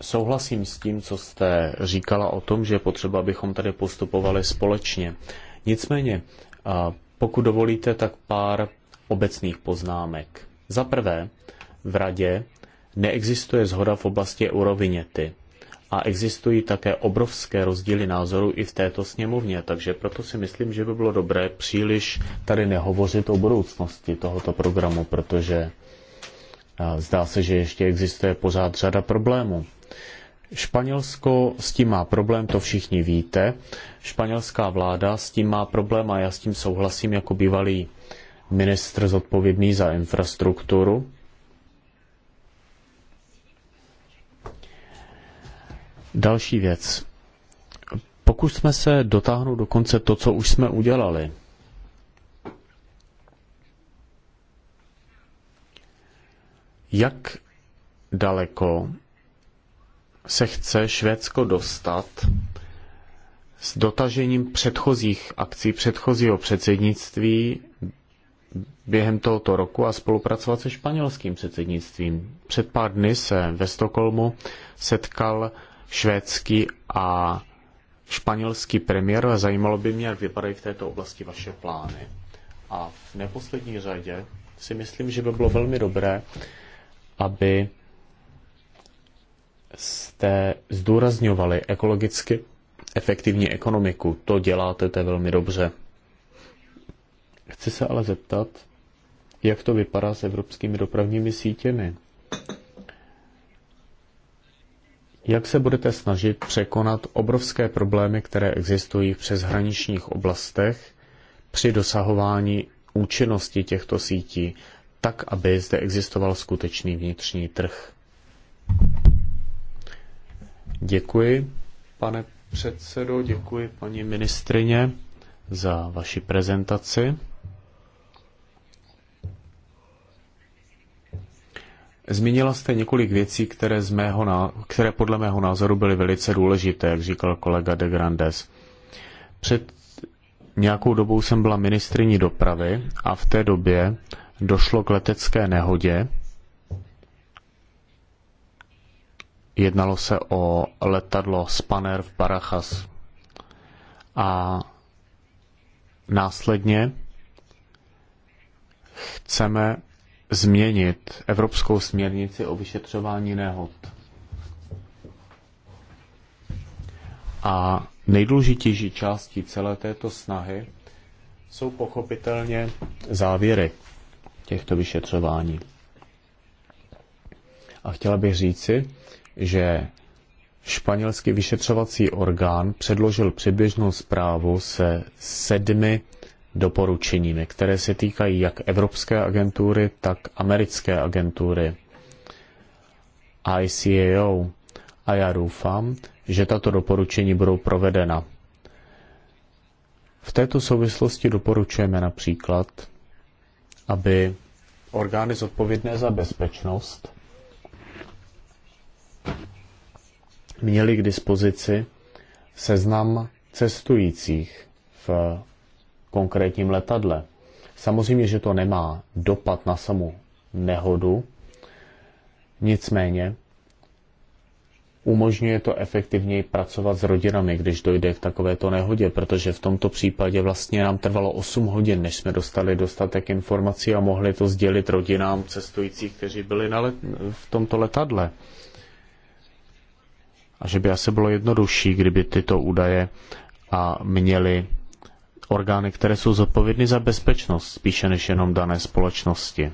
Souhlasím s tím, co jste říkala o tom, že je potřeba, abychom tady postupovali společně. Nicméně, pokud dovolíte, tak pár obecných poznámek. Za prvé, v radě neexistuje zhoda v oblasti eurovinety a existují také obrovské rozdíly názoru i v této sněmovně, takže proto si myslím, že by bylo dobré příliš tady nehovořit o budoucnosti tohoto programu, protože zdá se, že ještě existuje pořád řada problémů. Španělsko s tím má problém, to všichni víte. Španělská vláda s tím má problém a já s tím souhlasím jako bývalý ministr zodpovědný za infrastrukturu. Další věc. Pokusme se dotáhnout do konce to, co už jsme udělali. Jak daleko se chce Švédsko dostat s dotažením předchozích akcí předchozího předsednictví během tohoto roku a spolupracovat se španělským předsednictvím. Před pár dny se ve Stokholmu setkal švédský a španělský premiér a zajímalo by mě, jak vypadají v této oblasti vaše plány. A v neposlední řadě si myslím, že by bylo velmi dobré, aby jste zdůrazňovali ekologicky efektivní ekonomiku. To děláte, to je velmi dobře. Chci se ale zeptat, jak to vypadá s evropskými dopravními sítěmi. Jak se budete snažit překonat obrovské problémy, které existují v přeshraničních oblastech při dosahování účinnosti těchto sítí, tak, aby zde existoval skutečný vnitřní trh? Děkuji, pane předsedo, děkuji paní ministrině za vaši prezentaci. Zmínila jste několik věcí, které, z mého, které podle mého názoru byly velice důležité, jak říkal kolega de Grandes. Před nějakou dobou jsem byla ministriní dopravy a v té době došlo k letecké nehodě, Jednalo se o letadlo Spanner v Barajas. A následně chceme změnit evropskou směrnici o vyšetřování nehod. A nejdůležitější částí celé této snahy jsou pochopitelně závěry těchto vyšetřování. A chtěla bych říci, že španělský vyšetřovací orgán předložil předběžnou zprávu se sedmi doporučeními, které se týkají jak evropské agentury, tak americké agentury ICAO. A já doufám, že tato doporučení budou provedena. V této souvislosti doporučujeme například, aby orgány zodpovědné za bezpečnost měli k dispozici seznam cestujících v konkrétním letadle. Samozřejmě, že to nemá dopad na samu nehodu, nicméně umožňuje to efektivněji pracovat s rodinami, když dojde k takovéto nehodě, protože v tomto případě vlastně nám trvalo 8 hodin, než jsme dostali dostatek informací a mohli to sdělit rodinám cestujících, kteří byli na let- v tomto letadle a že by asi bylo jednodušší, kdyby tyto údaje a měly orgány, které jsou zodpovědny za bezpečnost, spíše než jenom dané společnosti.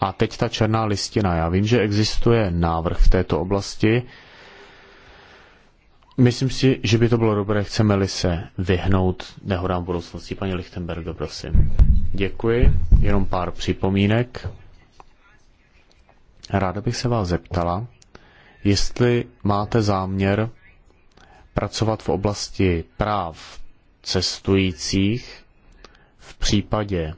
A teď ta černá listina. Já vím, že existuje návrh v této oblasti. Myslím si, že by to bylo dobré, chceme-li se vyhnout nehodám v budoucnosti. Paní Lichtenberg, prosím. Děkuji. Jenom pár připomínek. Ráda bych se vás zeptala, jestli máte záměr pracovat v oblasti práv cestujících v případě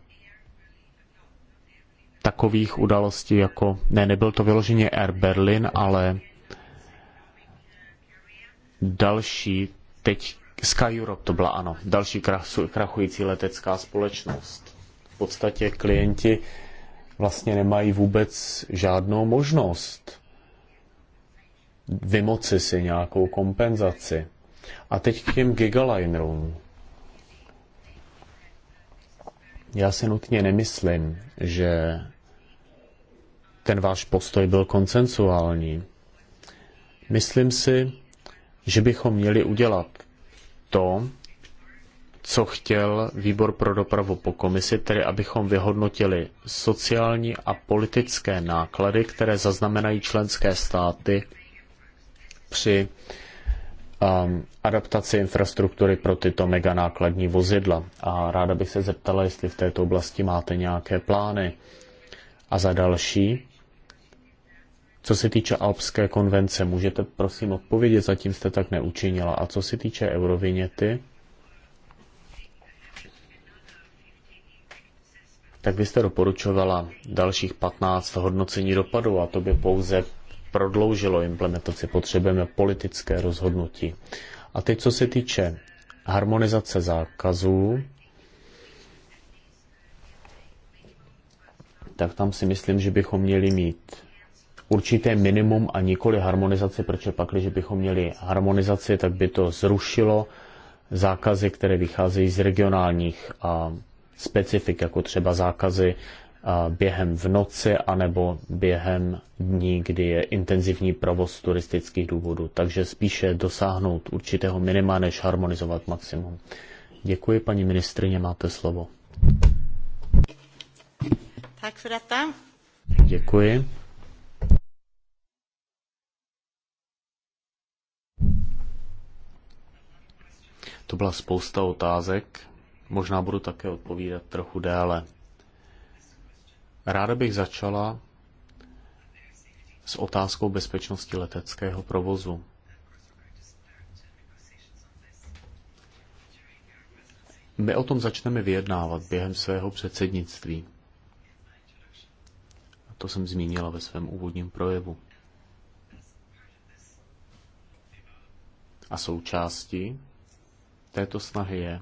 takových událostí jako, ne, nebyl to vyloženě Air Berlin, ale další, teď Sky Europe to byla, ano, další krachující letecká společnost. V podstatě klienti vlastně nemají vůbec žádnou možnost vymoci si nějakou kompenzaci. A teď k těm gigalinerům. Já si nutně nemyslím, že ten váš postoj byl koncensuální. Myslím si, že bychom měli udělat to, co chtěl výbor pro dopravu po komisi, tedy abychom vyhodnotili sociální a politické náklady, které zaznamenají členské státy při um, adaptaci infrastruktury pro tyto meganákladní vozidla. A ráda bych se zeptala, jestli v této oblasti máte nějaké plány. A za další, co se týče Alpské konvence, můžete prosím odpovědět, zatím jste tak neučinila. A co se týče eurovinety, tak byste doporučovala dalších 15 hodnocení dopadu a to by pouze prodloužilo implementaci, potřebujeme politické rozhodnutí. A teď, co se týče harmonizace zákazů, tak tam si myslím, že bychom měli mít určité minimum a nikoli harmonizaci, protože pak, když bychom měli harmonizaci, tak by to zrušilo zákazy, které vycházejí z regionálních a specifik, jako třeba zákazy během v noci anebo během dní, kdy je intenzivní provoz turistických důvodů. Takže spíše dosáhnout určitého minima, než harmonizovat maximum. Děkuji, paní ministrině, máte slovo. Tak Děkuji. To byla spousta otázek. Možná budu také odpovídat trochu déle. Ráda bych začala s otázkou bezpečnosti leteckého provozu. My o tom začneme vyjednávat během svého předsednictví. A to jsem zmínila ve svém úvodním projevu. A součástí této snahy je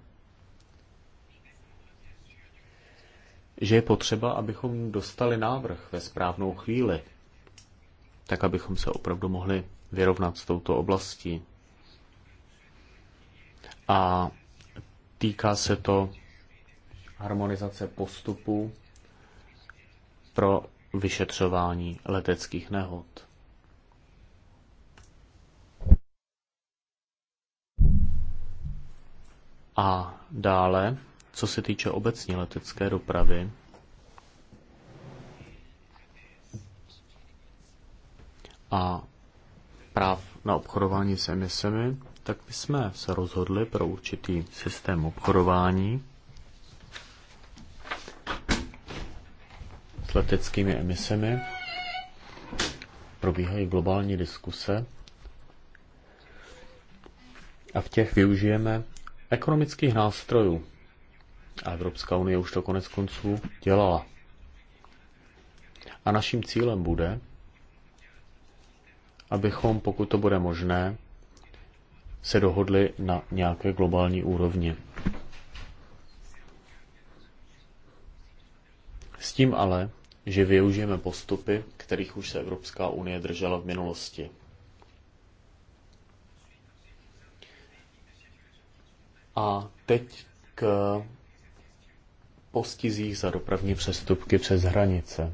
že je potřeba, abychom dostali návrh ve správnou chvíli, tak abychom se opravdu mohli vyrovnat s touto oblastí. A týká se to harmonizace postupu pro vyšetřování leteckých nehod. A dále co se týče obecní letecké dopravy, a práv na obchodování s emisemi, tak my jsme se rozhodli pro určitý systém obchodování s leteckými emisemi. Probíhají globální diskuse a v těch využijeme ekonomických nástrojů. A Evropská unie už to konec konců dělala. A naším cílem bude, abychom, pokud to bude možné, se dohodli na nějaké globální úrovni. S tím ale, že využijeme postupy, kterých už se Evropská unie držela v minulosti. A teď k postizích za dopravní přestupky přes hranice.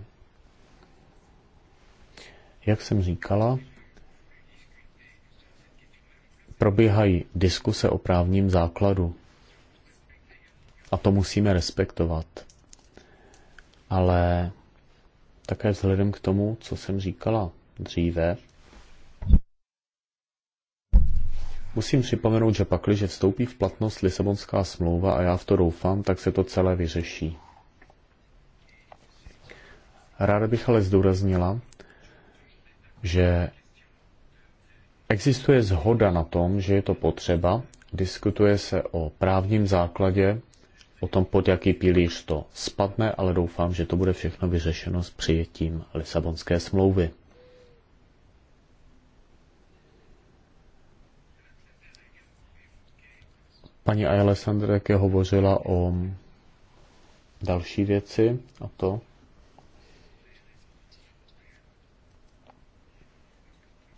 Jak jsem říkala, probíhají diskuse o právním základu. A to musíme respektovat. Ale také vzhledem k tomu, co jsem říkala dříve, Musím připomenout, že pakliže vstoupí v platnost Lisabonská smlouva a já v to doufám, tak se to celé vyřeší. Ráda bych ale zdůraznila, že existuje zhoda na tom, že je to potřeba, diskutuje se o právním základě, o tom, pod jaký pilíř to spadne, ale doufám, že to bude všechno vyřešeno s přijetím Lisabonské smlouvy. Paní Alessandra také hovořila o další věci a to,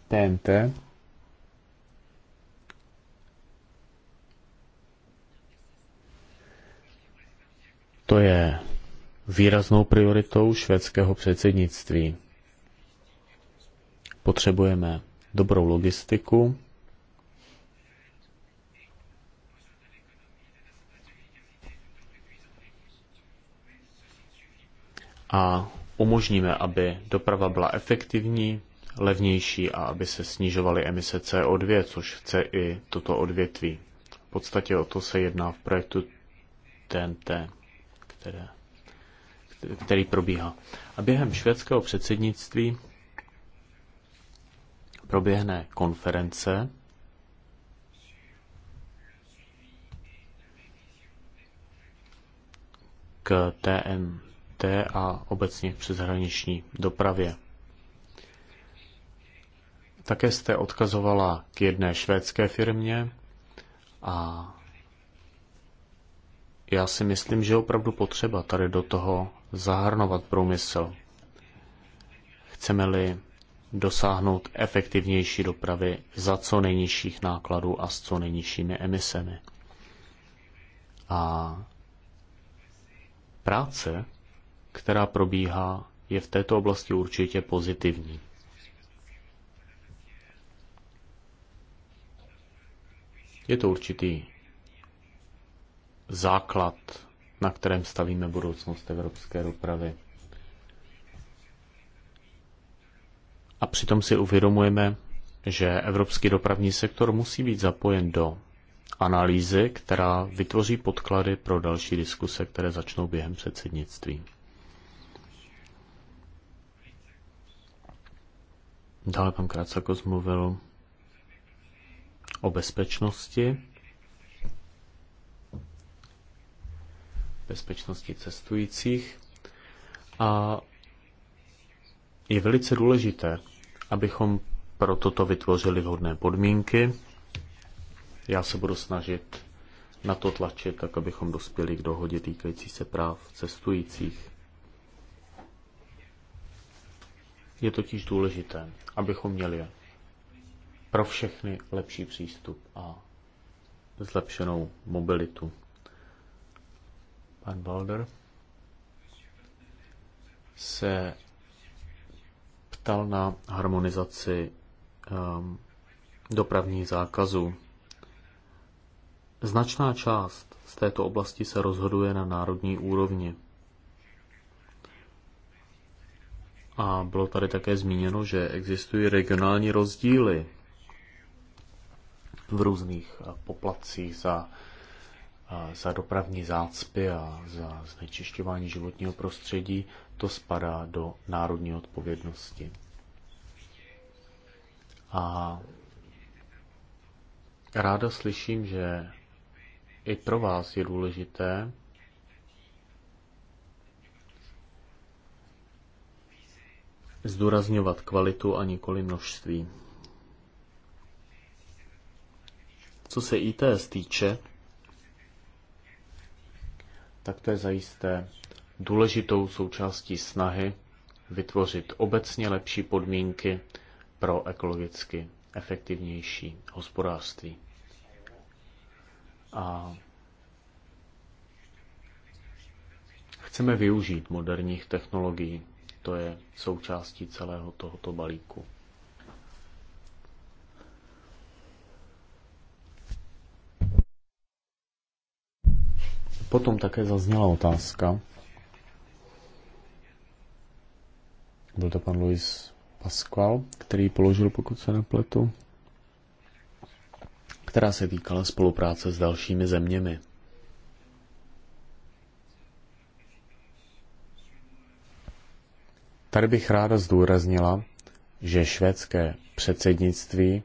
TNT, to je výraznou prioritou švédského předsednictví. Potřebujeme dobrou logistiku, a umožníme, aby doprava byla efektivní, levnější a aby se snižovaly emise CO2, což chce i toto odvětví. V podstatě o to se jedná v projektu TNT, které, který probíhá. A během švédského předsednictví proběhne konference, k TN, TNT a obecně v přeshraniční dopravě. Také jste odkazovala k jedné švédské firmě a já si myslím, že je opravdu potřeba tady do toho zahrnovat průmysl. Chceme-li dosáhnout efektivnější dopravy za co nejnižších nákladů a s co nejnižšími emisemi. A práce, která probíhá, je v této oblasti určitě pozitivní. Je to určitý základ, na kterém stavíme budoucnost evropské dopravy. A přitom si uvědomujeme, že evropský dopravní sektor musí být zapojen do analýzy, která vytvoří podklady pro další diskuse, které začnou během předsednictví. Dále pan Krácakos mluvil o bezpečnosti, bezpečnosti cestujících a je velice důležité, abychom pro toto vytvořili vhodné podmínky. Já se budu snažit na to tlačit, tak abychom dospěli k dohodě týkající se práv cestujících. Je totiž důležité, abychom měli pro všechny lepší přístup a zlepšenou mobilitu. Pan Balder se ptal na harmonizaci um, ehm, dopravních zákazů. Značná část z této oblasti se rozhoduje na národní úrovni. A bylo tady také zmíněno, že existují regionální rozdíly v různých eh, poplacích za, eh, za dopravní zácpy a za znečišťování životního prostředí. To spadá do národní odpovědnosti. A ráda slyším, že i pro vás je důležité, zdůrazňovat kvalitu a nikoli množství. Co se ITS týče, tak to je zajisté důležitou součástí snahy vytvořit obecně lepší podmínky pro ekologicky efektivnější hospodářství. A chceme využít moderních technologií to je součástí celého tohoto balíku. Potom také zazněla otázka. Byl to pan Luis Pasqual, který položil, pokud se nepletu, která se týkala spolupráce s dalšími zeměmi. Tady bych ráda zdůraznila, že švédské předsednictví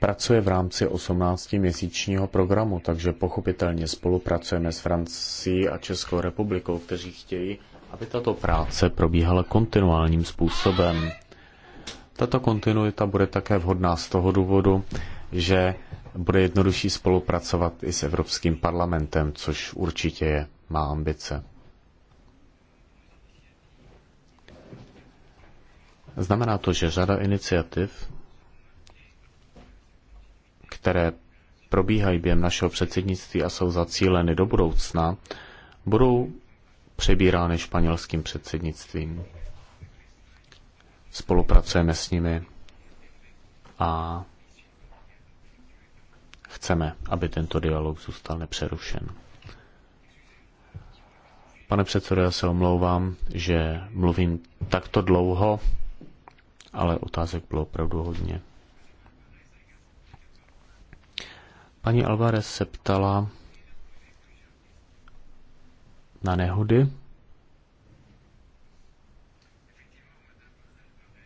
pracuje v rámci 18-měsíčního programu, takže pochopitelně spolupracujeme s Francií a Českou republikou, kteří chtějí, aby tato práce probíhala kontinuálním způsobem. Tato kontinuita bude také vhodná z toho důvodu, že bude jednodušší spolupracovat i s Evropským parlamentem, což určitě je má ambice. Znamená to, že řada iniciativ, které probíhají během našeho předsednictví a jsou zacíleny do budoucna, budou přebírány španělským předsednictvím. Spolupracujeme s nimi a chceme, aby tento dialog zůstal nepřerušen. Pane předsedo, já se omlouvám, že mluvím takto dlouho ale otázek bylo opravdu hodně. Paní Alvarez se ptala na nehody.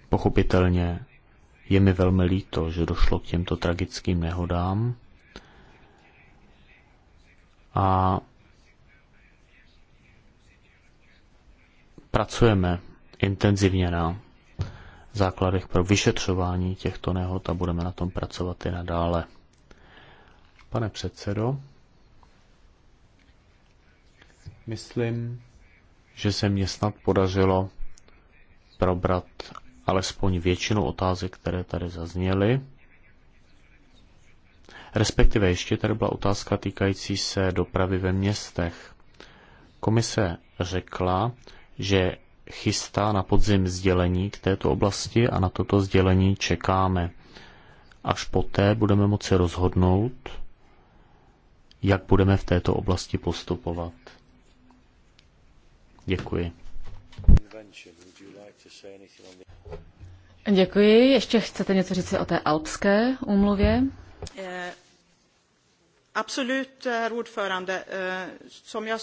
Pochopitelně je mi velmi líto, že došlo k těmto tragickým nehodám. A pracujeme intenzivně na základech pro vyšetřování těchto nehod a budeme na tom pracovat i nadále. Pane předsedo, myslím, že se mě snad podařilo probrat alespoň většinu otázek, které tady zazněly. Respektive ještě tady byla otázka týkající se dopravy ve městech. Komise řekla, že chystá na podzim sdělení k této oblasti a na toto sdělení čekáme. Až poté budeme moci rozhodnout, jak budeme v této oblasti postupovat. Děkuji. Děkuji. Ještě chcete něco říct o té alpské úmluvě? Eh, absolut, eh, Rudförande. ordförande. Eh, som jag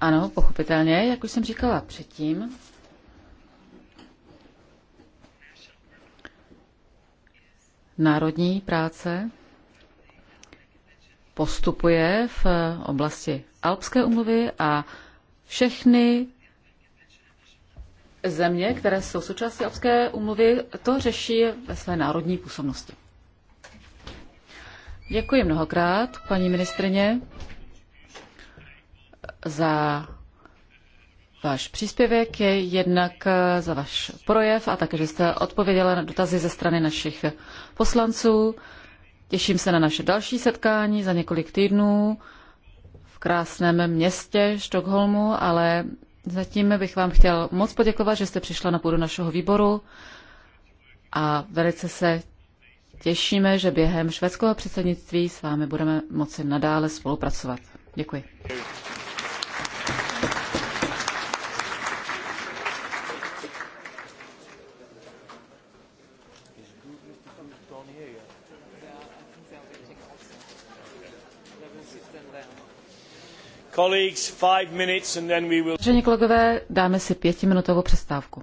ano, pochopitelně, jak už jsem říkala předtím. Národní práce postupuje v oblasti Alpské umluvy a všechny země, které jsou součástí Alpské umluvy, to řeší ve své národní působnosti. Děkuji mnohokrát, paní ministrině za váš příspěvek, je jednak eh, za váš projev a také, že jste odpověděla na dotazy ze strany našich poslanců. Těším se na naše další setkání za několik týdnů v krásném městě Štokholmu, ale zatím bych vám chtěl moc poděkovat, že jste přišla na půdu našeho výboru a velice se těšíme, že během švédského předsednictví s vámi budeme moci nadále spolupracovat. Děkuji. Kolegové, dáme si pětiminutovou přestávku.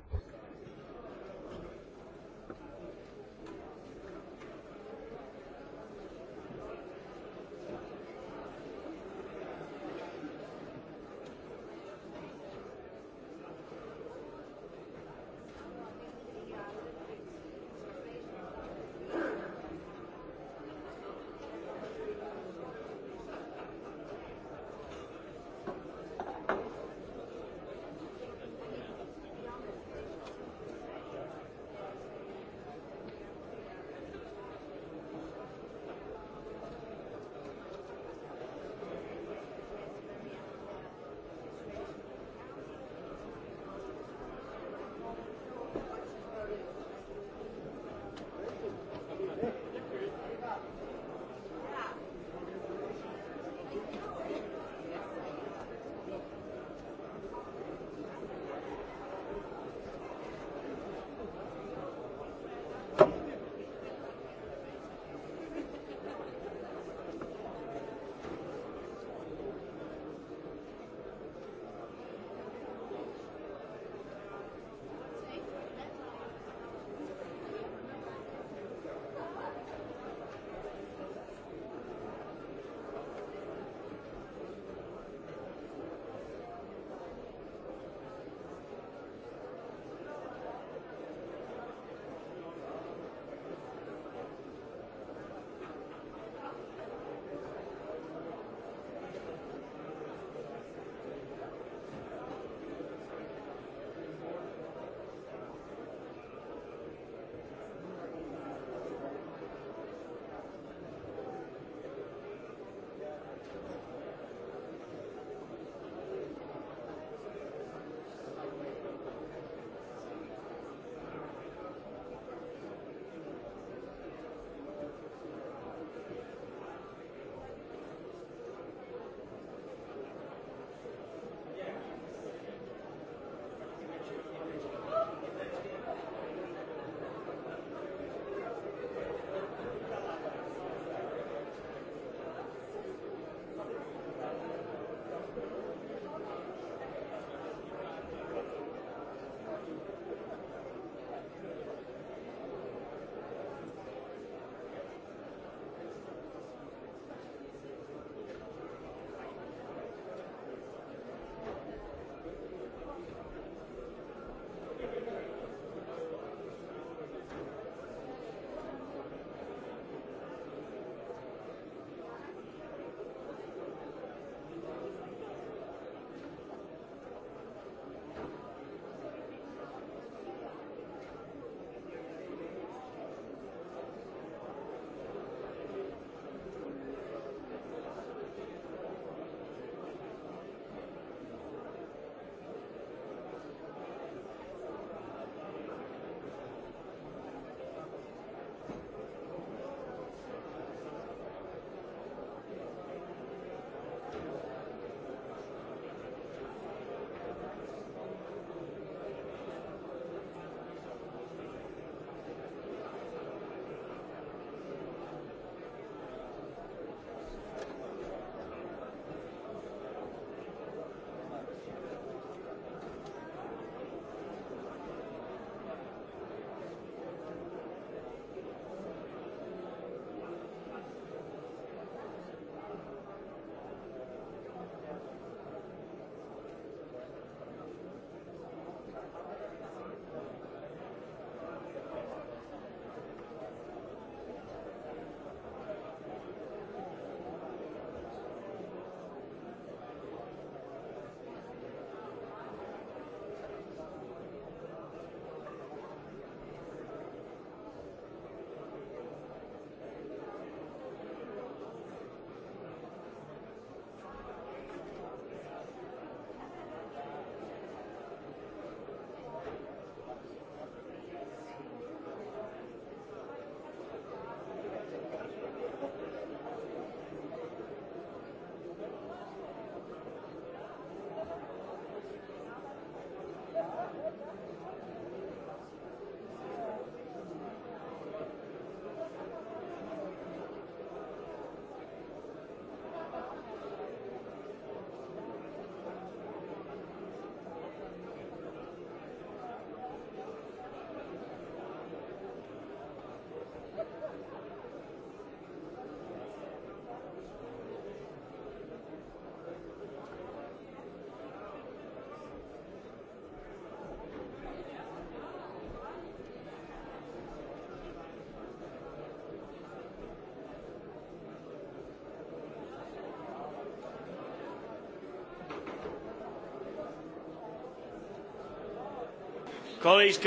Colleagues,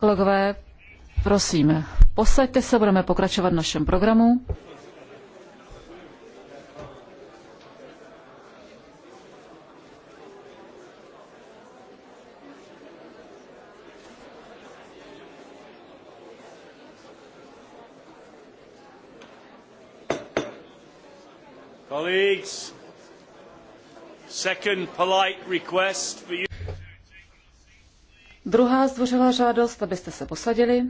Kolegové, prosím, posaďte se, budeme pokračovat v našem programu. Colleagues, second polite Druhá zdvořilá žádost, abyste se posadili.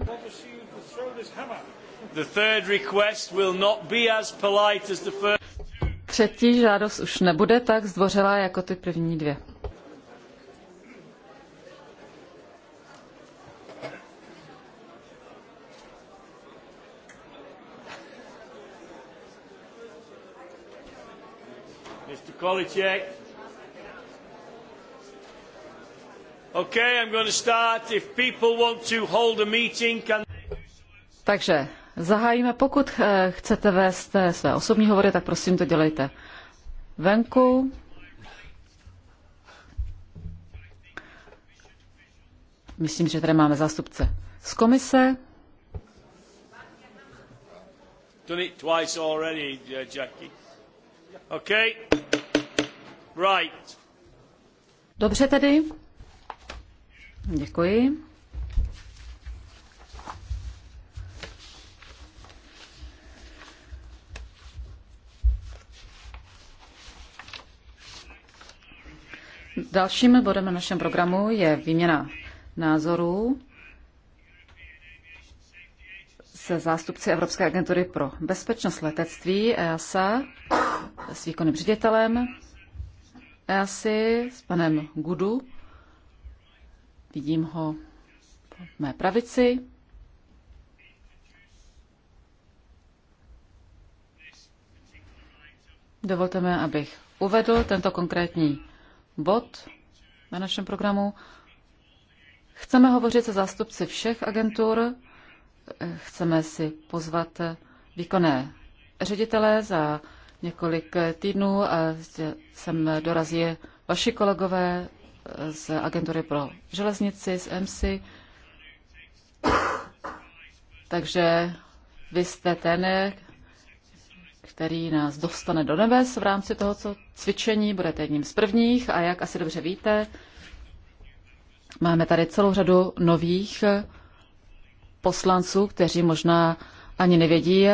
Třetí žádost už nebude tak zdvořilá jako ty první dvě. Mr. Kolicek. Takže zahájíme. Pokud eh, chcete vést eh, své osobní hovory, tak prosím to dělejte venku. Myslím, že tady máme zástupce z komise. Done it twice already, uh, Jackie. Okay. Right. Dobře tedy. Děkuji. Dalším bodem na našem programu je výměna názorů se zástupci Evropské agentury pro bezpečnost letectví EASA s výkonným ředitelem EASI, s panem Gudu, Vidím ho po mé pravici. Dovolte mi, abych uvedl tento konkrétní bod na našem programu. Chceme hovořit se zástupci všech agentur, chceme si pozvat výkonné ředitele za několik týdnů a sem dorazí vaši kolegové z agentury pro železnici, z EMSI. Takže vy jste ten, který nás dostane do nebes v rámci toho co cvičení, budete jedním z prvních a jak asi dobře víte, máme tady celou řadu nových poslanců, kteří možná ani nevědí,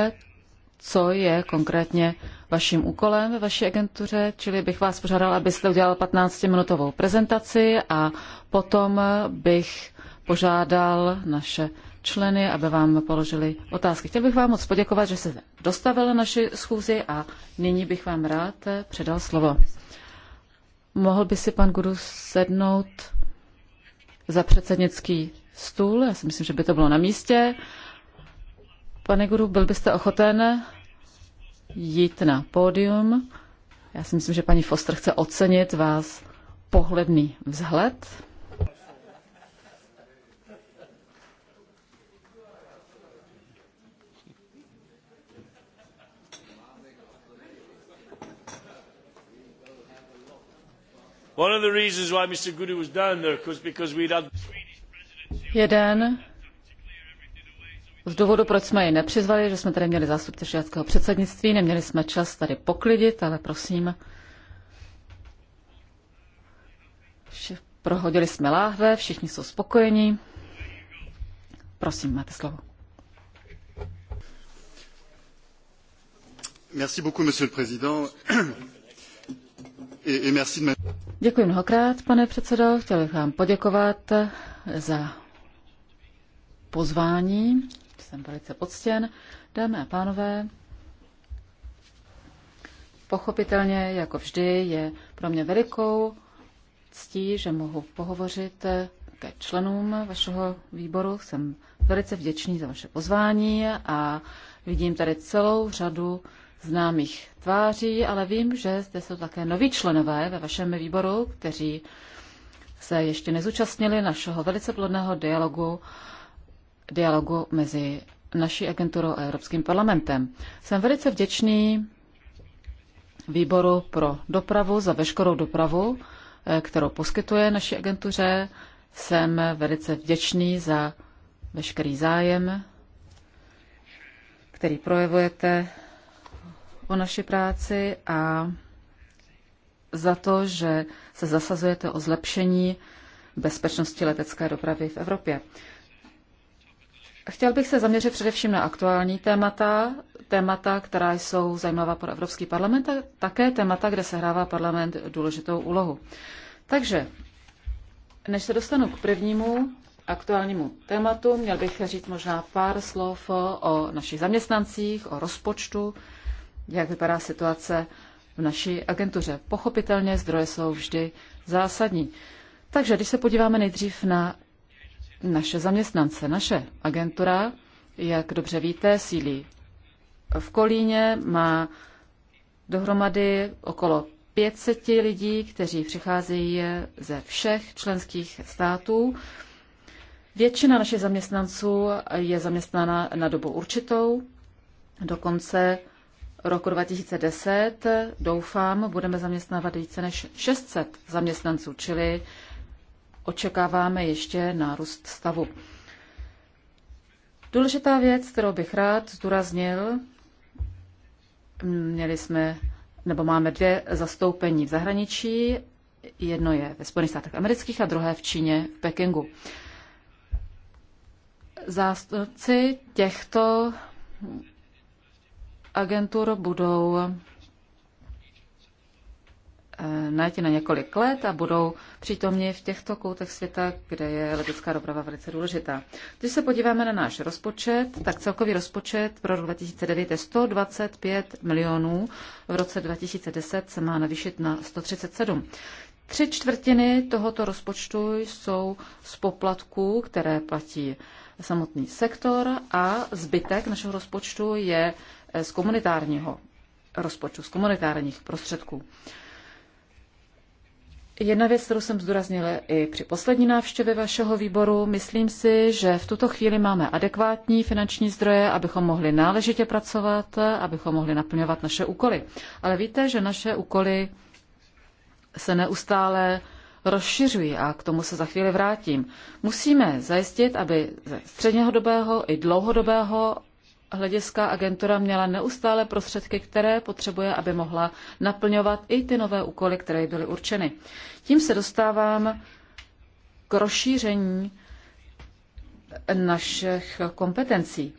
co je konkrétně vaším úkolem ve vaší agentuře, čili bych vás požádal, abyste udělal 15-minutovou prezentaci a potom bych požádal naše členy, aby vám položili otázky. Chtěl bych vám moc poděkovat, že jste dostavil naši schůzi a nyní bych vám rád předal slovo. Mohl by si pan Guru sednout za předsednický stůl? Já si myslím, že by to bylo na místě. Pane Guru, byl byste ochoten jít na pódium? Já si myslím, že paní Foster chce ocenit vás pohledný vzhled. Jeden z důvodu, proč jsme ji nepřizvali, že jsme tady měli zástupce švédského předsednictví, neměli jsme čas tady poklidit, ale prosím, prohodili jsme láhve, všichni jsou spokojení. Prosím, máte slovo. Merci beaucoup, monsieur le président. Děkuji mnohokrát, pane předsedo. Chtěl bych vám poděkovat za pozvání jsem velice poctěn. Dámy a pánové, pochopitelně, jako vždy, je pro mě velikou ctí, že mohu pohovořit ke členům vašeho výboru. Jsem velice vděčný za vaše pozvání a vidím tady celou řadu známých tváří, ale vím, že zde jsou také noví členové ve vašem výboru, kteří se ještě nezúčastnili našeho velice plodného dialogu dialogu mezi naší agenturou a Evropským parlamentem. Jsem velice vděčný výboru pro dopravu za veškerou dopravu, eh, kterou poskytuje naší agentuře. Jsem velice vděčný za veškerý zájem, který projevujete o naší práci a za to, že se zasazujete o zlepšení bezpečnosti letecké dopravy v Evropě. Chtěl bych se zaměřit především na aktuální témata, témata, která jsou zajímavá pro Evropský parlament a také témata, kde se hrává parlament důležitou úlohu. Takže, než se dostanu k prvnímu aktuálnímu tématu, měl bych říct možná pár slov o našich zaměstnancích, o rozpočtu, jak vypadá situace v naší agentuře. Pochopitelně zdroje jsou vždy zásadní. Takže když se podíváme nejdřív na naše zaměstnance. Naše agentura, jak dobře víte, sílí v Kolíně, má dohromady okolo 500 lidí, kteří přicházejí ze všech členských států. Většina našich zaměstnanců je zaměstnána na dobu určitou. Do konce roku 2010, doufám, budeme zaměstnávat více než 600 zaměstnanců, čili očekáváme ještě nárůst stavu. Důležitá věc, kterou bych rád zdůraznil, měli jsme, nebo máme dvě zastoupení v zahraničí. Jedno je ve Spojených státech amerických a druhé v Číně, v Pekingu. Zástupci těchto agentur budou Eh, najít na několik let a budou přítomni v těchto koutech světa, kde je letecká doprava velice důležitá. Když se podíváme na náš rozpočet, tak celkový rozpočet pro rok 2009 je 125 milionů, v roce 2010 se má navýšit na 137. Tři čtvrtiny tohoto rozpočtu jsou z poplatků, které platí samotný sektor a zbytek našeho rozpočtu je z komunitárního rozpočtu, z komunitárních prostředků. Jedna věc, kterou jsem zdůraznil i při poslední návštěvě vašeho výboru, myslím si, že v tuto chvíli máme adekvátní finanční zdroje, abychom mohli náležitě pracovat, abychom mohli naplňovat naše úkoly. Ale víte, že naše úkoly se neustále rozšiřují a k tomu se za chvíli vrátím. Musíme zajistit, aby ze střednědobého i dlouhodobého hlediska agentura měla neustále prostředky, které potřebuje, aby mohla naplňovat i ty nové úkoly, které byly určeny. Tím se dostávám k rozšíření našich kompetencí.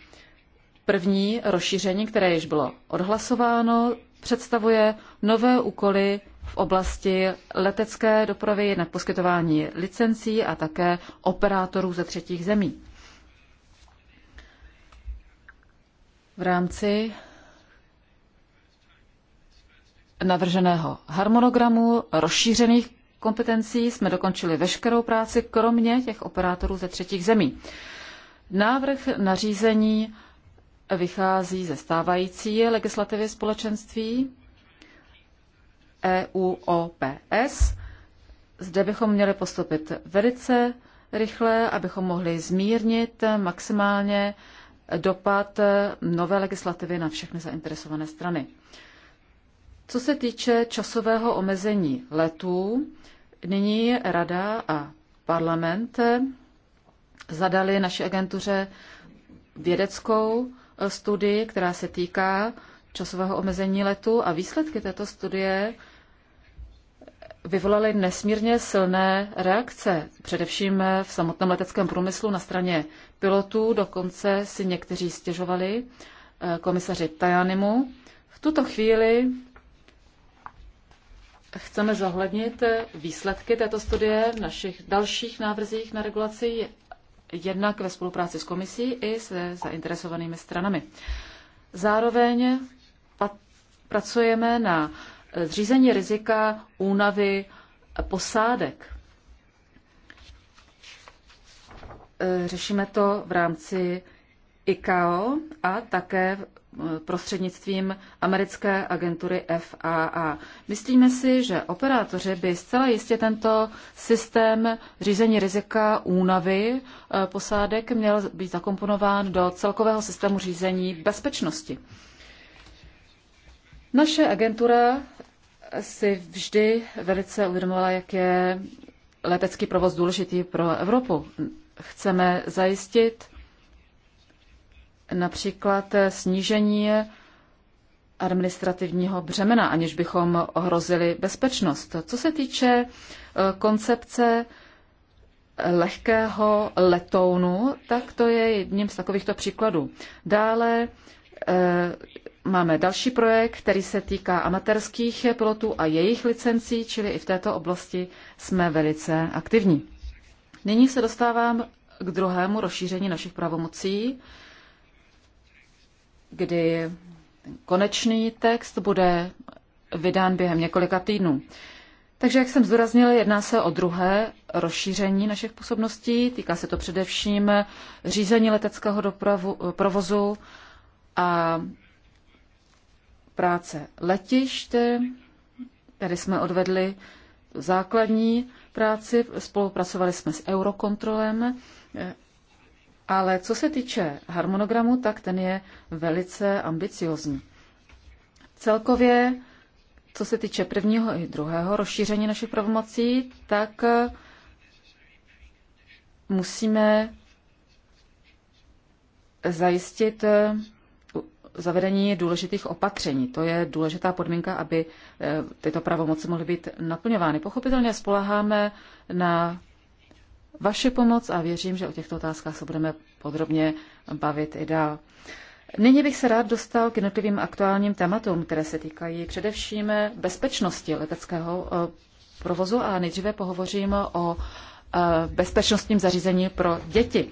První rozšíření, které již bylo odhlasováno, představuje nové úkoly v oblasti letecké dopravy, jednak poskytování licencí a také operátorů ze třetích zemí. v rámci navrženého harmonogramu rozšířených kompetencí jsme dokončili veškerou práci, kromě těch operátorů ze třetích zemí. Návrh nařízení vychází ze stávající legislativy společenství EUOPS. Zde bychom měli postupit velice rychle, abychom mohli zmírnit maximálně dopad nové legislativy na všechny zainteresované strany. Co se týče časového omezení letů, nyní Rada a parlament zadali naší agentuře vědeckou studii, která se týká časového omezení letu a výsledky této studie vyvolaly nesmírně silné reakce, především v samotném leteckém průmyslu na straně pilotů, dokonce si někteří stěžovali eh, komisaři Tajanimu. V tuto chvíli chceme zohlednit výsledky této studie v našich dalších návrzích na regulaci jednak ve spolupráci s komisí i se zainteresovanými stranami. Zároveň pracujeme na zřízení rizika únavy posádek. E, řešíme to v rámci ICAO a také e, prostřednictvím americké agentury FAA. Myslíme si, že operátoři by zcela jistě tento systém řízení rizika únavy e, posádek měl být zakomponován do celkového systému řízení bezpečnosti. Naše agentura si vždy velice uvědomovala, jak je letecký provoz důležitý pro Evropu. Chceme zajistit například snížení administrativního břemena, aniž bychom ohrozili bezpečnost. Co se týče eh, koncepce lehkého letounu, tak to je jedním z takovýchto příkladů. Dále eh, Máme další projekt, který se týká amatérských pilotů a jejich licencí, čili i v této oblasti jsme velice aktivní. Nyní se dostávám k druhému rozšíření našich pravomocí, kdy konečný text bude vydán během několika týdnů. Takže, jak jsem zdůraznil, jedná se o druhé rozšíření našich působností. Týká se to především řízení leteckého dopravu, provozu a práce letišť. Tady jsme odvedli základní práci, spolupracovali jsme s Eurokontrolem, ale co se týče harmonogramu, tak ten je velice ambiciozní. Celkově, co se týče prvního i druhého rozšíření našich pravomocí, tak musíme zajistit zavedení důležitých opatření. To je důležitá podmínka, aby eh, tyto pravomoci mohly být naplňovány. Pochopitelně spoleháme na vaši pomoc a věřím, že o těchto otázkách se budeme podrobně bavit i dál. Nyní bych se rád dostal k jednotlivým aktuálním tématům, které se týkají především bezpečnosti leteckého eh, provozu a nejdříve pohovořím o eh, bezpečnostním zařízení pro děti.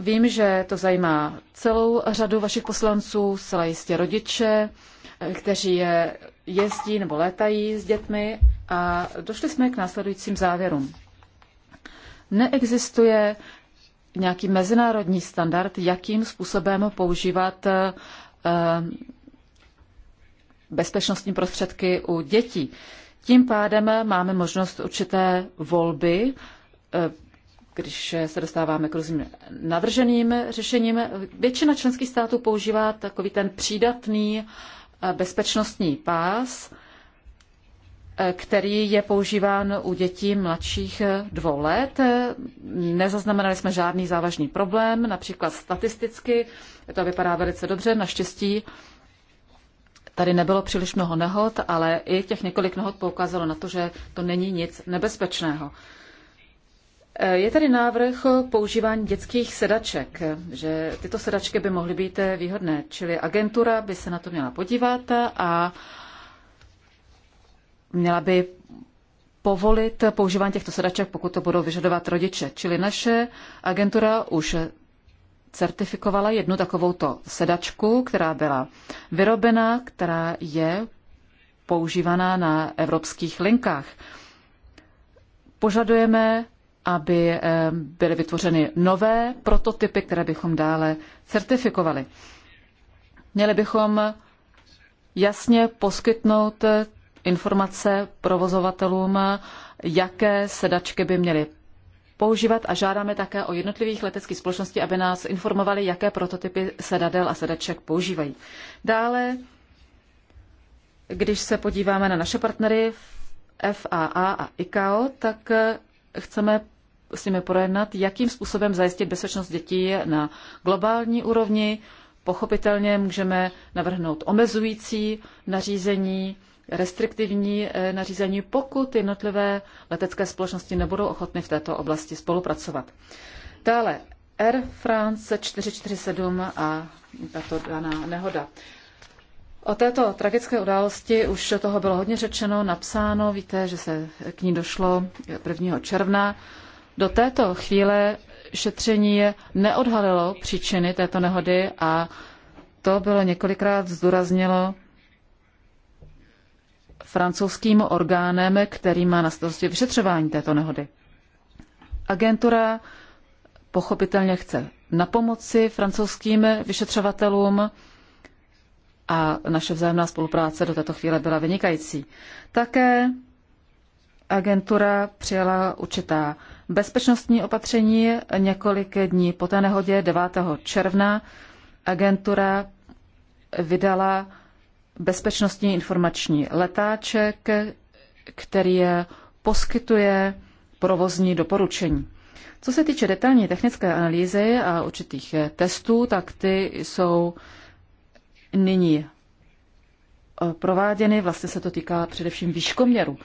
Vím, že to zajímá celou řadu vašich poslanců, celé jistě rodiče, eh, kteří je jezdí nebo létají s dětmi a došli jsme k následujícím závěrům. Neexistuje nějaký mezinárodní standard, jakým způsobem používat eh, bezpečnostní prostředky u dětí. Tím pádem máme možnost určité volby, eh, když se dostáváme k různým navrženým řešením, většina členských států používá takový ten přídatný eh, bezpečnostní pás, eh, který je používán u dětí mladších eh, dvou let. Nezaznamenali jsme žádný závažný problém, například statisticky to vypadá velice dobře, naštěstí tady nebylo příliš mnoho nehod, ale i těch několik nehod poukázalo na to, že to není nic nebezpečného. Je tady návrh používání dětských sedaček, že tyto sedačky by mohly být výhodné, čili agentura by se na to měla podívat a měla by povolit používání těchto sedaček, pokud to budou vyžadovat rodiče. Čili naše agentura už certifikovala jednu takovouto sedačku, která byla vyrobena, která je používaná na evropských linkách. Požadujeme aby eh, byly vytvořeny nové prototypy, které bychom dále certifikovali. Měli bychom jasně poskytnout eh, informace provozovatelům, jaké sedačky by měly používat a žádáme také o jednotlivých leteckých společností, aby nás informovali, jaké prototypy sedadel a sedaček používají. Dále, když se podíváme na naše partnery FAA a ICAO, tak eh, chceme s nimi projednat, jakým způsobem zajistit bezpečnost dětí na globální úrovni. Pochopitelně můžeme navrhnout omezující nařízení, restriktivní eh, nařízení, pokud jednotlivé letecké společnosti nebudou ochotny v této oblasti spolupracovat. Dále Air France 447 a tato daná nehoda. O této tragické události už toho bylo hodně řečeno, napsáno, víte, že se k ní došlo 1. června. Do této chvíle šetření neodhalilo příčiny této nehody a to bylo několikrát zdůraznilo francouzským orgánem, který má na starosti vyšetřování této nehody. Agentura pochopitelně chce na pomoci francouzským vyšetřovatelům, a naše vzájemná spolupráce do této chvíle byla vynikající. Také agentura přijala určitá bezpečnostní opatření několik dní po té nehodě 9. června. Agentura vydala bezpečnostní informační letáček, který je poskytuje provozní doporučení. Co se týče detailní technické analýzy a určitých testů, tak ty jsou nyní eh, prováděny. Vlastně se to týká především výškoměru.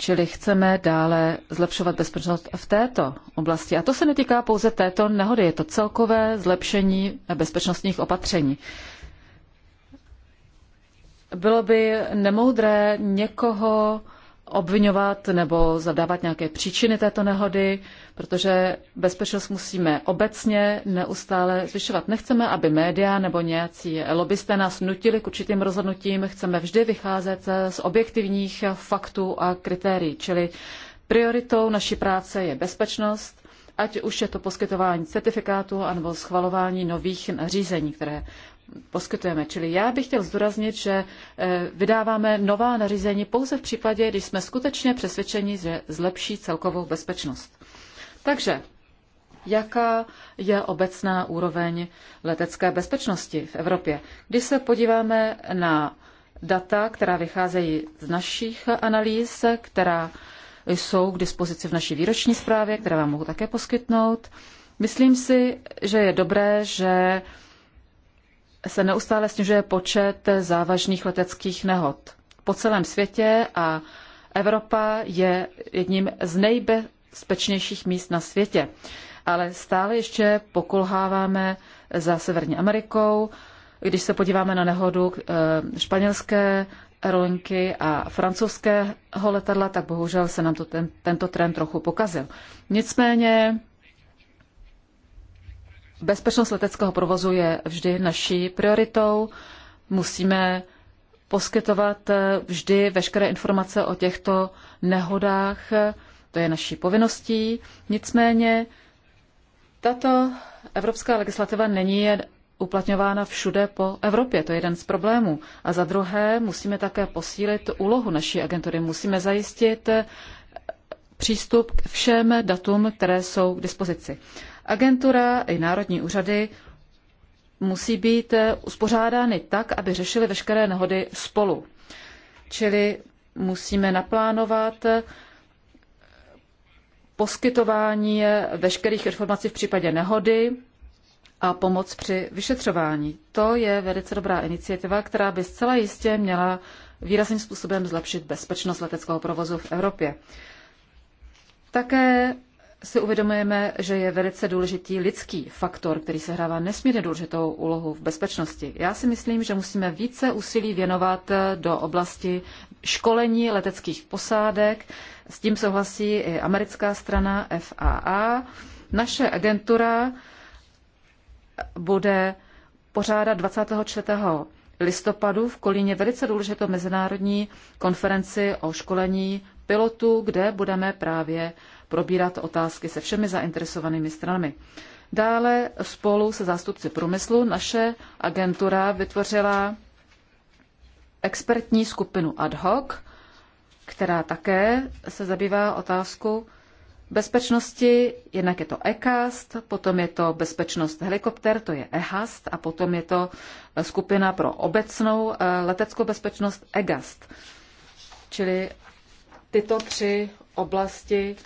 Čili chceme dále zlepšovat bezpečnost v této oblasti. A to se netýká pouze této nehody, je to celkové zlepšení bezpečnostních opatření. Bylo by nemoudré někoho obvinovat nebo zadávat nějaké příčiny této nehody, protože bezpečnost musíme obecně neustále zvyšovat. Nechceme, aby média nebo nějací lobbysté nás nutili k určitým rozhodnutím. Chceme vždy vycházet z objektivních faktů a kritérií, čili prioritou naší práce je bezpečnost, ať už je to poskytování certifikátu anebo schvalování nových řízení, které poskytujeme. Čili já bych chtěl zdůraznit, že eh, vydáváme nová nařízení pouze v případě, když jsme skutečně přesvědčeni, že zlepší celkovou bezpečnost. Takže jaká je obecná úroveň letecké bezpečnosti v Evropě. Když se podíváme na data, která vycházejí z našich analýz, která jsou k dispozici v naší výroční zprávě, které vám mohu také poskytnout, myslím si, že je dobré, že se neustále snižuje počet závažných leteckých nehod po celém světě a Evropa je jedním z nejbezpečnějších míst na světě. Ale stále ještě pokulháváme za Severní Amerikou. Když se podíváme na nehodu eh, španělské aerolinky a francouzského letadla, tak bohužel se nám to ten, tento trend trochu pokazil. Nicméně bezpečnost leteckého provozu je vždy naší prioritou. Musíme poskytovat eh, vždy veškeré informace o těchto nehodách. To je naší povinností. Nicméně tato evropská legislativa není uplatňována všude po Evropě. To je jeden z problémů. A za druhé musíme také posílit úlohu naší agentury. Musíme zajistit eh, přístup k všem datům, které jsou k dispozici. Agentura i národní úřady musí být eh, uspořádány tak, aby řešily veškeré nehody spolu. Čili musíme naplánovat eh, poskytování eh, veškerých informací v případě nehody a pomoc při vyšetřování. To je velice dobrá iniciativa, která by zcela jistě měla výrazným způsobem zlepšit bezpečnost leteckého provozu v Evropě. Také si uvědomujeme, že je velice důležitý lidský faktor, který se hrává nesmírně důležitou úlohu v bezpečnosti. Já si myslím, že musíme více úsilí věnovat eh, do oblasti školení leteckých posádek. S tím souhlasí i americká strana FAA. Naše agentura bude pořádat 24 listopadu v Kolíně velice důležitou mezinárodní konferenci o školení pilotů, kde budeme právě probírat otázky se všemi zainteresovanými stranami. Dále spolu se zástupci průmyslu naše agentura vytvořila expertní skupinu ad hoc, která také se zabývá otázkou bezpečnosti. Jednak je to ECAST, potom je to bezpečnost helikopter, to je EHAST a potom je to skupina pro obecnou eh, leteckou bezpečnost EGAST. Čili tyto tři oblasti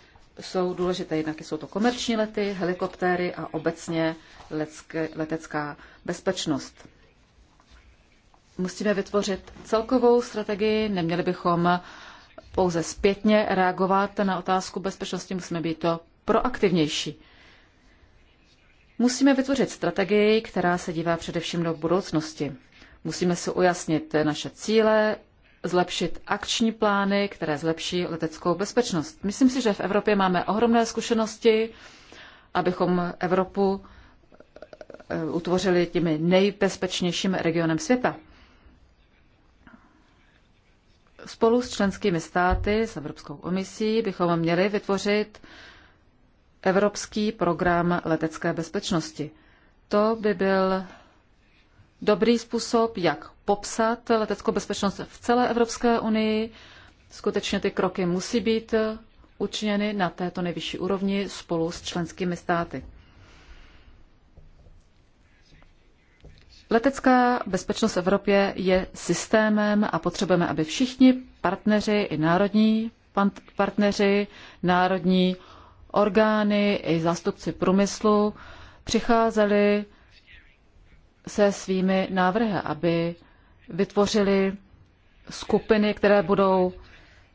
jsou důležité. Jednak jsou to komerční lety, helikoptéry a obecně lecké, letecká bezpečnost. Musíme vytvořit celkovou strategii, neměli bychom pouze zpětně reagovat na otázku bezpečnosti, musíme být to proaktivnější. Musíme vytvořit strategii, která se dívá především do budoucnosti. Musíme si ujasnit naše cíle, zlepšit akční plány, které zlepší leteckou bezpečnost. Myslím si, že v Evropě máme ohromné zkušenosti, abychom Evropu eh, utvořili těmi nejbezpečnějším regionem světa. Spolu s členskými státy, s Evropskou komisí, bychom měli vytvořit Evropský program letecké bezpečnosti. To by byl dobrý způsob, jak popsat leteckou bezpečnost v celé Evropské unii. Skutečně ty kroky musí být učiněny na této nejvyšší úrovni spolu s členskými státy. Letecká bezpečnost v Evropě je systémem a potřebujeme, aby všichni partneři, i národní partneři, národní orgány, i zástupci průmyslu přicházeli se svými návrhy, aby vytvořili skupiny, které budou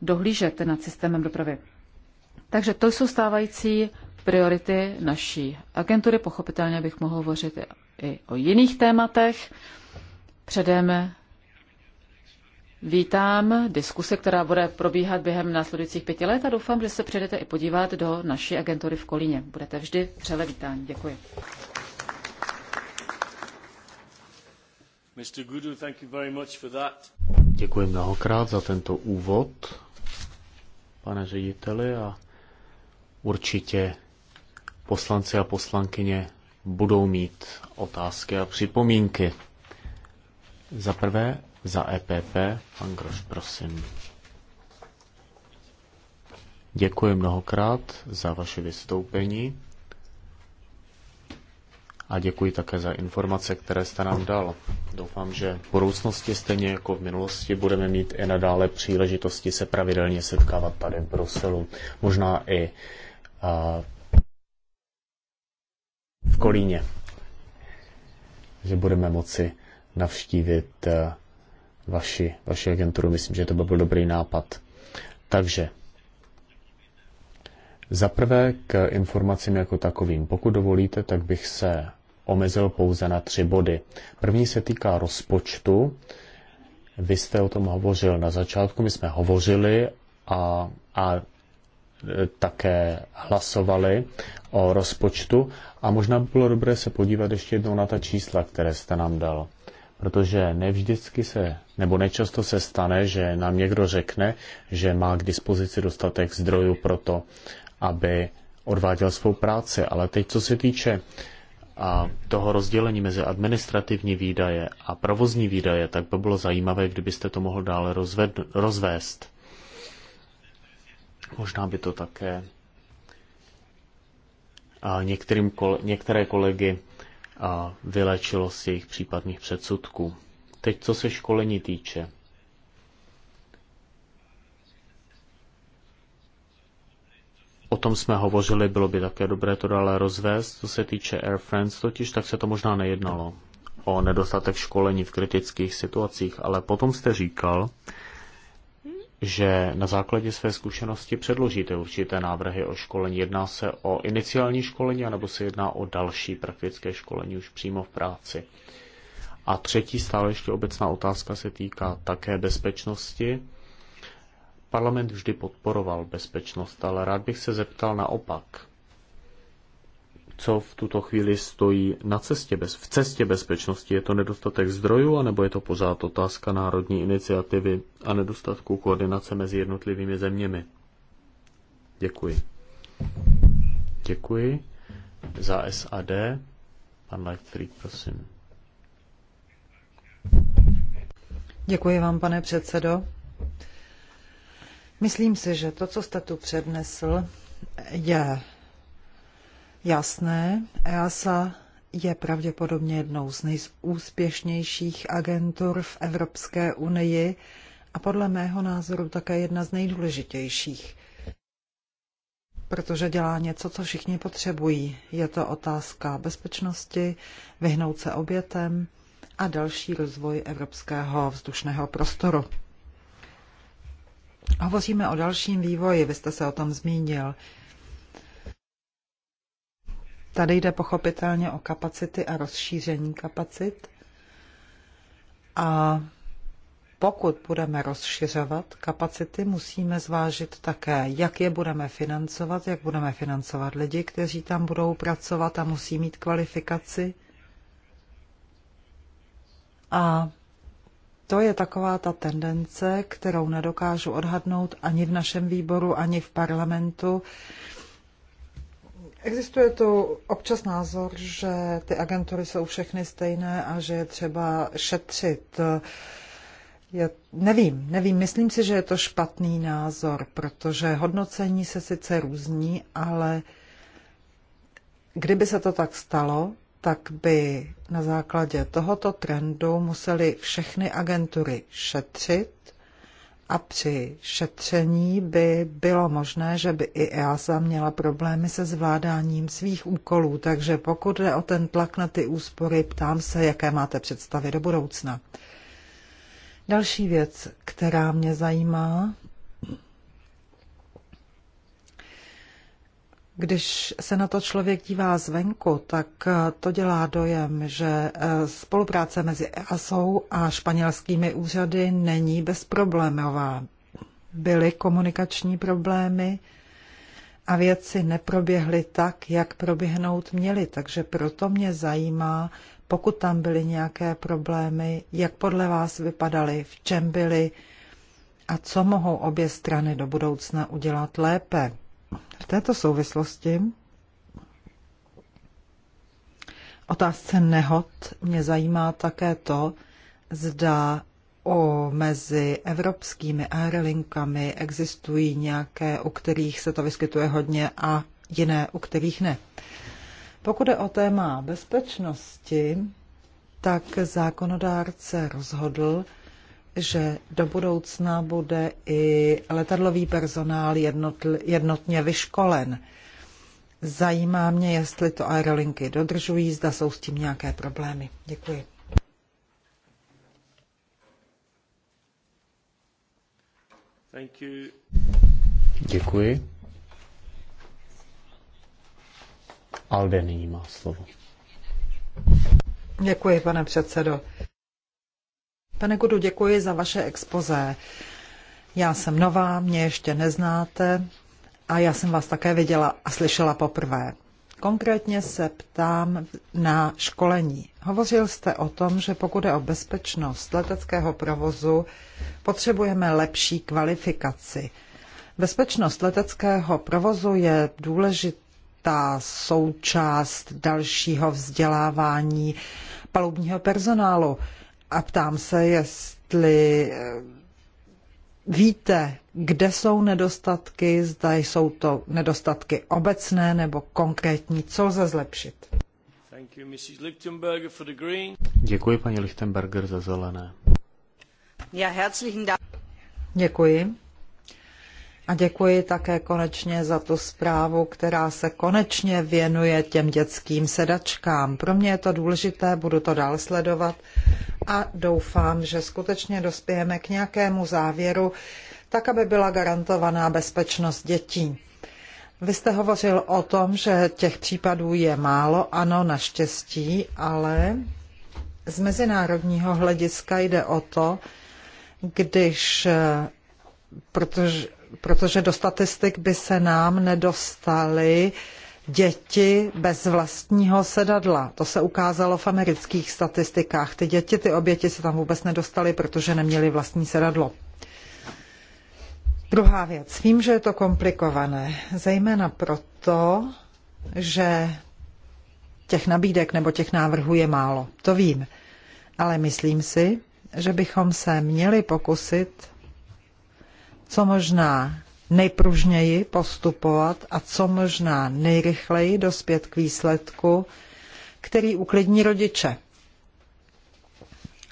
dohlížet nad systémem dopravy. Takže to jsou stávající priority naší agentury. Pochopitelně bych mohl hovořit i o jiných tématech. Předem vítám diskuse, která bude probíhat během následujících pěti let a doufám, že se přijdete i podívat do naší agentury v Kolíně. Budete vždy přele vítáni. Děkuji. Děkuji mnohokrát za tento úvod, pane řediteli, a určitě poslanci a poslankyně budou mít otázky a připomínky. Za prvé, za EPP, pan Groš, prosím. Děkuji mnohokrát za vaše vystoupení a děkuji také za informace, které jste nám dal. Doufám, že v budoucnosti stejně jako v minulosti budeme mít i nadále příležitosti se pravidelně setkávat tady v Bruselu, možná i a, v Kolíně, že budeme moci navštívit a, vaši, vaši agenturu. Myslím, že to by byl dobrý nápad. Takže za prvé k informacím jako takovým. Pokud dovolíte, tak bych se omezil pouze na tři body. První se týká rozpočtu. Vy jste o tom hovořil na začátku, my jsme hovořili a, a e, také hlasovali o rozpočtu a možná by bylo dobré se podívat ještě jednou na ta čísla, které jste nám dal. Protože nevždycky se, nebo nečasto se stane, že nám někdo řekne, že má k dispozici dostatek zdrojů pro to, aby odváděl svou práci. Ale teď, co se týče a toho rozdělení mezi administrativní výdaje a provozní výdaje, tak by bylo zajímavé, kdybyste to mohl dále rozved, rozvést. Možná by to také a některým některé kolegy a vylečilo z jejich případných předsudků. Teď co se školení týče. O tom jsme hovořili, bylo by také dobré to dále rozvést. Co se týče Air France totiž, tak se to možná nejednalo o nedostatek školení v kritických situacích, ale potom jste říkal, že na základě své zkušenosti předložíte určité návrhy o školení. Jedná se o iniciální školení, anebo se jedná o další praktické školení už přímo v práci. A třetí stále ještě obecná otázka se týká také bezpečnosti. Parlament vždy podporoval bezpečnost, ale rád bych se zeptal naopak. Co v tuto chvíli stojí na cestě bez, v cestě bezpečnosti? Je to nedostatek zdrojů, anebo je to pořád otázka národní iniciativy a nedostatku koordinace mezi jednotlivými zeměmi? Děkuji. Děkuji. Za SAD. Pan Lightfried, prosím. Děkuji vám, pane předsedo. Myslím si, že to, co jste tu přednesl, je jasné. EASA je pravděpodobně jednou z nejúspěšnějších agentur v Evropské unii a podle mého názoru také jedna z nejdůležitějších. Protože dělá něco, co všichni potřebují. Je to otázka bezpečnosti, vyhnout se obětem a další rozvoj evropského vzdušného prostoru. Hovoříme o dalším vývoji, vy jste se o tom zmínil. Tady jde pochopitelně o kapacity a rozšíření kapacit. A pokud budeme rozšiřovat kapacity, musíme zvážit také, jak je budeme financovat, jak budeme financovat lidi, kteří tam budou pracovat a musí mít kvalifikaci. A to je taková ta tendence, kterou nedokážu odhadnout ani v našem výboru, ani v parlamentu. Existuje tu občas názor, že ty agentury jsou všechny stejné a že je třeba šetřit. Já nevím, nevím, myslím si, že je to špatný názor, protože hodnocení se sice různí, ale kdyby se to tak stalo, tak by na základě tohoto trendu museli všechny agentury šetřit a při šetření by bylo možné, že by i EASA měla problémy se zvládáním svých úkolů. Takže pokud jde o ten tlak na ty úspory, ptám se, jaké máte představy do budoucna. Další věc, která mě zajímá, Když se na to člověk dívá zvenku, tak eh, to dělá dojem, že eh, spolupráce mezi EASO a španělskými úřady není bezproblémová. Byly komunikační problémy a věci neproběhly tak, jak proběhnout měly. Takže proto mě zajímá, pokud tam byly nějaké problémy, jak podle vás vypadaly, v čem byly a co mohou obě strany do budoucna udělat lépe. V této souvislosti otázce nehod mě zajímá také to, zda o mezi evropskými aerolinkami existují nějaké, u kterých se to vyskytuje hodně a jiné, u kterých ne. Pokud je o téma bezpečnosti, tak zákonodárce rozhodl, že do budoucna bude i letadlový personál jednotl, jednotně vyškolen. Zajímá mě, jestli to aerolinky dodržují, zda jsou s tím nějaké problémy. Děkuji. Děkuji. Alde nyní má slovo. Děkuji, pane předsedo. Pane Gudu, děkuji za vaše expoze. Já jsem nová, mě ještě neznáte a já jsem vás také viděla a slyšela poprvé. Konkrétně se ptám na školení. Hovořil jste o tom, že pokud je o bezpečnost leteckého provozu, potřebujeme lepší kvalifikaci. Bezpečnost leteckého provozu je důležitá součást dalšího vzdělávání palubního personálu a ptám se, jestli eh, víte, kde jsou nedostatky, zda jsou to nedostatky obecné nebo konkrétní, co lze zlepšit. Děkuji paní Lichtenberger za zelené. Děkuji. A děkuji také konečně za tu zprávu, která se konečně věnuje těm dětským sedačkám. Pro mě je to důležité, budu to dál sledovat a doufám, že skutečně dospějeme k nějakému závěru, tak aby byla garantovaná bezpečnost dětí. Vy jste hovořil o tom, že těch případů je málo, ano, naštěstí, ale z mezinárodního hlediska jde o to, když, protože protože do statistik by se nám nedostaly děti bez vlastního sedadla. To se ukázalo v amerických statistikách. Ty děti, ty oběti se tam vůbec nedostaly, protože neměly vlastní sedadlo. Druhá věc. Vím, že je to komplikované, zejména proto, že těch nabídek nebo těch návrhů je málo. To vím. Ale myslím si, že bychom se měli pokusit co možná nejpružněji postupovat a co možná nejrychleji dospět k výsledku, který uklidní rodiče.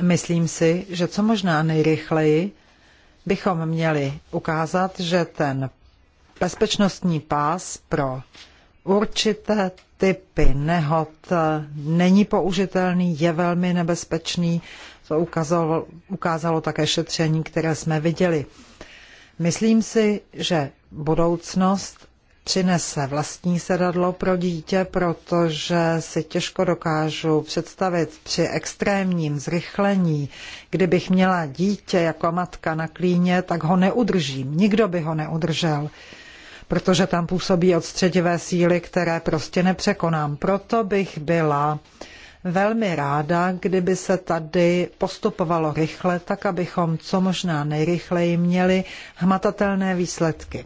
Myslím si, že co možná nejrychleji bychom měli ukázat, že ten bezpečnostní pás pro určité typy nehod není použitelný, je velmi nebezpečný. To ukázalo, ukázalo také šetření, které jsme viděli. Myslím si, že budoucnost přinese vlastní sedadlo pro dítě, protože si těžko dokážu představit při extrémním zrychlení, kdybych měla dítě jako matka na klíně, tak ho neudržím. Nikdo by ho neudržel protože tam působí odstředivé síly, které prostě nepřekonám. Proto bych byla velmi ráda, kdyby se tady postupovalo rychle, tak abychom co možná nejrychleji měli hmatatelné výsledky.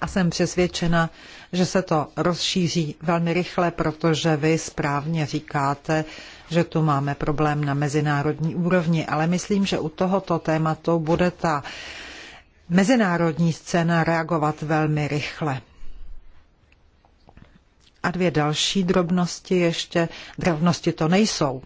A jsem přesvědčena, že se to rozšíří velmi rychle, protože vy správně říkáte, že tu máme problém na mezinárodní úrovni, ale myslím, že u tohoto tématu bude ta mezinárodní scéna reagovat velmi rychle a dvě další drobnosti ještě. Drobnosti to nejsou.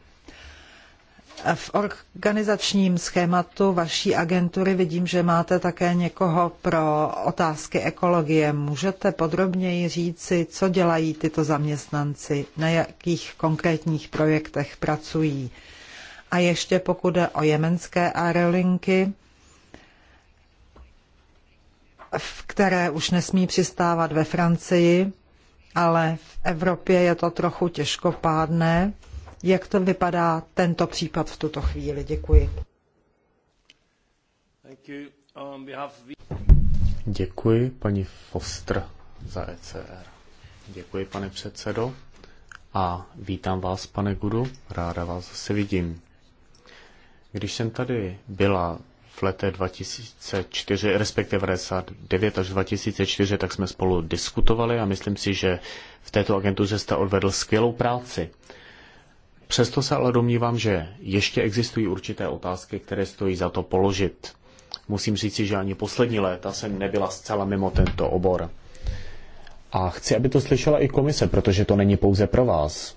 V organizačním schématu vaší agentury vidím, že máte také někoho pro otázky ekologie. Můžete podrobněji říci, co dělají tyto zaměstnanci, na jakých konkrétních projektech pracují? A ještě pokud jde o jemenské aerolinky, které už nesmí přistávat ve Francii, ale v Evropě je to trochu těžkopádné. Jak to vypadá tento případ v tuto chvíli? Děkuji. Děkuji, paní Foster za ECR. Děkuji, pane předsedo. A vítám vás, pane Gudu, ráda vás zase vidím. Když jsem tady byla v letech 2004, respektive 99 až 2004, tak jsme spolu diskutovali a myslím si, že v této agentuře jste odvedl skvělou práci. Přesto se ale domnívám, že ještě existují určité otázky, které stojí za to položit. Musím říci, že ani poslední léta jsem nebyla zcela mimo tento obor. A chci, aby to slyšela i komise, protože to není pouze pro vás.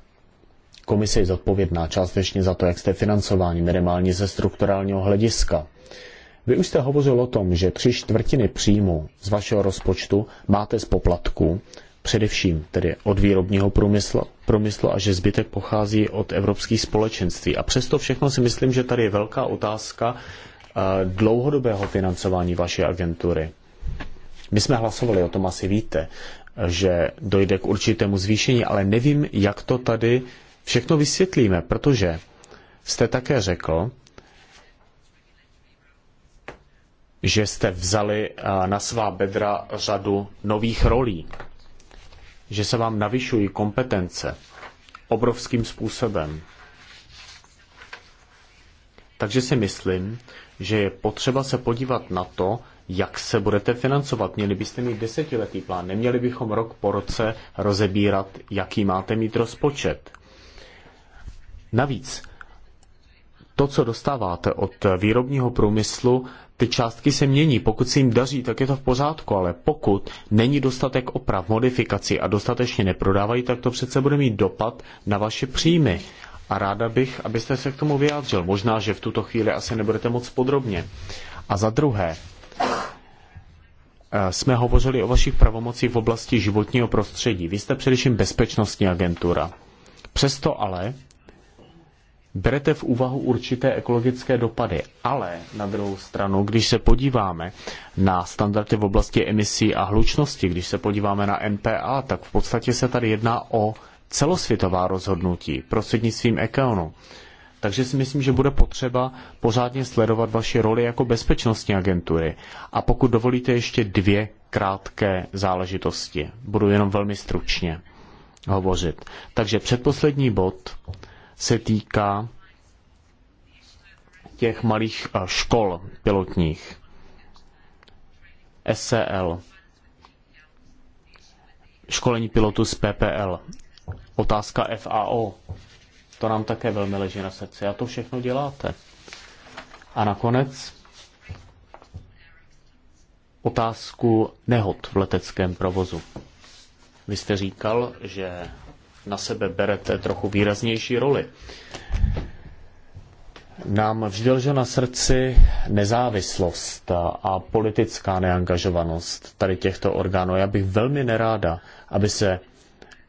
Komise je zodpovědná částečně za to, jak jste financováni, minimálně ze strukturálního hlediska. Vy už jste hovořil o tom, že tři čtvrtiny příjmu z vašeho rozpočtu máte z poplatků, především tedy od výrobního průmyslu, průmyslu a že zbytek pochází od evropských společenství. A přesto všechno si myslím, že tady je velká otázka eh, dlouhodobého financování vaší agentury. My jsme hlasovali, o tom asi víte, že dojde k určitému zvýšení, ale nevím, jak to tady všechno vysvětlíme, protože jste také řekl, že jste vzali eh, na svá bedra řadu nových rolí, že se vám navyšují kompetence obrovským způsobem. Takže si myslím, že je potřeba se podívat na to, jak se budete financovat. Měli byste mít desetiletý plán, neměli bychom rok po roce rozebírat, jaký máte mít rozpočet. Navíc to, co dostáváte od výrobního průmyslu, ty částky se mění. Pokud se jim daří, tak je to v pořádku, ale pokud není dostatek oprav, modifikací a dostatečně neprodávají, tak to přece bude mít dopad na vaše příjmy. A ráda bych, abyste se k tomu vyjádřil. Možná, že v tuto chvíli asi nebudete moc podrobně. A za druhé, eh, jsme hovořili o vašich pravomocích v oblasti životního prostředí. Vy jste především bezpečnostní agentura. Přesto ale berete v úvahu určité ekologické dopady, ale na druhou stranu, když se podíváme na standardy v oblasti emisí a hlučnosti, když se podíváme na NPA, tak v podstatě se tady jedná o celosvětová rozhodnutí prostřednictvím EKONu. Takže si myslím, že bude potřeba pořádně sledovat vaši roli jako bezpečnostní agentury. A pokud dovolíte ještě dvě krátké záležitosti, budu jenom velmi stručně hovořit. Takže předposlední bod se týká těch malých eh, škol pilotních. SCL. Školení pilotů z PPL. Otázka FAO. To nám také velmi leží na srdci. A to všechno děláte. A nakonec otázku nehod v leteckém provozu. Vy jste říkal, že na sebe berete trochu výraznější roli. Nám vždy lže na srdci nezávislost a politická neangažovanost tady těchto orgánů. Já bych velmi neráda, aby se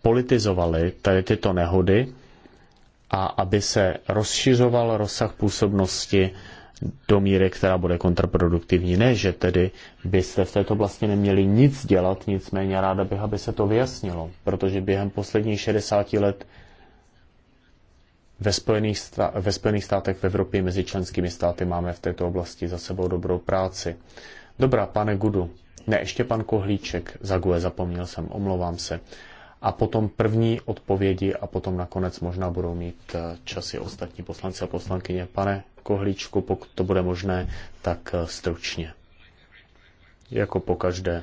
politizovaly tady tyto nehody a aby se rozšiřoval rozsah působnosti do míry, která bude kontraproduktivní. Ne, že tedy byste v této oblasti neměli nic dělat, nicméně ráda bych, aby se to vyjasnilo, protože během posledních 60 let ve Spojených, stá- ve Spojených státech v Evropě mezi členskými státy máme v této oblasti za sebou dobrou práci. Dobrá, pane Gudu. Ne, ještě pan Kohlíček. Zague, zapomněl jsem, omlouvám se a potom první odpovědi a potom nakonec možná budou mít eh, časy ostatní poslanci a poslankyně. Pane Kohlíčku, pokud to bude možné, tak eh, stručně. Jako pokaždé.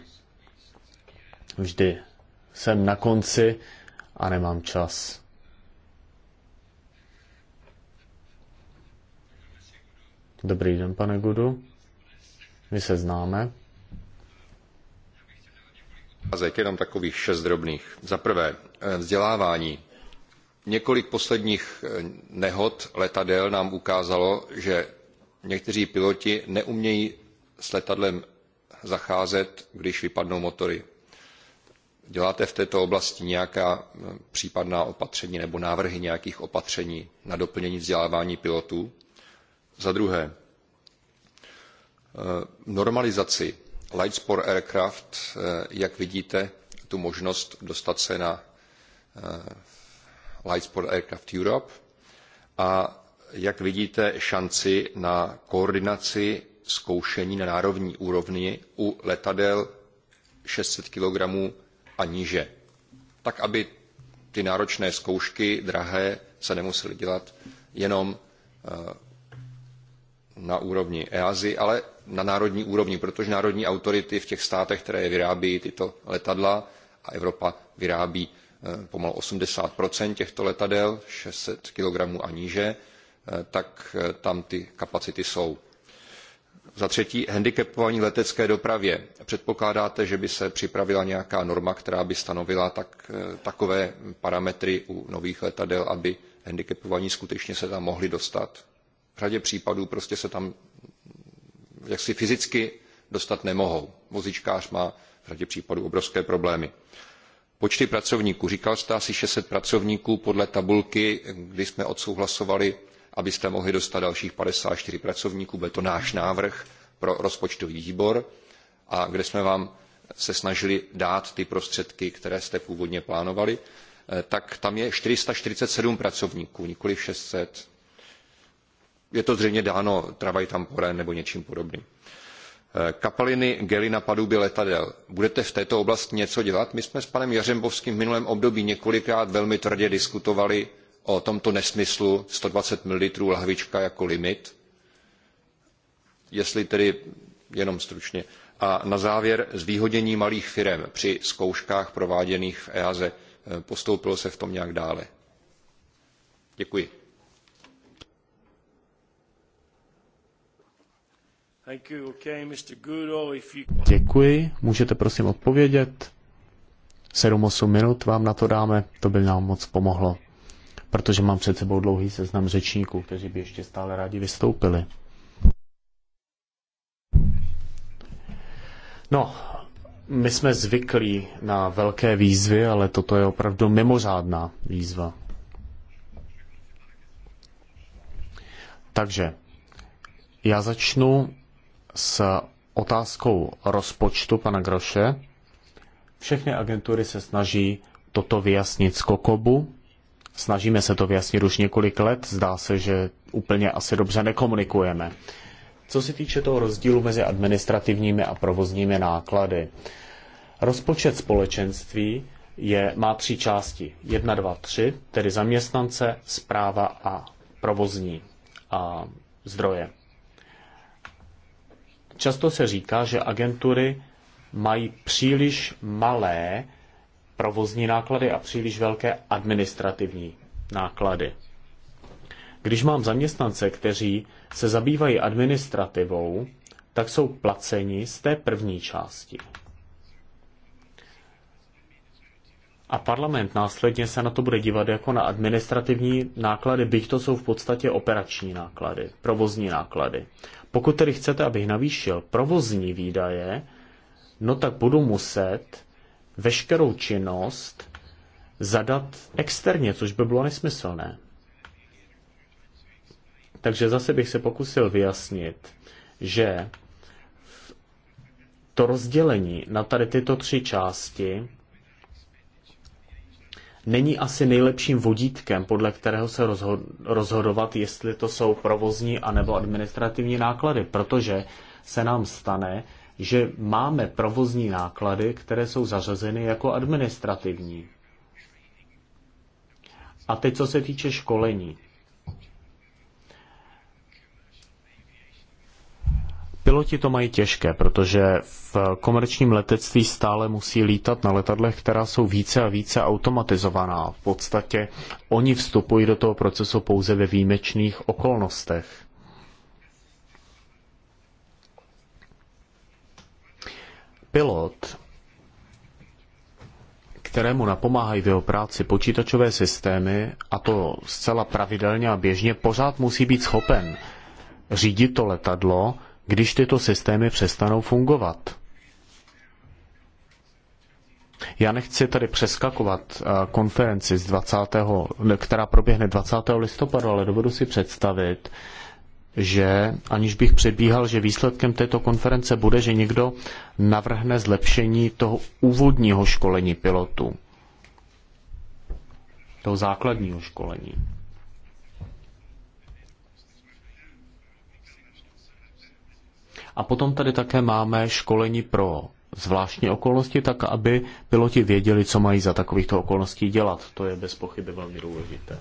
Vždy jsem na konci a nemám čas. Dobrý den, pane Gudu. My se známe otázek, jenom takových šest drobných. Za prvé, eh, vzdělávání. Několik posledních eh, nehod letadel nám ukázalo, že někteří piloti neumějí s letadlem zacházet, když vypadnou motory. Děláte v této oblasti nějaká eh, případná opatření nebo návrhy nějakých opatření na doplnění vzdělávání pilotů? Za druhé, normalizaci Lightspore Aircraft, eh, jak vidíte, tu možnost dostat se na eh, sport Aircraft Europe a jak vidíte šanci na koordinaci zkoušení na národní úrovni u letadel 600 kg a níže. Tak, aby ty náročné zkoušky, drahé, se nemusely dělat jenom eh, na úrovni EASY, ale na národní úrovni, protože národní autority v těch státech, které vyrábí tyto letadla, a Evropa vyrábí eh, pomalu 80 těchto letadel, 600 kg a níže, eh, tak eh, tam ty kapacity jsou. Za třetí, handicapovaní letecké dopravě. Předpokládáte, že by se připravila nějaká norma, která by stanovila tak, takové parametry u nových letadel, aby handicapovaní skutečně se tam mohli dostat? V řadě případů prostě se tam jaksi fyzicky dostat nemohou. Vozičkář má v řadě případů obrovské problémy. Počty pracovníků. Říkal jste asi 600 pracovníků podle tabulky, kdy jsme odsouhlasovali, abyste mohli dostat dalších 54 pracovníků. Byl to náš návrh pro rozpočtový výbor a kde jsme vám se snažili dát ty prostředky, které jste původně plánovali, eh, tak tam je 447 pracovníků, nikoli 600 je to zřejmě dáno travaj tamporem nebo něčím podobným. Eh, kapaliny, gely na palubě letadel. Budete v této oblasti něco dělat? My jsme s panem Jařembovským v minulém období několikrát velmi tvrdě diskutovali o tomto nesmyslu 120 ml lahvička jako limit. Jestli tedy jenom stručně. A na závěr zvýhodnění malých firem při zkouškách prováděných v EASE. Eh, postoupilo se v tom nějak dále? Děkuji. Děkuji, můžete prosím odpovědět. 7-8 minut vám na to dáme, to by nám moc pomohlo, protože mám před sebou dlouhý seznam řečníků, kteří by ještě stále rádi vystoupili. No, my jsme zvyklí na velké výzvy, ale toto je opravdu mimořádná výzva. Takže já začnu s otázkou rozpočtu pana Groše. Všechny agentury se snaží toto vyjasnit z Kokobu. Snažíme se to vyjasnit už několik let. Zdá se, že úplně asi dobře nekomunikujeme. Co se týče toho rozdílu mezi administrativními a provozními náklady, rozpočet společenství je, má tři části. Jedna, dva, tři, tedy zaměstnance, zpráva a provozní a zdroje. Často se říká, že agentury mají příliš malé provozní náklady a příliš velké administrativní náklady. Když mám zaměstnance, kteří se zabývají administrativou, tak jsou placeni z té první části. A parlament následně se na to bude dívat jako na administrativní náklady, byť to jsou v podstatě operační náklady, provozní náklady. Pokud tedy chcete, abych navýšil provozní výdaje, no tak budu muset veškerou činnost zadat externě, což by bylo nesmyslné. Takže zase bych se pokusil vyjasnit, že to rozdělení na tady tyto tři části není asi nejlepším vodítkem, podle kterého se rozhod- rozhodovat, jestli to jsou provozní anebo administrativní náklady, protože se nám stane, že máme provozní náklady, které jsou zařazeny jako administrativní. A teď, co se týče školení. Piloti to mají těžké, protože v komerčním letectví stále musí lítat na letadlech, která jsou více a více automatizovaná. V podstatě oni vstupují do toho procesu pouze ve výjimečných okolnostech. Pilot, kterému napomáhají v jeho práci počítačové systémy, a to zcela pravidelně a běžně, pořád musí být schopen řídit to letadlo, když tyto systémy přestanou fungovat. Já nechci tady přeskakovat eh, konferenci z 20. která proběhne 20. listopadu, ale dovedu si představit, že aniž bych předbíhal, že výsledkem této konference bude, že někdo navrhne zlepšení toho úvodního školení pilotů, toho základního školení. A potom tady také máme školení pro zvláštní okolnosti, tak aby piloti věděli, co mají za takovýchto okolností dělat. To je bez pochyby velmi důležité.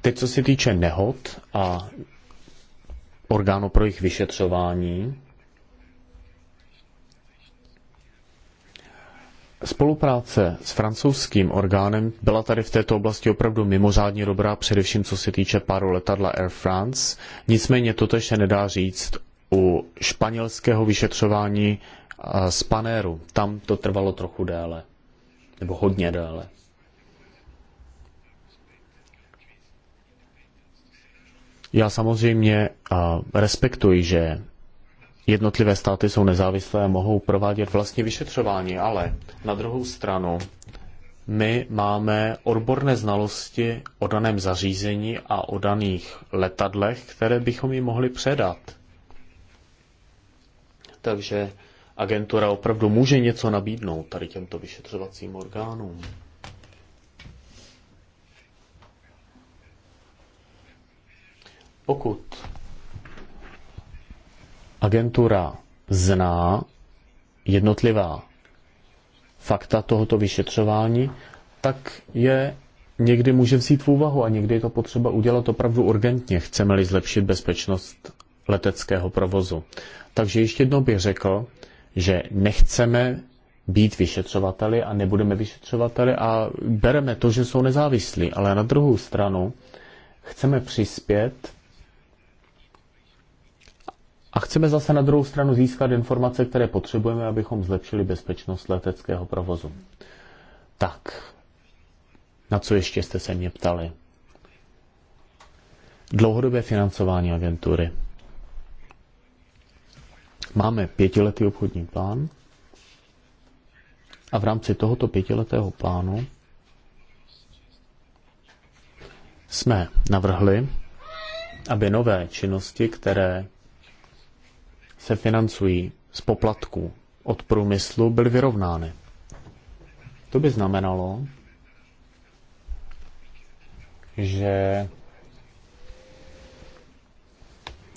Teď, co se týče nehod a orgánu pro jejich vyšetřování, Spolupráce s francouzským orgánem byla tady v této oblasti opravdu mimořádně dobrá, především co se týče páru letadla Air France. Nicméně toto se nedá říct u španělského vyšetřování eh, z Panéru. Tam to trvalo trochu déle, nebo hodně déle. Já samozřejmě eh, respektuji, že jednotlivé státy jsou nezávislé a mohou provádět vlastní vyšetřování, ale na druhou stranu my máme odborné znalosti o daném zařízení a o daných letadlech, které bychom jim mohli předat. Takže agentura opravdu může něco nabídnout tady těmto vyšetřovacím orgánům. Pokud agentura zná jednotlivá fakta tohoto vyšetřování, tak je někdy může vzít v úvahu a někdy je to potřeba udělat opravdu urgentně, chceme-li zlepšit bezpečnost leteckého provozu. Takže ještě jednou bych řekl, že nechceme být vyšetřovateli a nebudeme vyšetřovateli a bereme to, že jsou nezávislí, ale na druhou stranu chceme přispět a chceme zase na druhou stranu získat informace, které potřebujeme, abychom zlepšili bezpečnost leteckého provozu. Tak, na co ještě jste se mě ptali? Dlouhodobé financování agentury. Máme pětiletý obchodní plán a v rámci tohoto pětiletého plánu jsme navrhli, aby nové činnosti, které se financují z poplatků od průmyslu, byly vyrovnány. To by znamenalo, že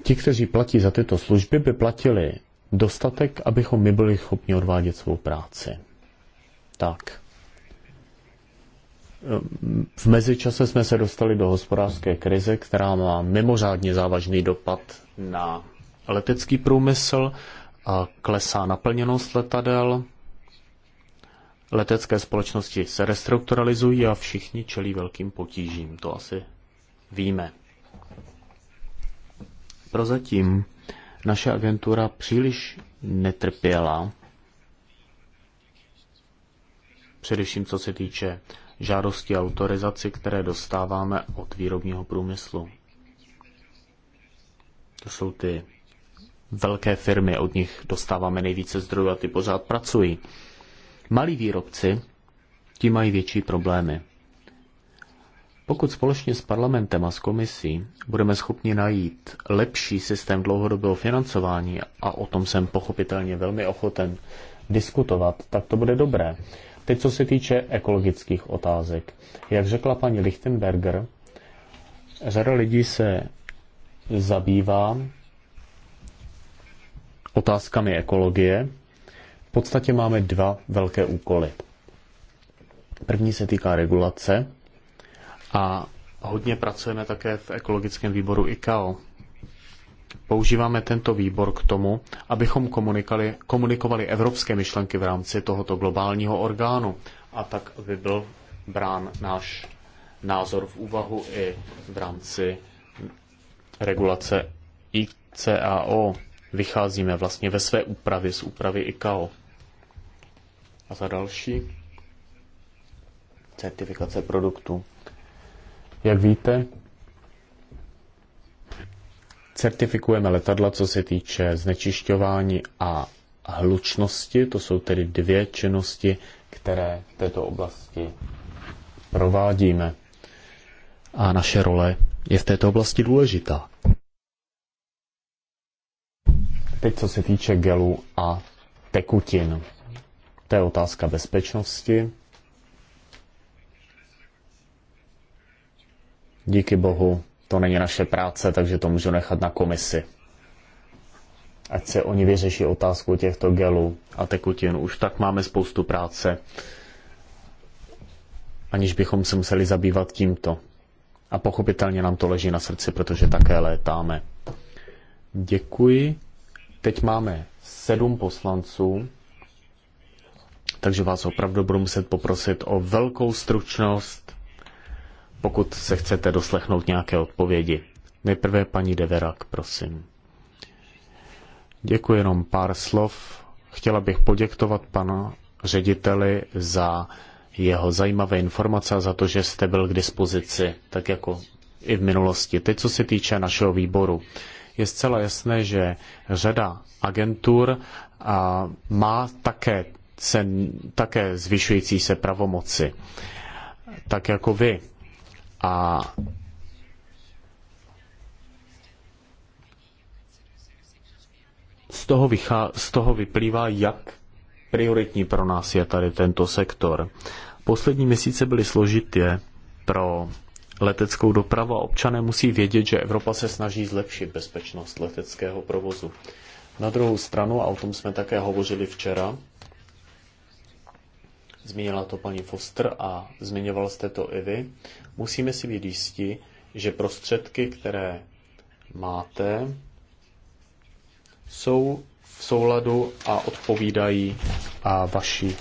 ti, kteří platí za tyto služby, by platili dostatek, abychom my byli schopni odvádět svou práci. Tak. V mezičase jsme se dostali do hospodářské krize, která má mimořádně závažný dopad na letecký průmysl, klesá naplněnost letadel, letecké společnosti se restrukturalizují a všichni čelí velkým potížím. To asi víme. Prozatím naše agentura příliš netrpěla, především co se týče žádosti a autorizaci, které dostáváme od výrobního průmyslu. To jsou ty velké firmy, od nich dostáváme nejvíce zdrojů a ty pořád pracují. Malí výrobci, ti mají větší problémy. Pokud společně s parlamentem a s komisí budeme schopni najít lepší systém dlouhodobého financování, a o tom jsem pochopitelně velmi ochoten diskutovat, tak to bude dobré. Teď, co se týče ekologických otázek. Jak řekla paní Lichtenberger, řada lidí se zabývá otázkami ekologie, v podstatě máme dva velké úkoly. První se týká regulace a hodně pracujeme také v ekologickém výboru ICAO. Používáme tento výbor k tomu, abychom komunikali, komunikovali evropské myšlenky v rámci tohoto globálního orgánu a tak, by byl brán náš názor v úvahu i v rámci regulace ICAO vycházíme vlastně ve své úpravě, z úpravy ICAO. A za další, certifikace produktu, Jak víte, certifikujeme letadla, co se týče znečišťování a hlučnosti. To jsou tedy dvě činnosti, které v této oblasti provádíme. A naše role je v této oblasti důležitá. Teď co se týče gelu a tekutin. To je otázka bezpečnosti. Díky bohu, to není naše práce, takže to můžu nechat na komisi. Ať se oni vyřeší otázku těchto gelů a tekutin. Už tak máme spoustu práce, aniž bychom se museli zabývat tímto. A pochopitelně nám to leží na srdci, protože také létáme. Děkuji. Teď máme sedm poslanců, takže vás opravdu budu muset poprosit o velkou stručnost, pokud se chcete doslechnout nějaké odpovědi. Nejprve paní Deverak, prosím. Děkuji jenom pár slov. Chtěla bych poděktovat panu řediteli za jeho zajímavé informace a za to, že jste byl k dispozici, tak jako i v minulosti. Teď, co se týče našeho výboru, je zcela jasné, že řada agentur má také, se, také zvyšující se pravomoci, tak jako vy. A z toho, vychá, z toho vyplývá, jak prioritní pro nás je tady tento sektor. Poslední měsíce byly složitě pro leteckou dopravu a občané musí vědět, že Evropa se snaží zlepšit bezpečnost leteckého provozu. Na druhou stranu, a o tom jsme také hovořili včera, zmínila to paní Foster a zmiňoval jste to i vy, musíme si být jistí, že prostředky, které máte, jsou v souladu a odpovídají a vaši,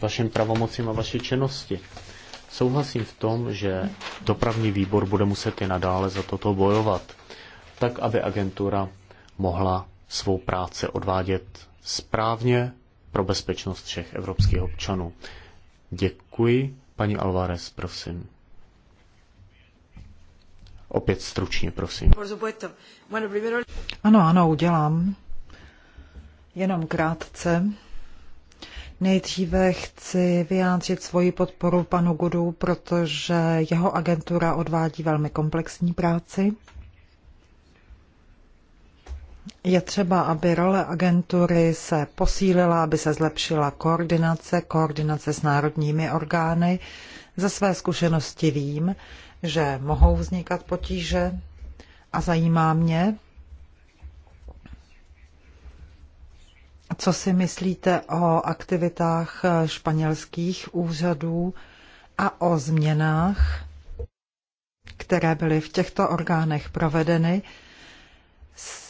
vašim pravomocím a vaší činnosti. Souhlasím v tom, že dopravní výbor bude muset i nadále za toto bojovat, tak aby agentura mohla svou práci odvádět správně pro bezpečnost všech evropských občanů. Děkuji. Paní Alvarez, prosím. Opět stručně, prosím. Ano, ano, udělám. Jenom krátce. Nejdříve chci vyjádřit svoji podporu panu Gudu, protože jeho agentura odvádí velmi komplexní práci. Je třeba, aby role agentury se posílila, aby se zlepšila koordinace, koordinace s národními orgány. Ze své zkušenosti vím, že mohou vznikat potíže a zajímá mě, Co si myslíte o aktivitách španělských úřadů a o změnách, které byly v těchto orgánech provedeny?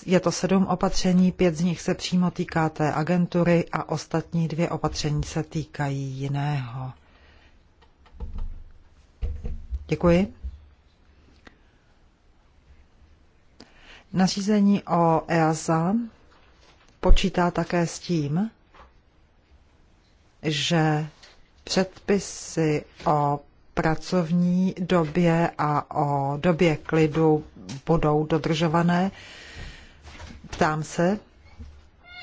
Je to sedm opatření, pět z nich se přímo týká té agentury a ostatní dvě opatření se týkají jiného. Děkuji. Nařízení o EASA počítá také s tím, že předpisy o pracovní době a o době klidu budou dodržované. Ptám se,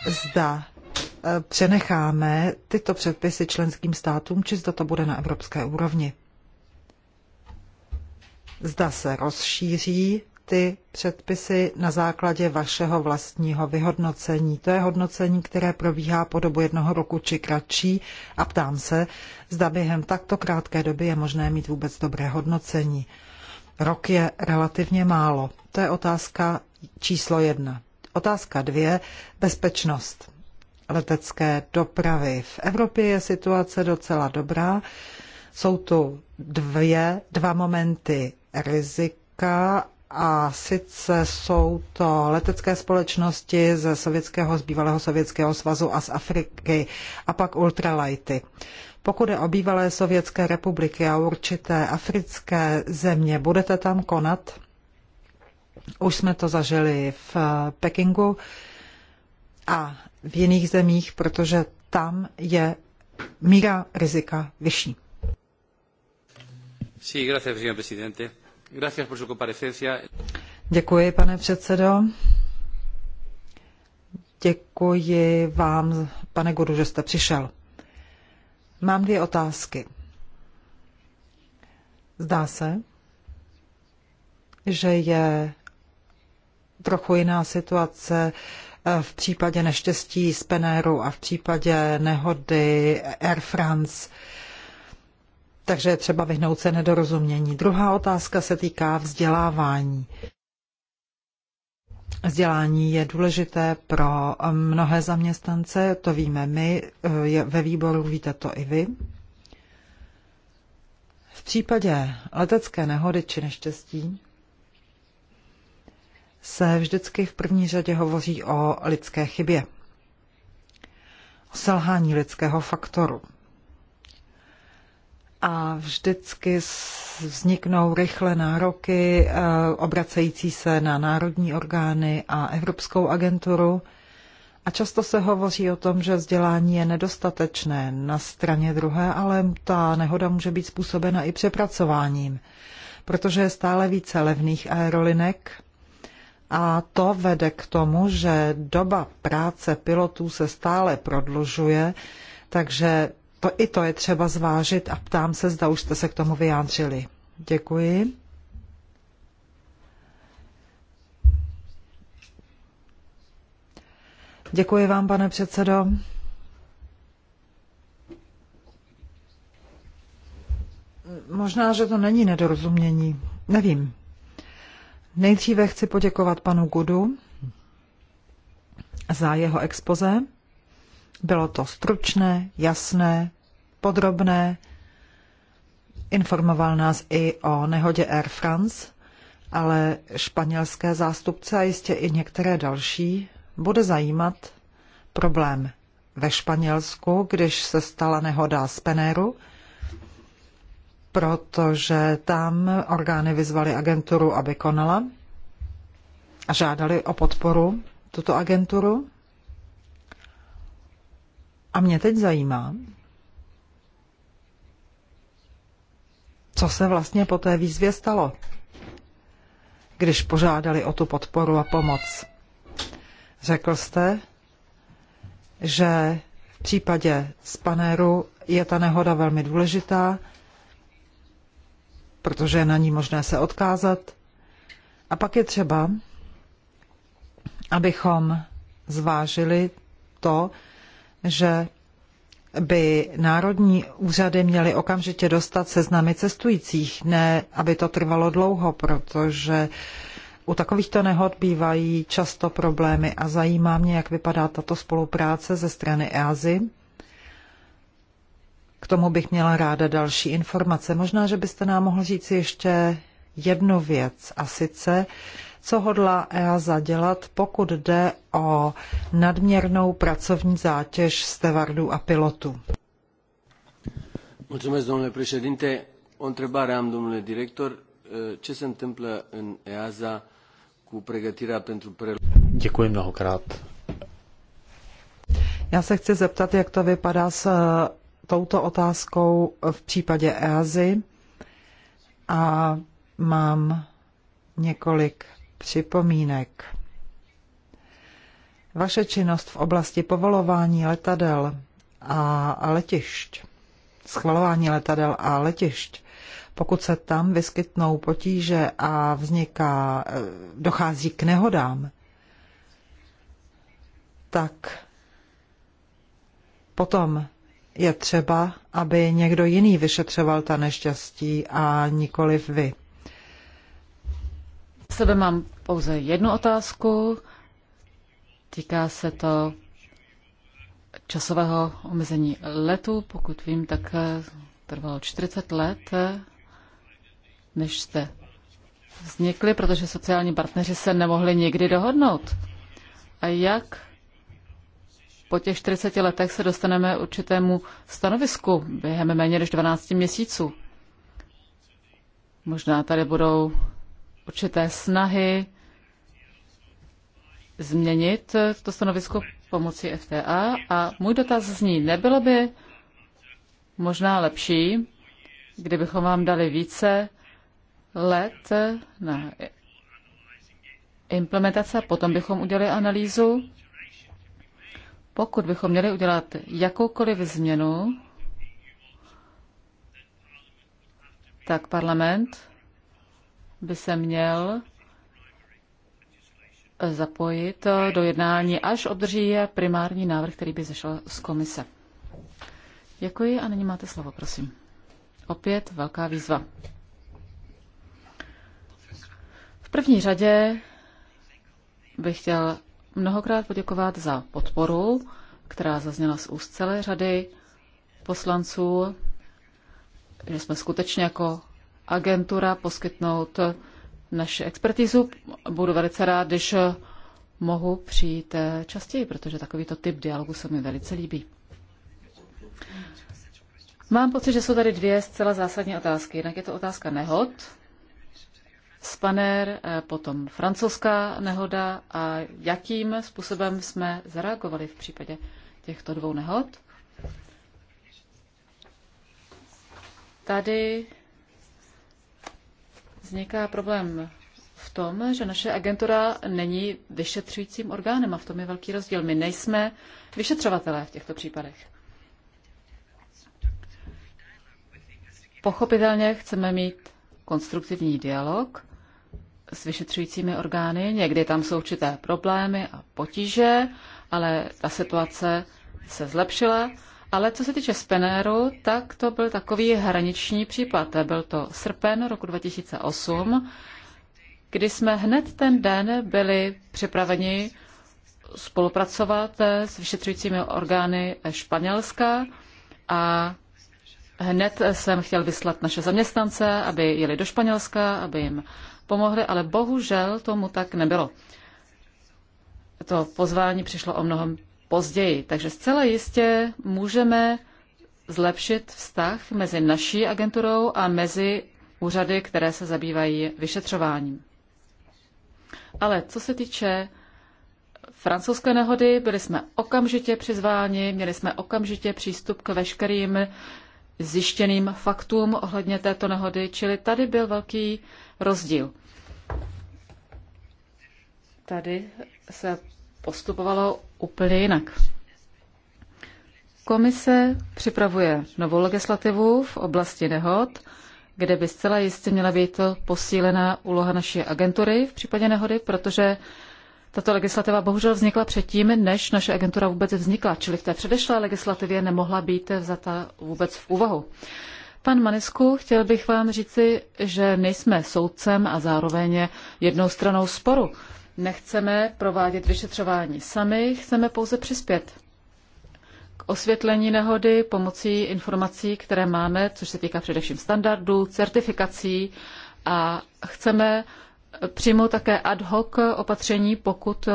zda e, přenecháme tyto předpisy členským státům, či zda to bude na evropské úrovni. Zda se rozšíří ty předpisy na základě vašeho vlastního vyhodnocení. To je hodnocení, které probíhá po dobu jednoho roku či kratší a ptám se, zda během takto krátké doby je možné mít vůbec dobré hodnocení. Rok je relativně málo. To je otázka číslo jedna. Otázka dvě, bezpečnost letecké dopravy. V Evropě je situace docela dobrá. Jsou tu dvě, dva momenty rizika a sice jsou to letecké společnosti ze sovětského, z bývalého sovětského svazu a z Afriky a pak ultralighty. Pokud je o bývalé sovětské republiky a určité africké země, budete tam konat? Už jsme to zažili v eh, Pekingu a v jiných zemích, protože tam je míra rizika vyšší. Sí, gracias, señor presidente. Děkuji, pane předsedající Děkuji vám, pane Guru, že jste přišel. Mám dvě otázky. Zdá se, že je trochu jiná situace eh, v případě neštěstí z Penéru a v případě nehody Air France. Uh, takže je třeba vyhnout se nedorozumění. Druhá otázka se týká vzdělávání. Vzdělání je důležité pro mnohé zaměstnance, to víme my, ve výboru víte to i vy. V případě letecké nehody či neštěstí se vždycky v první řadě hovoří o lidské chybě, o selhání lidského faktoru a vždycky vzniknou rychle nároky eh, obracející se na národní orgány a Evropskou agenturu. A často se hovoří o tom, že vzdělání je nedostatečné na straně druhé, ale ta nehoda může být způsobena i přepracováním, protože je stále více levných aerolinek a to vede k tomu, že doba práce pilotů se stále prodlužuje, takže to i to je třeba zvážit a ptám se, zda už jste se k tomu vyjádřili. Děkuji. Děkuji vám, pane předsedo. Možná, že to není nedorozumění. Nevím. Nejdříve chci poděkovat panu Gudu za jeho expoze. Bylo to stručné, jasné, podrobné. Informoval nás i o nehodě Air France, ale španělské zástupce a jistě i některé další bude zajímat problém ve Španělsku, když se stala nehoda z Penéru, protože tam orgány vyzvali agenturu, aby konala a žádali o podporu tuto agenturu a mě teď zajímá, co se vlastně po té výzvě stalo, když požádali o tu podporu a pomoc. Řekl jste, že v případě spanéru je ta nehoda velmi důležitá, protože je na ní možné se odkázat. A pak je třeba, abychom zvážili to, že by národní úřady měly okamžitě dostat seznamy cestujících, ne aby to trvalo dlouho, protože u takovýchto nehod bývají často problémy a zajímá mě, jak vypadá tato spolupráce ze strany EASY. K tomu bych měla ráda další informace. Možná, že byste nám mohl říct ještě jednu věc a sice, co hodlá EASA dělat, pokud jde o nadměrnou pracovní zátěž stevardů a pilotů? Mulțumesc, domnule președinte. O întrebare am, domnule director. Eh, ce se întâmplă în EASA cu pregătirea pentru preluare? Děkuji mnohokrát. Já se chci zeptat, jak to vypadá s eh, touto otázkou v případě EASY a mám několik připomínek. Vaše činnost v oblasti povolování letadel a letišť, schvalování letadel a letišť, pokud se tam vyskytnou potíže a vzniká, eh, dochází k nehodám, tak potom je třeba, aby někdo jiný vyšetřoval ta neštěstí a nikoliv vy sebe mám pouze jednu otázku. Týká se to časového omezení letu. Pokud vím, tak eh, trvalo 40 let, eh, než jste vznikli, protože sociální partneři se nemohli nikdy dohodnout. A jak po těch 40 letech se dostaneme určitému stanovisku během méně než 12 měsíců? Možná tady budou určité snahy změnit to stanovisko pomocí FTA a můj dotaz zní, nebylo by možná lepší, kdybychom vám dali více let na implementace, potom bychom udělali analýzu. Pokud bychom měli udělat jakoukoliv změnu, tak parlament by se měl zapojit do jednání, až obdrží primární návrh, který by zešel z komise. Děkuji a nyní máte slovo, prosím. Opět velká výzva. V první řadě bych chtěl mnohokrát poděkovat za podporu, která zazněla z úst celé řady poslanců, že jsme skutečně jako agentura poskytnout naši expertizu. Budu velice rád, když mohu přijít eh, častěji, protože takovýto typ dialogu se mi velice líbí. Mám pocit, že jsou tady dvě zcela zásadní otázky. Jednak je to otázka nehod, Spanér, eh, potom francouzská nehoda a jakým způsobem jsme zareagovali v případě těchto dvou nehod. Tady vzniká problém v tom, že naše agentura není vyšetřujícím orgánem a v tom je velký rozdíl. My nejsme vyšetřovatelé v těchto případech. Pochopitelně chceme mít konstruktivní dialog s vyšetřujícími orgány. Někdy tam jsou určité problémy a potíže, ale ta situace se zlepšila ale co se týče Spenéru, tak to byl takový hraniční případ. Byl to srpen roku 2008, kdy jsme hned ten den byli připraveni spolupracovat s vyšetřujícími orgány Španělska a hned jsem chtěl vyslat naše zaměstnance, aby jeli do Španělska, aby jim pomohli, ale bohužel tomu tak nebylo. To pozvání přišlo o mnohem později. Takže zcela jistě můžeme zlepšit vztah mezi naší agenturou a mezi úřady, které se zabývají vyšetřováním. Ale co se týče francouzské nehody, byli jsme okamžitě přizváni, měli jsme okamžitě přístup k veškerým zjištěným faktům ohledně této nehody, čili tady byl velký rozdíl. Tady se postupovalo úplně jinak. Komise připravuje novou legislativu v oblasti nehod, kde by zcela jistě měla být posílená úloha naší agentury v případě nehody, protože tato legislativa bohužel vznikla předtím, než naše agentura vůbec vznikla, čili v té předešlé legislativě nemohla být vzata vůbec v úvahu. Pan Manisku, chtěl bych vám říci, že nejsme soudcem a zároveň jednou stranou sporu. Nechceme provádět vyšetřování sami, chceme pouze přispět k osvětlení nehody pomocí informací, které máme, což se týká především standardů, certifikací a chceme přijmout také ad hoc opatření, pokud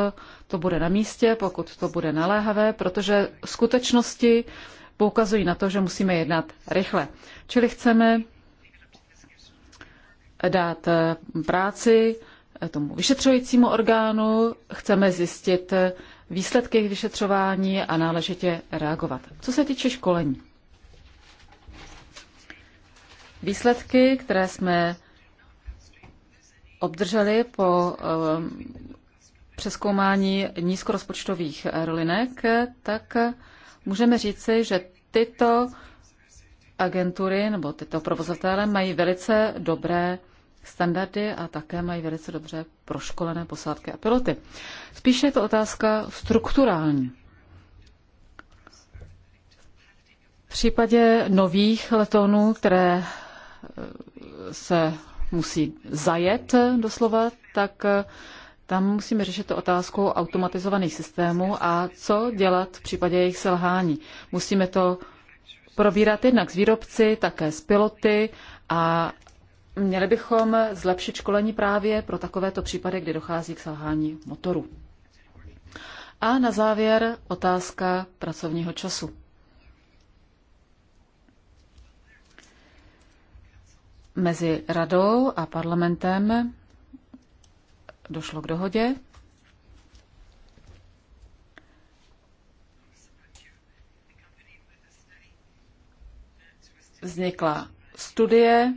to bude na místě, pokud to bude naléhavé, protože skutečnosti poukazují na to, že musíme jednat rychle. Čili chceme dát práci Eh, tomu vyšetřujícímu orgánu, chceme zjistit eh, výsledky jejich vyšetřování a náležitě reagovat. Co se týče školení, výsledky, které jsme obdrželi po eh, přeskoumání nízkorozpočtových rolinek, tak můžeme říci, že tyto agentury nebo tyto provozatele mají velice dobré standardy a také mají velice dobře proškolené posádky a piloty. Spíše je to otázka strukturální. V případě nových letounů, které eh, se musí zajet doslova, tak eh, tam musíme řešit otázku automatizovaných systémů a co dělat v případě jejich selhání. Musíme to probírat jednak s výrobci, také s piloty a Měli bychom zlepšit školení právě pro takovéto případy, kdy dochází k selhání motoru. A na závěr otázka pracovního času. Mezi radou a parlamentem došlo k dohodě. Vznikla studie,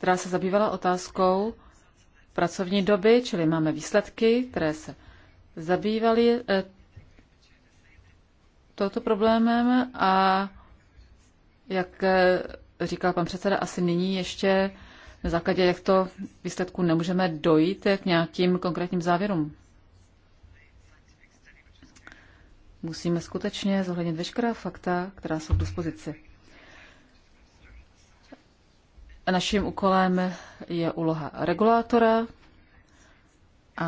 která se zabývala otázkou pracovní doby, čili máme výsledky, které se zabývaly eh, touto problémem a jak eh, říkal pan předseda, asi nyní ještě na základě to výsledku nemůžeme dojít k nějakým konkrétním závěrům. Musíme skutečně zohlednit veškerá fakta, která jsou k dispozici. Naším úkolem je úloha regulátora a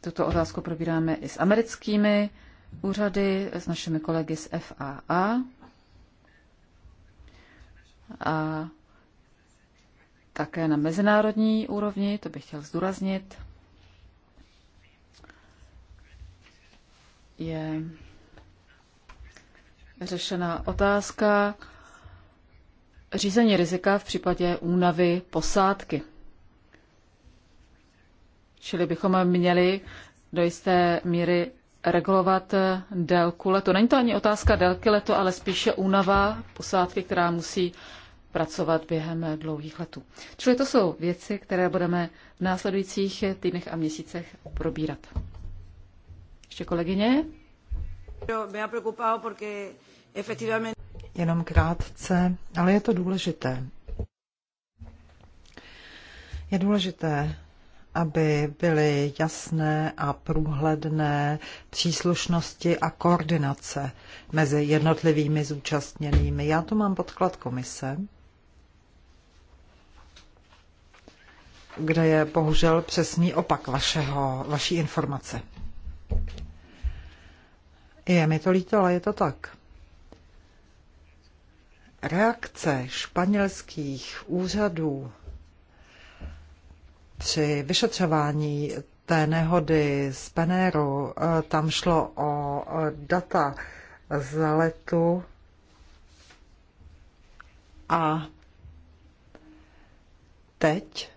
tuto otázku probíráme i s americkými úřady, s našimi kolegy z FAA. A také na mezinárodní úrovni, to bych chtěl zdůraznit, je řešena otázka řízení rizika v případě únavy posádky. Čili bychom měli do jisté míry regulovat délku letu. Není to ani otázka délky letu, ale spíše únava posádky, která musí pracovat během dlouhých letů. Čili to jsou věci, které budeme v následujících týdnech a měsících probírat. Ještě kolegyně? jenom krátce, ale je to důležité. Je důležité, aby byly jasné a průhledné příslušnosti a koordinace mezi jednotlivými zúčastněnými. Já tu mám podklad komise, kde je bohužel přesný opak vašeho, vaší informace. Je mi to líto, ale je to tak reakce španělských úřadů při vyšetřování té nehody z Penéru, eh, tam šlo o data z letu a teď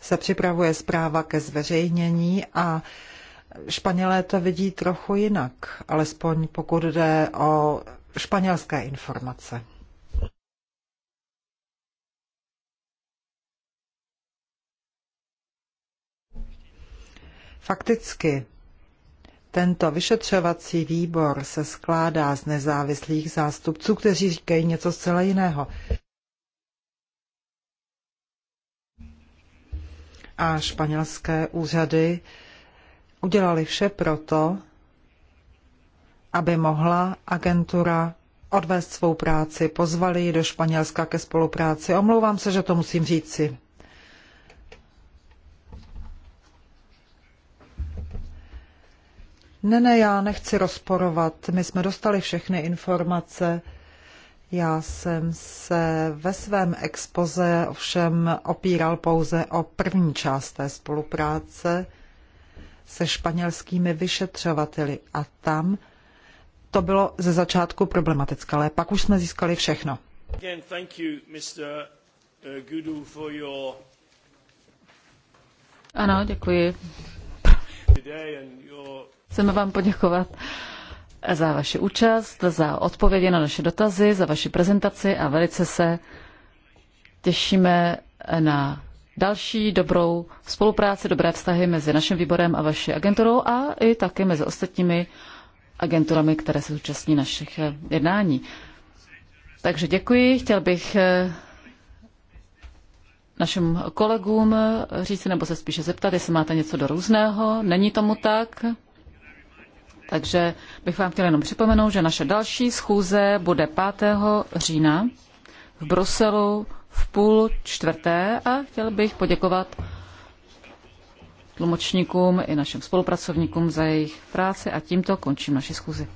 se připravuje zpráva ke zveřejnění a Španělé to vidí trochu jinak, alespoň pokud jde o španělské informace. Fakticky tento vyšetřovací výbor se skládá z nezávislých zástupců, kteří říkají něco zcela jiného. A španělské úřady udělali vše proto, aby mohla agentura odvést svou práci. Pozvali ji do Španělska ke spolupráci. Omlouvám se, že to musím říci. Ne, ne, já nechci rozporovat. My jsme dostali všechny informace. Já jsem se ve svém expoze ovšem opíral pouze o první část té spolupráce se španělskými vyšetřovateli a tam to bylo ze začátku problematické, ale pak už jsme získali všechno. Again, uh, Gudu for your... Ano, děkuji. Chceme vám poděkovat za vaši účast, za odpovědi na naše dotazy, za vaši prezentaci a velice se těšíme na další dobrou spolupráci, dobré vztahy mezi naším výborem a vaší agenturou a i také mezi ostatními agenturami, které se zúčastní našich eh, jednání. Takže děkuji. Chtěl bych eh, našim kolegům eh, říct, nebo se spíše zeptat, jestli máte něco do různého. Není tomu tak? Takže bych vám chtěl jenom připomenout, že naše další schůze bude 5. října v Bruselu v půl čtvrté a chtěl bych poděkovat tlumočníkům i našim spolupracovníkům za jejich práci a tímto končím naši schůzi.